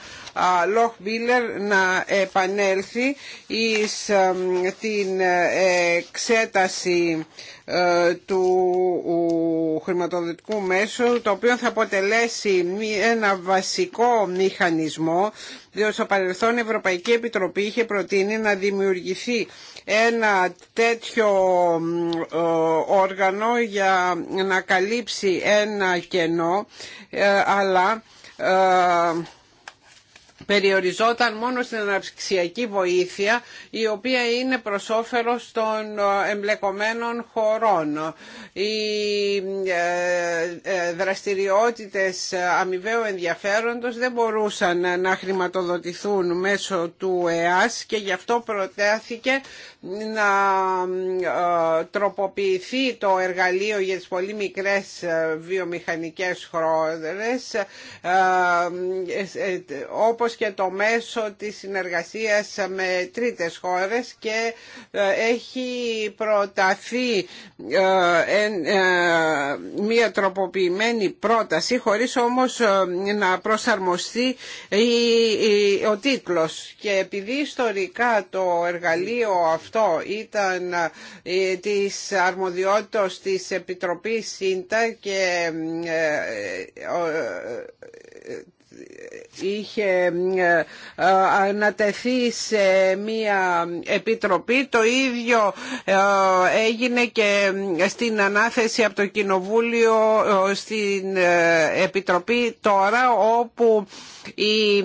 Speaker 4: Λόχ Μπίλερ να επανέλθει εις ε, την ε, εξέταση του χρηματοδοτικού μέσου το οποίο θα αποτελέσει ένα βασικό μηχανισμό διότι στο παρελθόν η Ευρωπαϊκή Επιτροπή είχε προτείνει να δημιουργηθεί ένα τέτοιο όργανο για να καλύψει ένα κενό ε, αλλά ε, περιοριζόταν μόνο στην αναψυξιακή βοήθεια η οποία είναι προς όφελος των ε, εμπλεκομένων χωρών. Οι δραστηριότητες αμοιβαίου ενδιαφέροντος δεν μπορούσαν να χρηματοδοτηθούν μέσω του ΕΑΣ και γι' αυτό προτάθηκε να ε, τροποποιηθεί το εργαλείο για τις πολύ μικρές ε, βιομηχανικές χώρες ε, όπως και το μέσο της συνεργασίας με τρίτες χώρες και έχει προταθεί μια τροποποιημένη πρόταση χωρίς όμως να προσαρμοστεί ο τίτλος και επειδή ιστορικά το εργαλείο αυτό αυτό ήταν ε, της αρμοδιότητας της Επιτροπής ΣΥΝΤΑ και ε, ε, είχε ε, ε, ανατεθεί σε μία επιτροπή. Το ίδιο ε, έγινε και στην ανάθεση από το Κοινοβούλιο στην Επιτροπή τώρα όπου η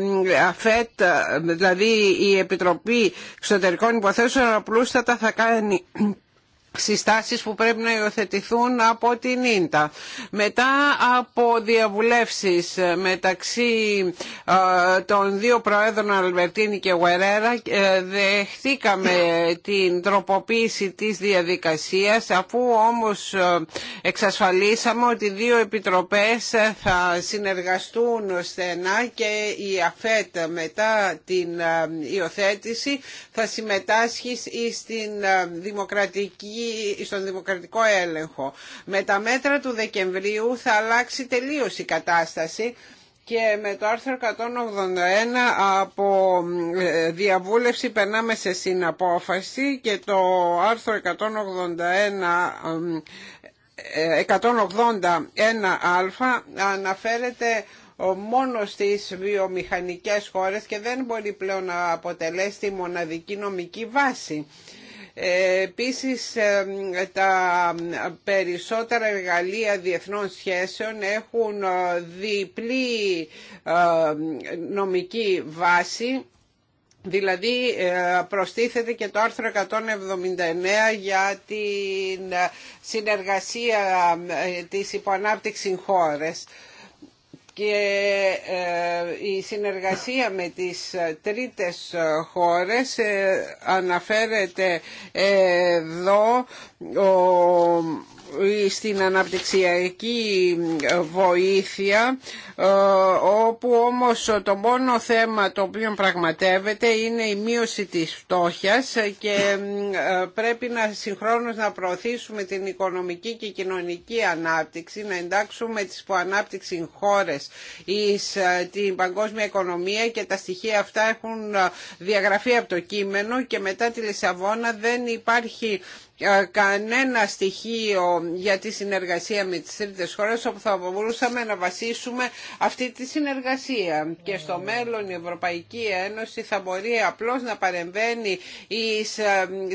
Speaker 4: ΑΦΕΤ, δηλαδή η Επιτροπή Εξωτερικών Υποθέσεων απλούστατα θα κάνει συστάσεις που πρέπει να υιοθετηθούν από την ίντα. Μετά από διαβουλεύσεις μεταξύ ε, των δύο προέδρων Αλβερτίνη και Γουερέρα ε, δεχτήκαμε την τροποποίηση της διαδικασίας αφού όμως ε, εξασφαλίσαμε ότι δύο επιτροπές θα συνεργαστούν στενά και η ΑΦΕΤ μετά την υιοθέτηση θα συμμετάσχει στην δημοκρατική στον δημοκρατικό έλεγχο. Με τα μέτρα του Δεκεμβρίου θα αλλάξει τελείως η κατάσταση και με το άρθρο 181 από ε, διαβούλευση περνάμε σε συναπόφαση και το άρθρο 181 181α ε, ε, αναφέρεται μόνο στις βιομηχανικές χώρες και δεν μπορεί πλέον να αποτελέσει τη μοναδική νομική βάση. Επίσης τα περισσότερα εργαλεία διεθνών σχέσεων έχουν ε, διπλή ε, νομική βάση Δηλαδή ε, προστίθεται και το άρθρο 179 για την συνεργασία της υποανάπτυξης χώρες και ε, η συνεργασία με τις τρίτες χώρες ε, αναφέρεται ε, εδώ στην αναπτυξιακή βοήθεια ε, όπου όμως το μόνο θέμα το οποίο πραγματεύεται είναι η μείωση της φτώχειας και ε, πρέπει να συγχρόνως να προωθήσουμε την οικονομική και κοινωνική ανάπτυξη να εντάξουμε τις ανάπτυξη χώρες εις ε, την παγκόσμια οικονομία και τα στοιχεία αυτά έχουν διαγραφεί από το κείμενο και μετά τη Λισαβόνα δεν υπάρχει ε, κανένα στοιχείο για τη συνεργασία με τις τρίτες χώρες όπου θα μπορούσαμε να βασίσουμε αυτή τη συνεργασία και στο μέλλον η Ευρωπαϊκή Ένωση θα μπορεί απλώς να παρεμβαίνει εις ε,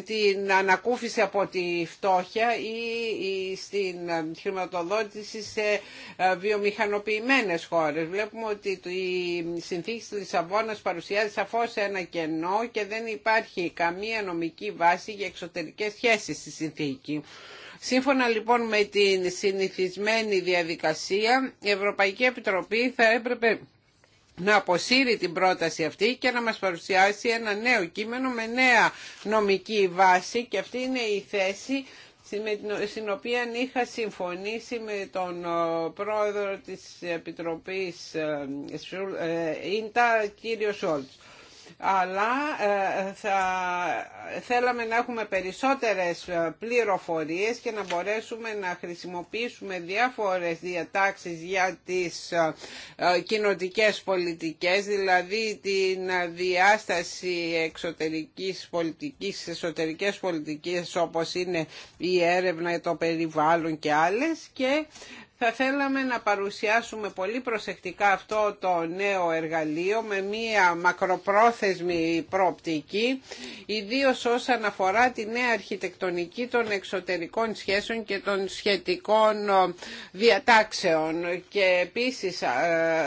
Speaker 4: την ανακούφιση από τη φτώχεια ή στην χρηματοδότηση σε ε, βιομηχανοποιημένες χώρες. Βλέπουμε ότι η συνθήκη της Λισαβόνας παρουσιάζει σαφώς ένα κενό και δεν υπάρχει καμία νομική βάση για εξωτερικές σχέσεις στη συνθήκη. Σύμφωνα λοιπόν με την συνηθισμένη διαδικασία, η Ευρωπαϊκή Επιτροπή θα έπρεπε να αποσύρει την πρόταση αυτή και να μας παρουσιάσει ένα νέο κείμενο με νέα νομική βάση και αυτή είναι η θέση στην οποία είχα συμφωνήσει με τον πρόεδρο της Επιτροπής ΙΝΤΑ, ε, ε, κύριο Σόλτς αλλά ε, θα θέλαμε να έχουμε περισσότερες ε, πληροφορίες και να μπορέσουμε να χρησιμοποιήσουμε διάφορες διατάξεις για τις ε, κοινοτικές πολιτικές, δηλαδή την διάσταση εξωτερικής πολιτικής, εσωτερικές πολιτικές όπως είναι η έρευνα, το περιβάλλον και άλλες και θα θέλαμε να παρουσιάσουμε πολύ προσεκτικά αυτό το νέο εργαλείο με μία μακροπρόθεσμη προοπτική, ιδίως όσον αφορά τη νέα αρχιτεκτονική των εξωτερικών σχέσεων και των σχετικών ε, διατάξεων. Και επίσης ε,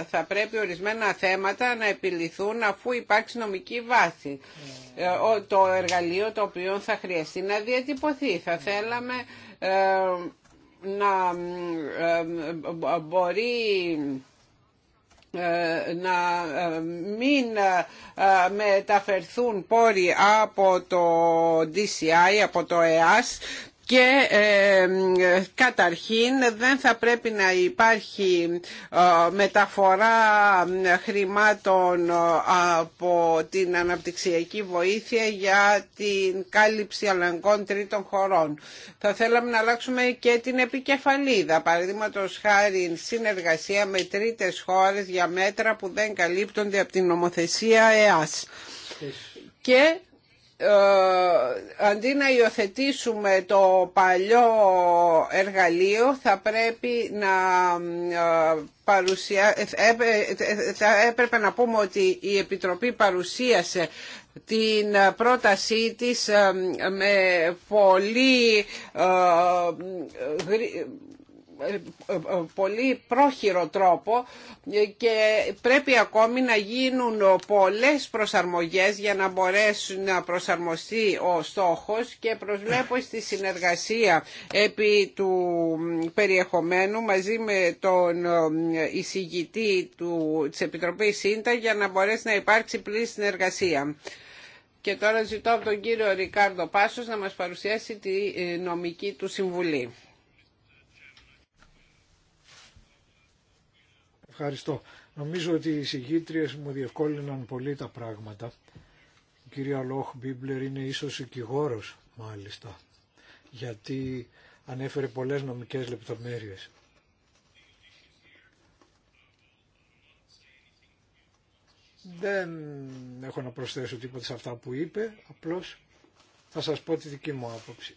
Speaker 4: θα πρέπει ορισμένα θέματα να επιληθούν αφού υπάρξει νομική βάση. Ε, το εργαλείο το οποίο θα χρειαστεί να διατυπωθεί. Θα θέλαμε να μπορεί ε, να μην ε, μεταφερθούν πόροι από το DCI, από το ΕΑΣ e και ε, καταρχήν δεν θα πρέπει να υπάρχει ε, μεταφορά ε, χρημάτων από την αναπτυξιακή βοήθεια για την κάλυψη αναγκών τρίτων χωρών. Θα θέλαμε να αλλάξουμε και την επικεφαλίδα, παραδείγματο χάρη συνεργασία με τρίτες χώρες για μέτρα που δεν καλύπτονται από την νομοθεσία ΕΑΣ. Και ε, αντί να υιοθετήσουμε το παλιό εργαλείο θα πρέπει να ε, παρουσια... Ε, θα έπρεπε να πούμε ότι η Επιτροπή παρουσίασε την πρότασή της με πολύ πολύ πρόχειρο τρόπο και πρέπει ακόμη να γίνουν πολλές προσαρμογές για να μπορέσουν να προσαρμοστεί ο στόχος και προσβλέπω στη συνεργασία επί του περιεχομένου μαζί με τον εισηγητή του, της Επιτροπής ΣΥΝΤΑ για να μπορέσει να υπάρξει πλήρη συνεργασία. Και τώρα ζητώ από τον κύριο Ρικάρδο Πάσος να μας παρουσιάσει τη νομική του συμβουλή.
Speaker 5: Ευχαριστώ. Νομίζω ότι οι συγγήτριες μου διευκόλυναν πολύ τα πράγματα. Η κυρία Λόχ Μπίμπλερ είναι ίσως οικηγόρος μάλιστα, γιατί ανέφερε πολλές νομικές λεπτομέρειες. Δεν έχω να προσθέσω τίποτα σε αυτά που είπε, απλώς θα σας πω τη δική μου άποψη.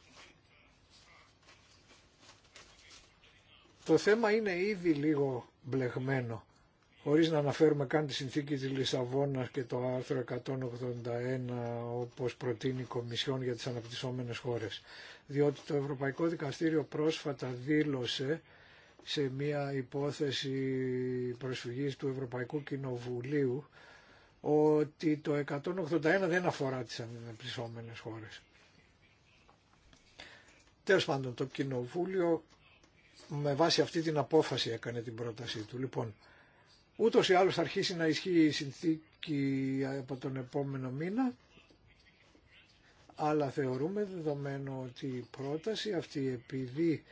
Speaker 5: Το θέμα είναι ήδη λίγο μπλεγμένο, χωρίς να αναφέρουμε καν τη συνθήκη της Λισαβόνας και το άρθρο 181 όπως προτείνει η Κομισιόν για τις αναπτυσσόμενες χώρες. Διότι το Ευρωπαϊκό Δικαστήριο πρόσφατα δήλωσε σε μια υπόθεση προσφυγής του Ευρωπαϊκού Κοινοβουλίου ότι το 181 δεν αφορά τις αναπτυσσόμενες χώρες. Τέλος πάντων, το Κοινοβούλιο με βάση αυτή την απόφαση έκανε την πρότασή του. Λοιπόν, ούτως ή άλλως θα αρχίσει να ισχύει η συνθήκη από τον επόμενο μήνα, αλλά θεωρούμε δεδομένο ότι η πρόταση αυτή επειδή,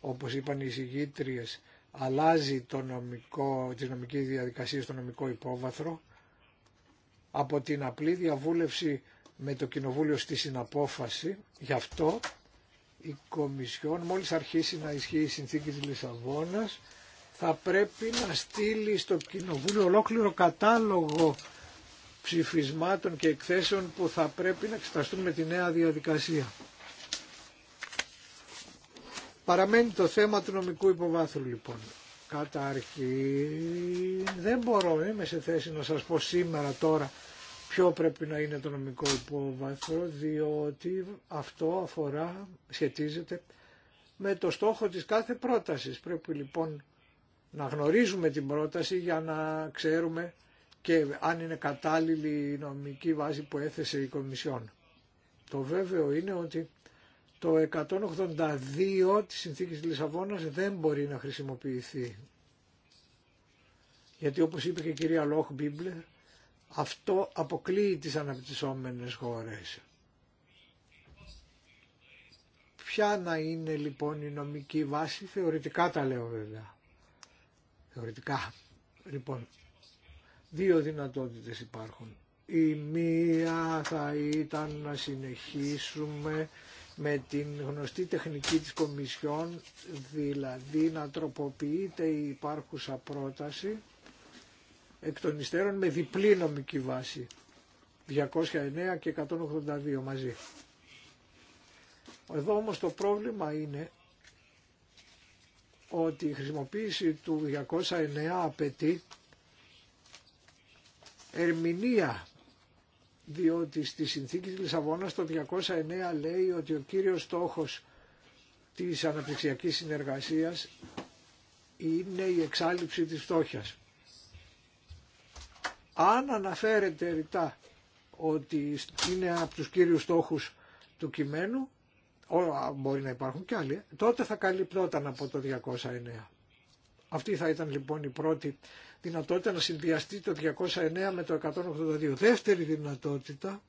Speaker 5: όπως είπαν οι συγγήτριες, αλλάζει το νομικό, τη στο διαδικασία νομικό υπόβαθρο, από την απλή διαβούλευση με το Κοινοβούλιο στη συναπόφαση, γι' αυτό η Κομισιόν μόλις αρχίσει να ισχύει η συνθήκη της Λισαβόνας θα πρέπει να στείλει στο Κοινοβούλιο ολόκληρο κατάλογο ψηφισμάτων και εκθέσεων που θα πρέπει να εξεταστούν με τη νέα διαδικασία. Παραμένει το θέμα του νομικού υποβάθρου λοιπόν. Καταρχήν δεν μπορώ, είμαι σε θέση να σας πω σήμερα τώρα ποιο πρέπει να είναι το νομικό υπόβαθρο, διότι αυτό αφορά, σχετίζεται με το στόχο της κάθε πρότασης. Πρέπει λοιπόν να γνωρίζουμε την πρόταση για να ξέρουμε και αν είναι κατάλληλη η νομική βάση που έθεσε η Κομισιόν. Το βέβαιο είναι ότι το 182 της Συνθήκης της Λισαβόνας δεν μπορεί να χρησιμοποιηθεί. Γιατί όπως είπε και η κυρία Λόχ Μπίμπλερ, αυτό αποκλείει τις αναπτυσσόμενες χώρες. Ποια να είναι λοιπόν η νομική βάση, θεωρητικά τα λέω βέβαια. Θεωρητικά. Λοιπόν, δύο δυνατότητες υπάρχουν. Η μία θα ήταν να συνεχίσουμε με την γνωστή τεχνική της Κομισιόν, δηλαδή να τροποποιείται η υπάρχουσα πρόταση εκ των υστέρων με διπλή νομική βάση 209 και 182 μαζί. Εδώ όμως το πρόβλημα είναι ότι η χρησιμοποίηση του 209 απαιτεί ερμηνεία διότι στη συνθήκη της Λισαβόνας το 209 λέει ότι ο κύριος στόχος της αναπτυξιακής συνεργασίας είναι η εξάλληψη της φτώχειας. Αν αναφέρεται ρητά ότι είναι από τους κύριους στόχους του κειμένου, μπορεί να υπάρχουν και άλλοι, τότε θα καλυπτόταν από το 209. Αυτή θα ήταν λοιπόν η πρώτη δυνατότητα να συνδυαστεί το 209 με το 182. Δεύτερη δυνατότητα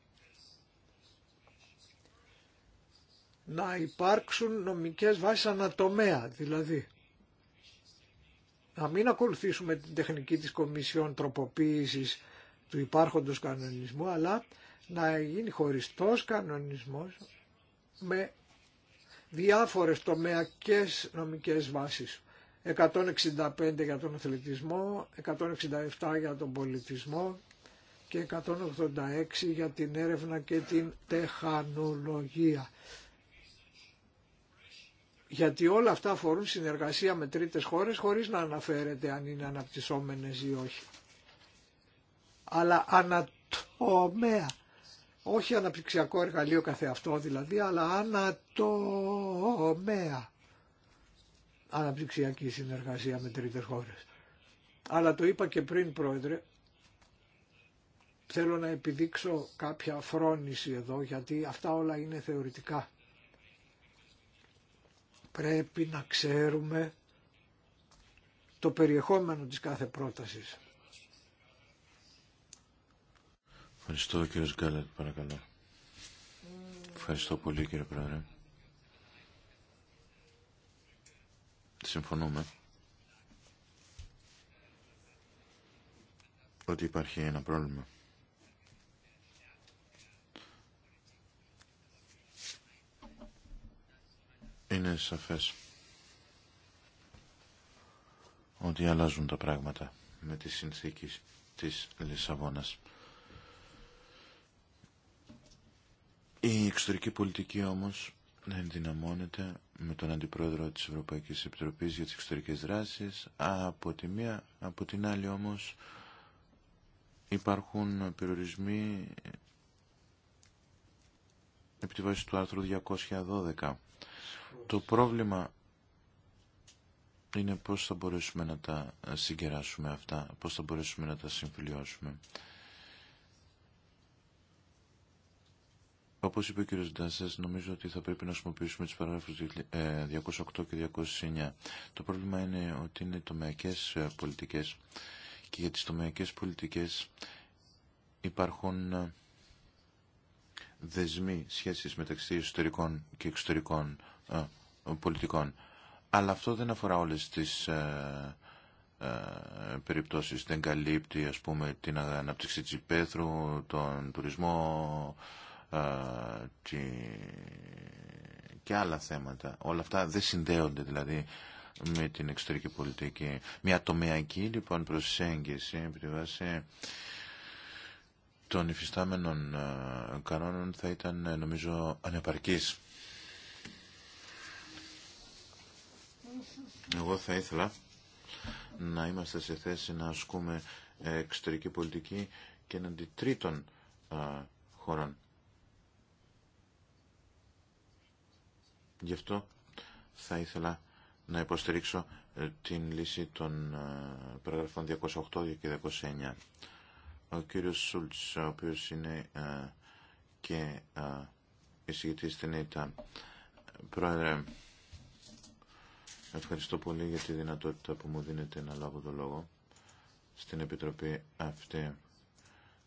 Speaker 5: να υπάρξουν νομικές βάσεις ανατομέα, δηλαδή να μην ακολουθήσουμε την τεχνική της Κομισιόν τροποποίησης του υπάρχοντος κανονισμού, αλλά να γίνει χωριστός κανονισμός με διάφορες τομεακές νομικές βάσεις. 165 για τον αθλητισμό, 167 για τον πολιτισμό και 186 για την έρευνα και την τεχανολογία γιατί όλα αυτά αφορούν συνεργασία με τρίτες χώρες χωρίς να αναφέρεται αν είναι αναπτυσσόμενες ή όχι. Αλλά ανατομέα, όχι αναπτυξιακό εργαλείο καθεαυτό δηλαδή, αλλά ανατομέα αναπτυξιακή συνεργασία με τρίτες χώρες. Αλλά το είπα και πριν πρόεδρε, θέλω να επιδείξω κάποια φρόνηση εδώ γιατί αυτά όλα είναι θεωρητικά πρέπει να ξέρουμε το περιεχόμενο της κάθε πρότασης.
Speaker 2: Ευχαριστώ κύριε Γκάλετ, παρακαλώ. Ευχαριστώ πολύ κύριε Πρόεδρε. Συμφωνούμε ότι υπάρχει ένα πρόβλημα. Είναι σαφές ότι αλλάζουν τα πράγματα με τις συνθήκες της Λισαβόνας. Η εξωτερική πολιτική όμως ενδυναμώνεται με τον Αντιπρόεδρο της Ευρωπαϊκής Επιτροπής για τις εξωτερικές δράσεις. Από τη μία, από την άλλη όμως υπάρχουν περιορισμοί επί τη βάση του άρθρου 212 το πρόβλημα είναι πώς θα μπορέσουμε να τα συγκεράσουμε αυτά, πώς θα μπορέσουμε να τα συμφιλιώσουμε. Όπως είπε ο κ. Ντάσας, νομίζω ότι θα πρέπει να χρησιμοποιήσουμε τις παράγραφους 208 ε, και 209. Το πρόβλημα είναι ότι είναι τομεακές ε, πολιτικές και για τις τομεακές πολιτικές υπάρχουν ε, δεσμοί σχέσεις μεταξύ εσωτερικών και εξωτερικών ε, πολιτικών. Αλλά αυτό δεν αφορά όλες τις ε, ε περιπτώσεις. Δεν καλύπτει, ας πούμε, την αναπτύξη της υπαίθρου, τον τουρισμό ε, και... άλλα θέματα. Όλα αυτά δεν συνδέονται, δηλαδή, με την εξωτερική πολιτική. Μια τομεακή, λοιπόν, προσέγγιση επί τη βάση των υφιστάμενων κανόνων θα ήταν, νομίζω, ανεπαρκής. Εγώ θα ήθελα να είμαστε σε θέση να ασκούμε εξωτερική πολιτική και εναντί τρίτων χωρών. Γι' αυτό θα ήθελα να υποστηρίξω ε, την λύση των ε, παραγραφών 208 και 209. Ο κύριος Σούλτς, ο οποίος είναι ε, και εισηγητής στην ΕΙΤΑ, πρόεδρε, Ευχαριστώ πολύ για τη δυνατότητα που μου δίνετε να λάβω το λόγο στην Επιτροπή αυτή.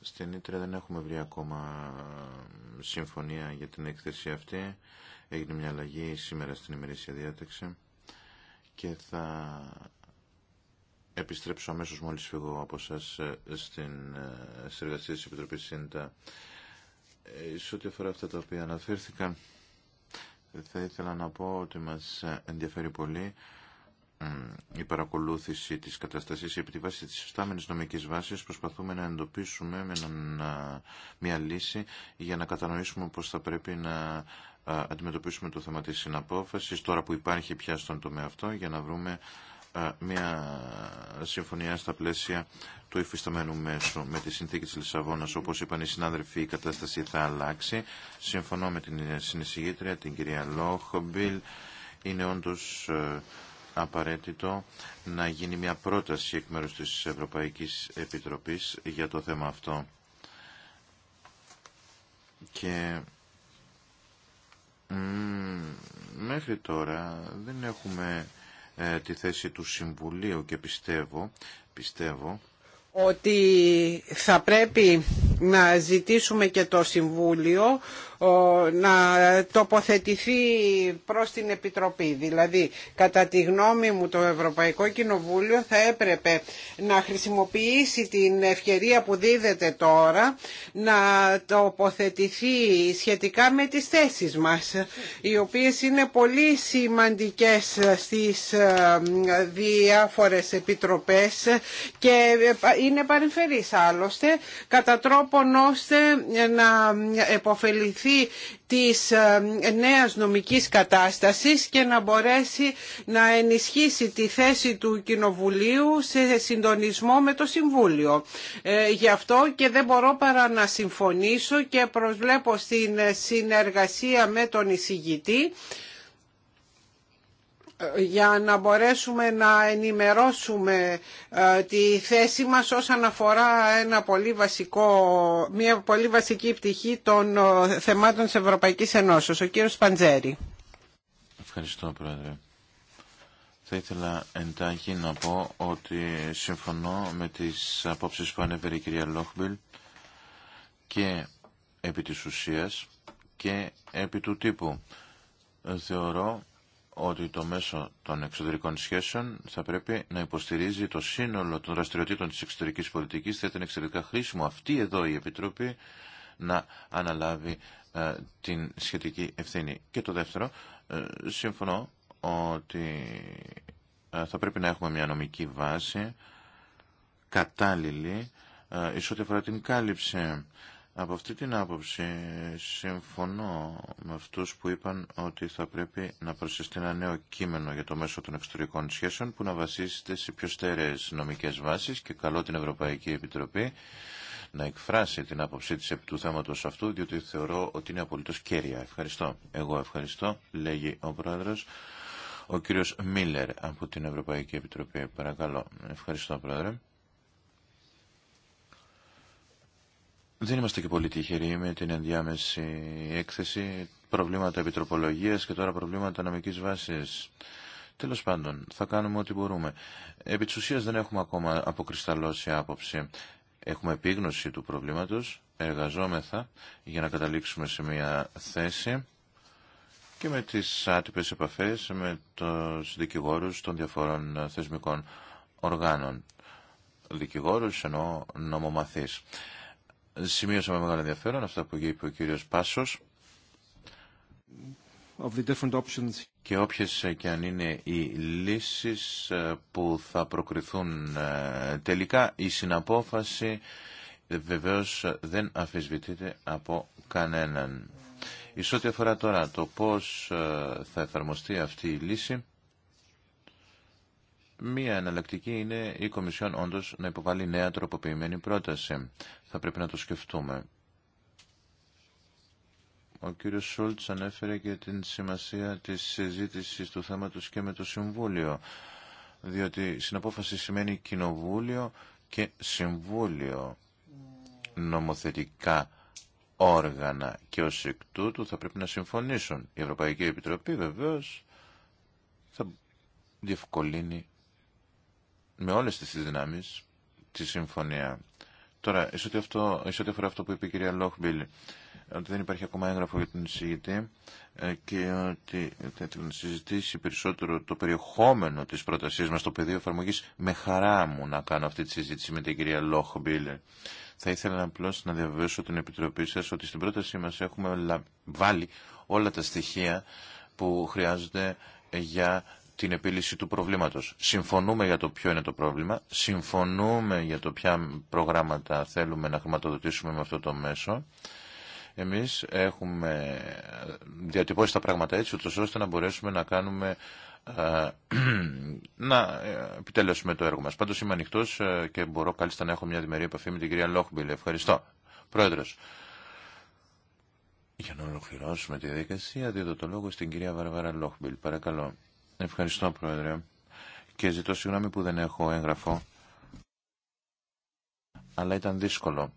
Speaker 2: Στην Ήτρα δεν έχουμε βρει ακόμα συμφωνία για την έκθεση αυτή. Έγινε μια αλλαγή σήμερα στην ημερήσια διάταξη και θα επιστρέψω αμέσως μόλις φύγω από σας ε, στην ε, συνεργασία της Επιτροπής ΣΥΝΤΑ ε, σε ό,τι αφορά αυτά τα οποία αναφέρθηκαν θα ήθελα να πω ότι μας ενδιαφέρει πολύ η παρακολούθηση της καταστασής επί τη βάση της συστάμενης νομικής βάσης προσπαθούμε να εντοπίσουμε με μια λύση για να κατανοήσουμε πώς θα πρέπει να αντιμετωπίσουμε το θέμα της συναπόφασης τώρα που υπάρχει πια στον τομέα αυτό για να βρούμε μια συμφωνία στα πλαίσια του υφισταμένου μέσου. Με τη συνθήκη της Λισαβόνας, όπως είπαν οι συνάδελφοι, η κατάσταση θα αλλάξει. Συμφωνώ με την συνεισηγήτρια, την κυρία Λόχομπιλ. Είναι όντως ε, απαραίτητο να γίνει μια πρόταση εκ μέρους της Ευρωπαϊκής Επιτροπής για το θέμα αυτό. Και μέχρι τώρα δεν έχουμε ε, τη θέση του Συμβουλίου και πιστεύω, πιστεύω
Speaker 4: ότι θα πρέπει να ζητήσουμε και το Συμβούλιο να τοποθετηθεί προς την Επιτροπή. Δηλαδή, κατά τη γνώμη μου το Ευρωπαϊκό Κοινοβούλιο θα έπρεπε να χρησιμοποιήσει την ευκαιρία που δίδεται τώρα να τοποθετηθεί σχετικά με τις θέσεις μας, οι οποίες είναι πολύ σημαντικές στις ε, διάφορες επιτροπές και είναι παρεμφερείς άλλωστε, κατά τρόπον ώστε να επωφεληθεί Τη της ε, νέας νομικής κατάστασης και να μπορέσει να ενισχύσει τη θέση του Κοινοβουλίου σε συντονισμό με το Συμβούλιο. Ε, γι' αυτό και δεν μπορώ παρά να συμφωνήσω και προσβλέπω στην συνεργασία με τον εισηγητή για να μπορέσουμε να ενημερώσουμε ε, τη θέση μας όσον αφορά ένα πολύ βασικό, μια πολύ βασική πτυχή των ε, θεμάτων της Ευρωπαϊκής Ενώσεως. Ο κύριος Παντζέρη.
Speaker 2: Ευχαριστώ Πρόεδρε. Θα ήθελα εντάχει να πω ότι συμφωνώ με τις απόψεις που ανέφερε η κυρία Λόχμπιλ και επί της ουσίας και επί του τύπου. Θεωρώ ότι το μέσο των εξωτερικών σχέσεων θα πρέπει να υποστηρίζει το σύνολο των δραστηριοτήτων της εξωτερικής πολιτικής. Θα ήταν εξαιρετικά χρήσιμο αυτή εδώ η Επιτροπή να αναλάβει ε, την σχετική ευθύνη. Και το δεύτερο, ε, συμφωνώ ότι ε, θα πρέπει να έχουμε μια νομική βάση κατάλληλη ε, εις ό,τι αφορά την κάλυψη από αυτή την άποψη συμφωνώ με αυτούς που είπαν ότι θα πρέπει να προσεστεί ένα νέο κείμενο για το μέσο των εξωτερικών σχέσεων που να βασίζεται σε πιο στέρεες νομικές βάσεις και καλό την Ευρωπαϊκή Επιτροπή να εκφράσει την άποψή της επί του θέματος αυτού διότι θεωρώ ότι είναι απολύτως κέρια. Ευχαριστώ. Εγώ ευχαριστώ, λέγει ο Πρόεδρος. Ο κύριος Μίλλερ από την Ευρωπαϊκή Επιτροπή. Παρακαλώ. Ευχαριστώ, Πρόεδρε. Δεν είμαστε και πολύ τυχεροί με την ενδιάμεση έκθεση. Προβλήματα επιτροπολογίας και τώρα προβλήματα νομικής βάσης. Τέλος πάντων, θα κάνουμε ό,τι μπορούμε. Επί της δεν έχουμε ακόμα αποκρισταλώσει άποψη. Έχουμε επίγνωση του προβλήματος, εργαζόμεθα για να καταλήξουμε σε μια θέση και με τις άτυπες επαφές με τους δικηγόρους των διαφορών θεσμικών οργάνων. Δικηγόρους εννοώ νομομαθείς με μεγάλο ενδιαφέρον αυτά που είπε ο κύριος Πάσος και όποιες και αν είναι οι λύσεις ε, που θα προκριθούν ε, τελικά η συναπόφαση βεβαίως δεν αφισβητείται από κανέναν. Εις ό,τι αφορά τώρα το πώς ε, θα εφαρμοστεί αυτή η λύση, μία εναλλακτική είναι η Κομισιόν όντως να υποβάλει νέα τροποποιημένη πρόταση θα πρέπει να το σκεφτούμε. Ο κύριος Σόλτς ανέφερε και την σημασία της συζήτηση του θέματος και με το Συμβούλιο, διότι συναπόφαση σημαίνει Κοινοβούλιο και Συμβούλιο νομοθετικά όργανα και ως εκ τούτου θα πρέπει να συμφωνήσουν. Η Ευρωπαϊκή Επιτροπή βεβαίως θα διευκολύνει με όλες τις δυνάμεις τη συμφωνία. Τώρα, σε ό,τι, αφορά αυτό που είπε η κυρία Λόχμπιλ, ότι δεν υπάρχει ακόμα έγγραφο για την εισηγητή ε, και ότι θα να συζητήσει περισσότερο το περιεχόμενο της πρότασής μας στο πεδίο εφαρμογή με χαρά μου να κάνω αυτή τη συζήτηση με την κυρία Λόχμπιλ. Θα ήθελα απλώ να διαβεβαιώσω την Επιτροπή σας ότι στην πρότασή μας έχουμε βάλει όλα τα στοιχεία που χρειάζονται για την επίλυση του προβλήματος. Συμφωνούμε για το ποιο είναι το πρόβλημα, συμφωνούμε για το ποια προγράμματα θέλουμε να χρηματοδοτήσουμε με αυτό το μέσο. Εμείς έχουμε διατυπώσει τα πράγματα έτσι, ώστε να μπορέσουμε να κάνουμε [clears throat] να ε, επιτελέσουμε το έργο μας. Πάντως είμαι ανοιχτό ε, και μπορώ κάλλιστα να έχω μια διμερή επαφή με την κυρία Λόχμπιλ. Ευχαριστώ. Πρόεδρος. Για να ολοκληρώσουμε τη διαδικασία, αδίδω το λόγο στην κυρία Βαρβάρα Λόχμπιλ. Παρακαλώ. Ευχαριστώ, Πρόεδρε. Και ζητώ συγγνώμη που δεν έχω έγγραφο, αλλά ήταν δύσκολο.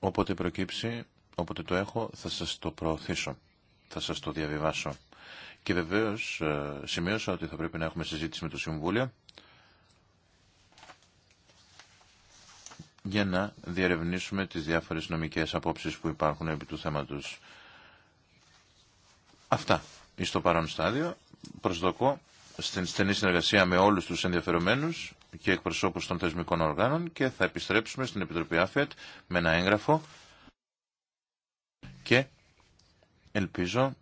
Speaker 2: Όποτε προκύψει, όποτε το έχω, θα σας το προωθήσω, θα σας το διαβιβάσω. Και βεβαίως ε, σημείωσα ότι θα πρέπει να έχουμε συζήτηση με το Συμβούλιο για να διερευνήσουμε τις διάφορες νομικές απόψεις που υπάρχουν επί του θέματος. Αυτά στο παρόν στάδιο. Προσδοκώ στην στενή συνεργασία με όλους τους ενδιαφερομένους και εκπροσώπους των θεσμικών οργάνων και θα επιστρέψουμε στην Επιτροπή ΑΦΕΤ με ένα έγγραφο και ελπίζω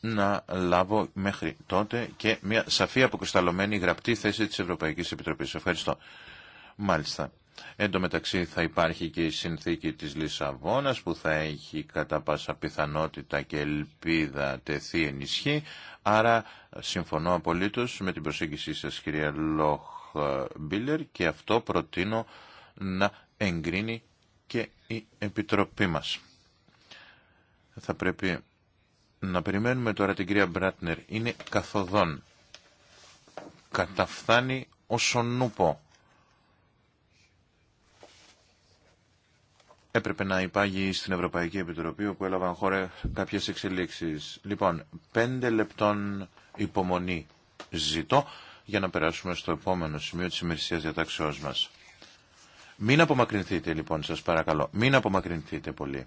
Speaker 2: να λάβω μέχρι τότε και μια σαφή αποκρισταλωμένη γραπτή θέση της Ευρωπαϊκής Επιτροπής. Ευχαριστώ. Μάλιστα. Εν τω μεταξύ θα υπάρχει και η συνθήκη της Λισαβόνας που θα έχει κατά πάσα πιθανότητα και ελπίδα τεθεί ενισχύ. Άρα συμφωνώ απολύτως με την προσέγγιση σας κυρία Λόχ Μπίλερ και αυτό προτείνω να εγκρίνει και η Επιτροπή μας. Θα πρέπει να περιμένουμε τώρα την κυρία Μπράτνερ. Είναι καθοδόν. Καταφθάνει ο νουπο έπρεπε να υπάγει στην Ευρωπαϊκή Επιτροπή όπου έλαβαν χώρα κάποιες εξελίξεις. Λοιπόν, πέντε λεπτών υπομονή ζητώ για να περάσουμε στο επόμενο σημείο της ημερησίας διατάξεώς μας. Μην απομακρυνθείτε λοιπόν σας παρακαλώ, μην απομακρυνθείτε πολύ.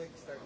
Speaker 1: Thanks, Dr.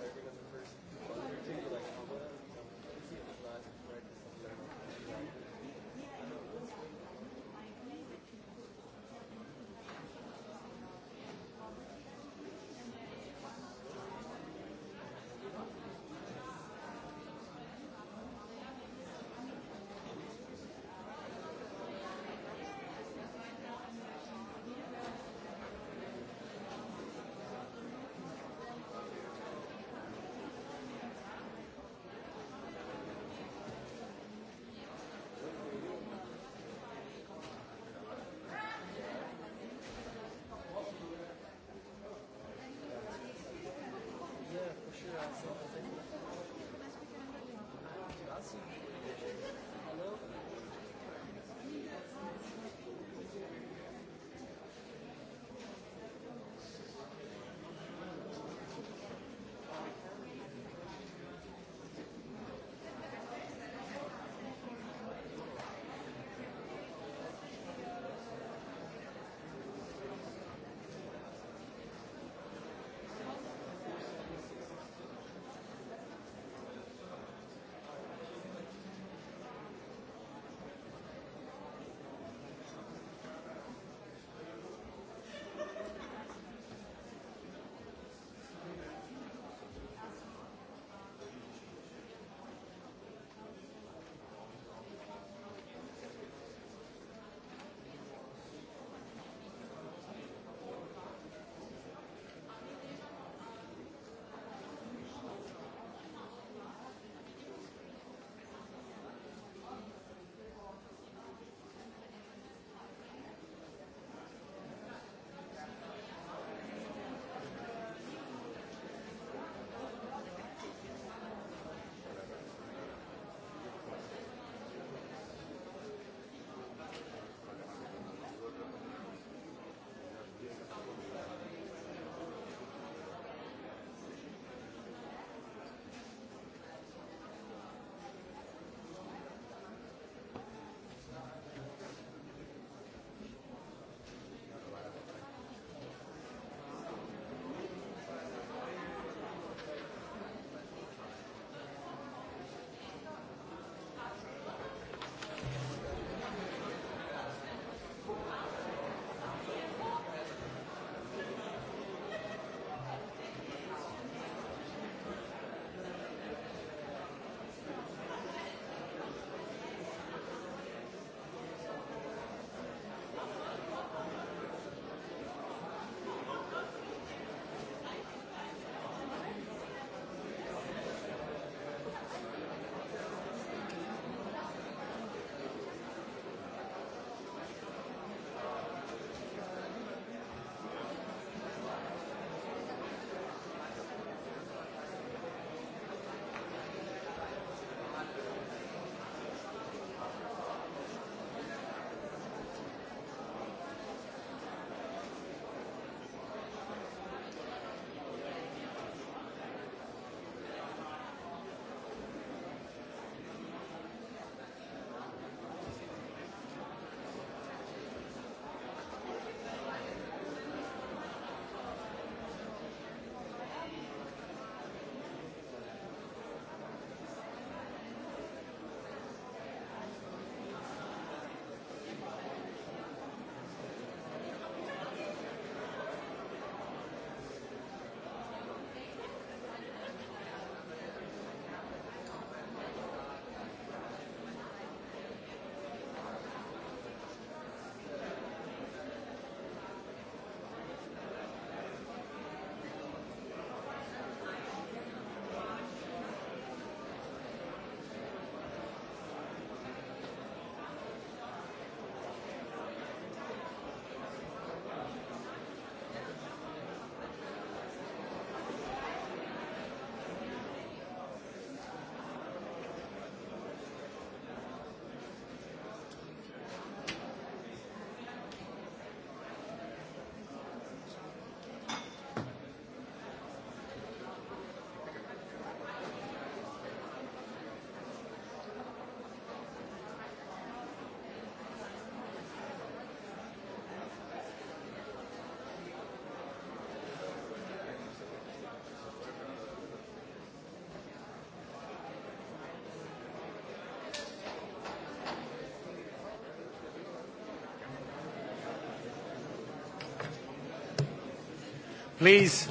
Speaker 5: Please.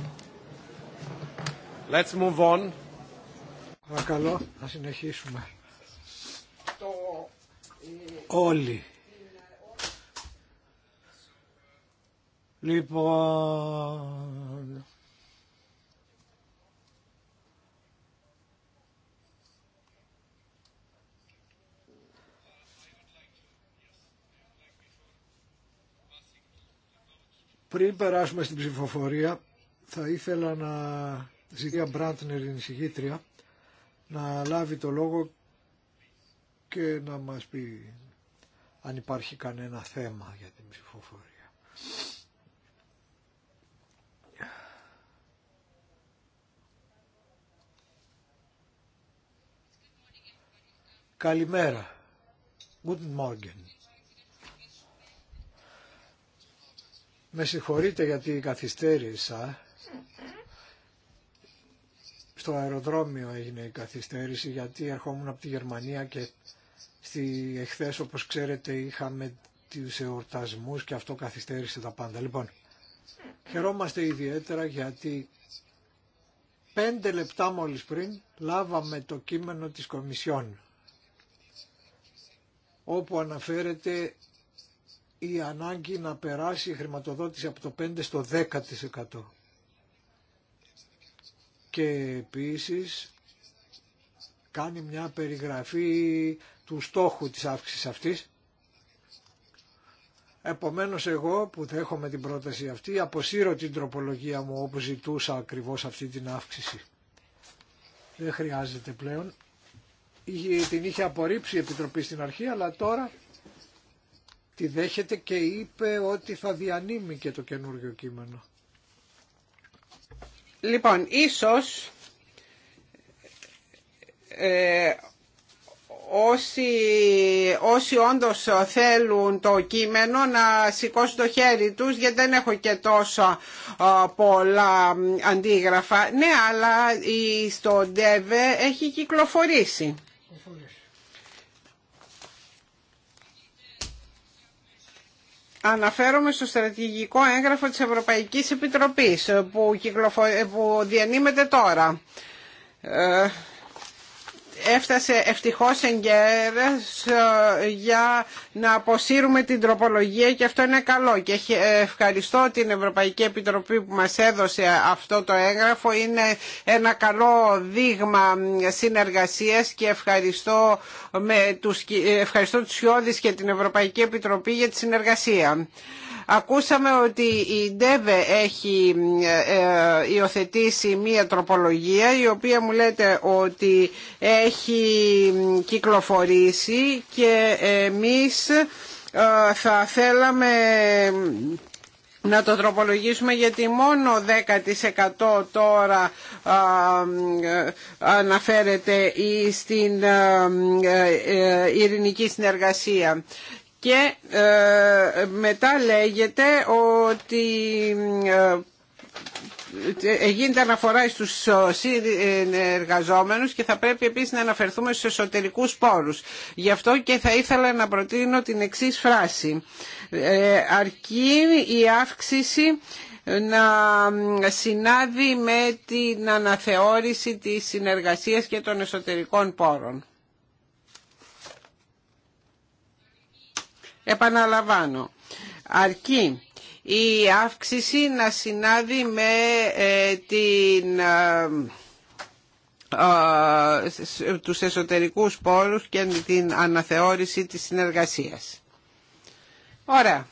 Speaker 5: Let's move on. Παρακαλώ, να συνεχίσουμε. Όλοι. Λοιπόν, Πριν περάσουμε στην ψηφοφορία, θα ήθελα να ζητήσω Μπραντνερ, την εισηγήτρια, να λάβει το λόγο και να μας πει αν υπάρχει κανένα θέμα για την ψηφοφορία. Καλημέρα. Guten Με συγχωρείτε γιατί καθυστέρησα. Στο αεροδρόμιο έγινε η καθυστέρηση γιατί ερχόμουν από τη Γερμανία και στη, εχθές όπως ξέρετε είχαμε τους εορτασμούς και αυτό καθυστέρησε τα πάντα. Λοιπόν, χαιρόμαστε ιδιαίτερα γιατί πέντε λεπτά μόλις πριν λάβαμε το κείμενο της Κομισιόν όπου αναφέρεται η ανάγκη να περάσει η χρηματοδότηση από το 5% στο 10%. Και επίσης κάνει μια περιγραφή του στόχου της αύξησης αυτής. Επομένως εγώ που δέχομαι την πρόταση αυτή αποσύρω την τροπολογία μου όπου ζητούσα ακριβώς αυτή την αύξηση. Δεν χρειάζεται πλέον. Την είχε απορρίψει η Επιτροπή στην αρχή αλλά τώρα τη δέχεται και είπε ότι θα διανύμει και το καινούργιο κείμενο.
Speaker 4: Λοιπόν, ίσως ε, όσοι, όσοι όντως θέλουν το κείμενο να σηκώσουν το χέρι τους γιατί δεν έχω και τόσα πολλά αντίγραφα. Ναι, αλλά η, στο ΝΤΕΒΕ έχει κυκλοφορήσει. κυκλοφορήσει. Αναφέρομαι στο στρατηγικό έγγραφο της Ευρωπαϊκής Επιτροπής που, κυκλοφο... που διανύμεται τώρα. Ε, έφτασε ευτυχώς εν ε, για να αποσύρουμε την τροπολογία και αυτό είναι καλό και ευχαριστώ την Ευρωπαϊκή Επιτροπή που μας έδωσε αυτό το έγγραφο είναι ένα καλό δείγμα συνεργασίας και ευχαριστώ, με τους, ευχαριστώ τους και την Ευρωπαϊκή Επιτροπή για τη συνεργασία. Ακούσαμε ότι η Ντεβε έχει ε, ε, υιοθετήσει μία τροπολογία η οποία μου λέτε ότι έχει κυκλοφορήσει και εμείς ε, θα θέλαμε να το τροπολογήσουμε γιατί μόνο 10% τώρα α, αναφέρεται στην ειρηνική συνεργασία και ε, μετά λέγεται ότι ε, γίνεται αναφορά στους ε, συνεργαζόμενους και θα πρέπει επίσης να αναφερθούμε στους εσωτερικούς πόρους. Γι' αυτό και θα ήθελα να προτείνω την εξής φράση. αρκεί η αύξηση να συνάδει με την αναθεώρηση της συνεργασίας και των εσωτερικών πόρων. Επαναλαμβάνω, αρκεί η αύξηση να συνάδει με ε, την ε, ε, τους εσωτερικούς πόρους και την αναθεώρηση της συνεργασίας. Ωραία.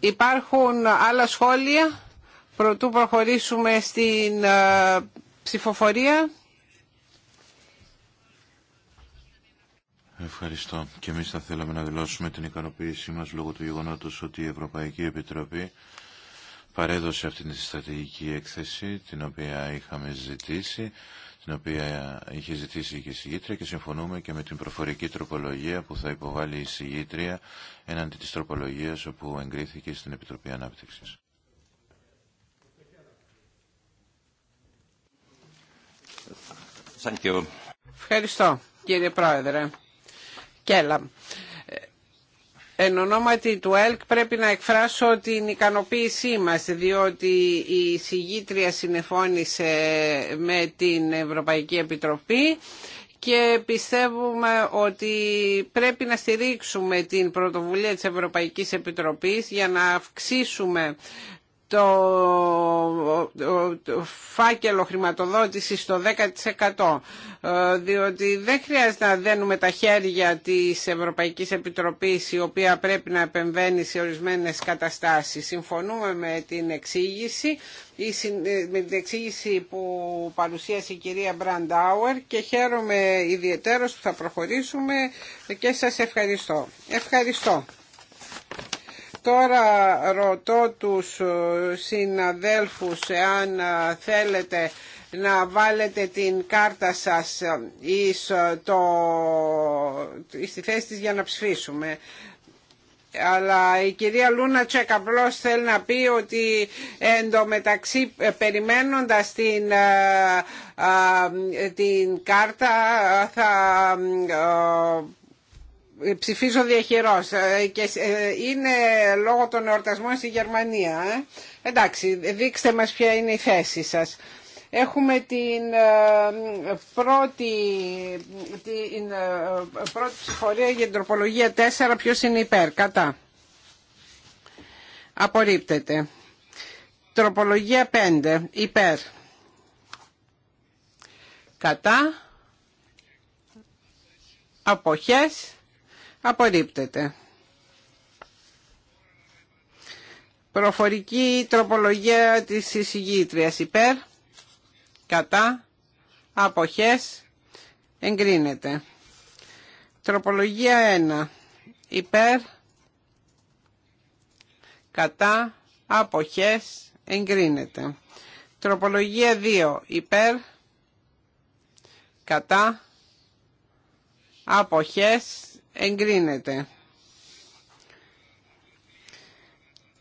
Speaker 4: Υπάρχουν άλλα σχόλια. Προτού προχωρήσουμε στην ψηφοφορία.
Speaker 2: Ευχαριστώ. Και εμείς θα θέλαμε να δηλώσουμε την ικανοποίησή μας λόγω του γεγονότος ότι η Ευρωπαϊκή Επιτροπή παρέδωσε αυτή τη στρατηγική έκθεση την οποία είχαμε ζητήσει, την οποία είχε ζητήσει και η συγγήτρια και συμφωνούμε και με την προφορική τροπολογία που θα υποβάλει η συγγήτρια έναντι της τροπολογίας όπου εγκρίθηκε στην Επιτροπή Ανάπτυξης.
Speaker 4: Ευχαριστώ κύριε Πρόεδρε. Κέλαμ. Ε, εν ονόματι του ΕΛΚ πρέπει να εκφράσω την ικανοποίησή μας διότι η συγγήτρια συνεφώνησε με την Ευρωπαϊκή Επιτροπή και πιστεύουμε ότι πρέπει να στηρίξουμε την πρωτοβουλία της Ευρωπαϊκής Επιτροπής για να αυξήσουμε το φάκελο χρηματοδότησης στο 10% ε, διότι δεν χρειάζεται να δένουμε τα χέρια της Ευρωπαϊκής Επιτροπής η οποία πρέπει να επεμβαίνει σε ορισμένες καταστάσεις. Συμφωνούμε με την εξήγηση ε, με την εξήγηση που παρουσίασε η κυρία Μπραντάουερ και χαίρομαι ιδιαίτερος που θα προχωρήσουμε και σας ευχαριστώ. Ευχαριστώ. Τώρα ρωτώ τους ε, συναδέλφους εάν ε, θέλετε να βάλετε την κάρτα σας ε, το, στη θέση της για να ψηφίσουμε. Αλλά η κυρία Λούνα Τσεκ θέλει να πει ότι εντωμεταξύ περιμένοντας την, την κάρτα θα ψηφίζω διαχειρός ε, και ε, είναι λόγω των εορτασμών στη Γερμανία. Ε. Εντάξει, δείξτε μας ποια είναι η θέση σας. Έχουμε την πρώτη, την πρώτη ψηφορία για την τροπολογία 4. Ποιος είναι υπέρ, κατά. Απορρίπτεται. Τροπολογία 5. Υπέρ. Κατά. Αποχές. Απορρίπτεται. Προφορική τροπολογία της εισηγήτριας υπέρ, κατά, αποχές, εγκρίνεται. Τροπολογία 1. Υπέρ, κατά, αποχές, εγκρίνεται. Τροπολογία 2. Υπέρ, κατά, αποχές, εγκρίνεται.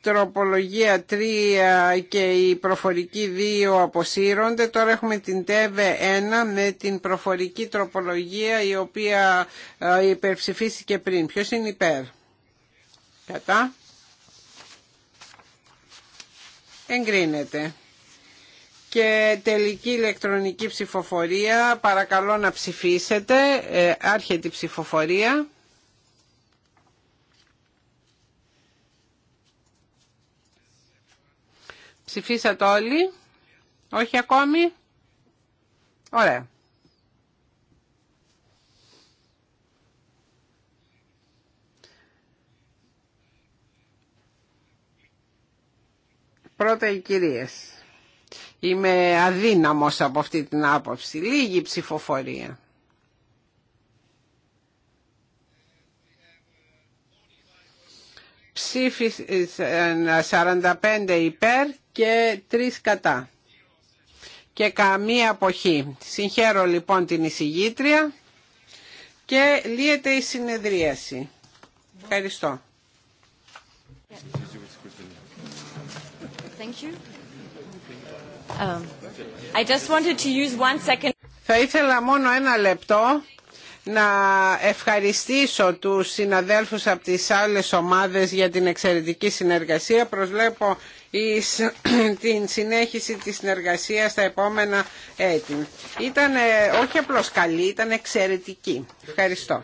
Speaker 4: τροπολογία 3 και η προφορική 2 αποσύρονται. Τώρα έχουμε την ΤΕΒΕ 1 με την προφορική τροπολογία η οποία ε, υπερψηφίστηκε πριν. Ποιος είναι υπέρ. Κατά. Εγκρίνεται. Και τελική ηλεκτρονική ψηφοφορία. Παρακαλώ να ψηφίσετε. Ε, άρχεται η ψηφοφορία. Ψηφίσατε όλοι. Όχι ακόμη. Ωραία. Πρώτα οι κυρίες. Είμαι αδύναμος από αυτή την άποψη. Λίγη ψηφοφορία. Ψήφισαν 45 υπέρ και τρεις κατά και καμία αποχή. Συγχαίρω λοιπόν την εισηγήτρια και λύεται η συνεδρίαση. Ευχαριστώ. Θα ήθελα μόνο ένα λεπτό να ευχαριστήσω τους συναδέλφους από τις άλλες ομάδες για την εξαιρετική συνεργασία. Προσβλέπω εις [clears throat] την συνέχιση της συνεργασίας στα επόμενα έτη. Ήταν όχι απλώς καλή, ήταν εξαιρετική. Ευχαριστώ.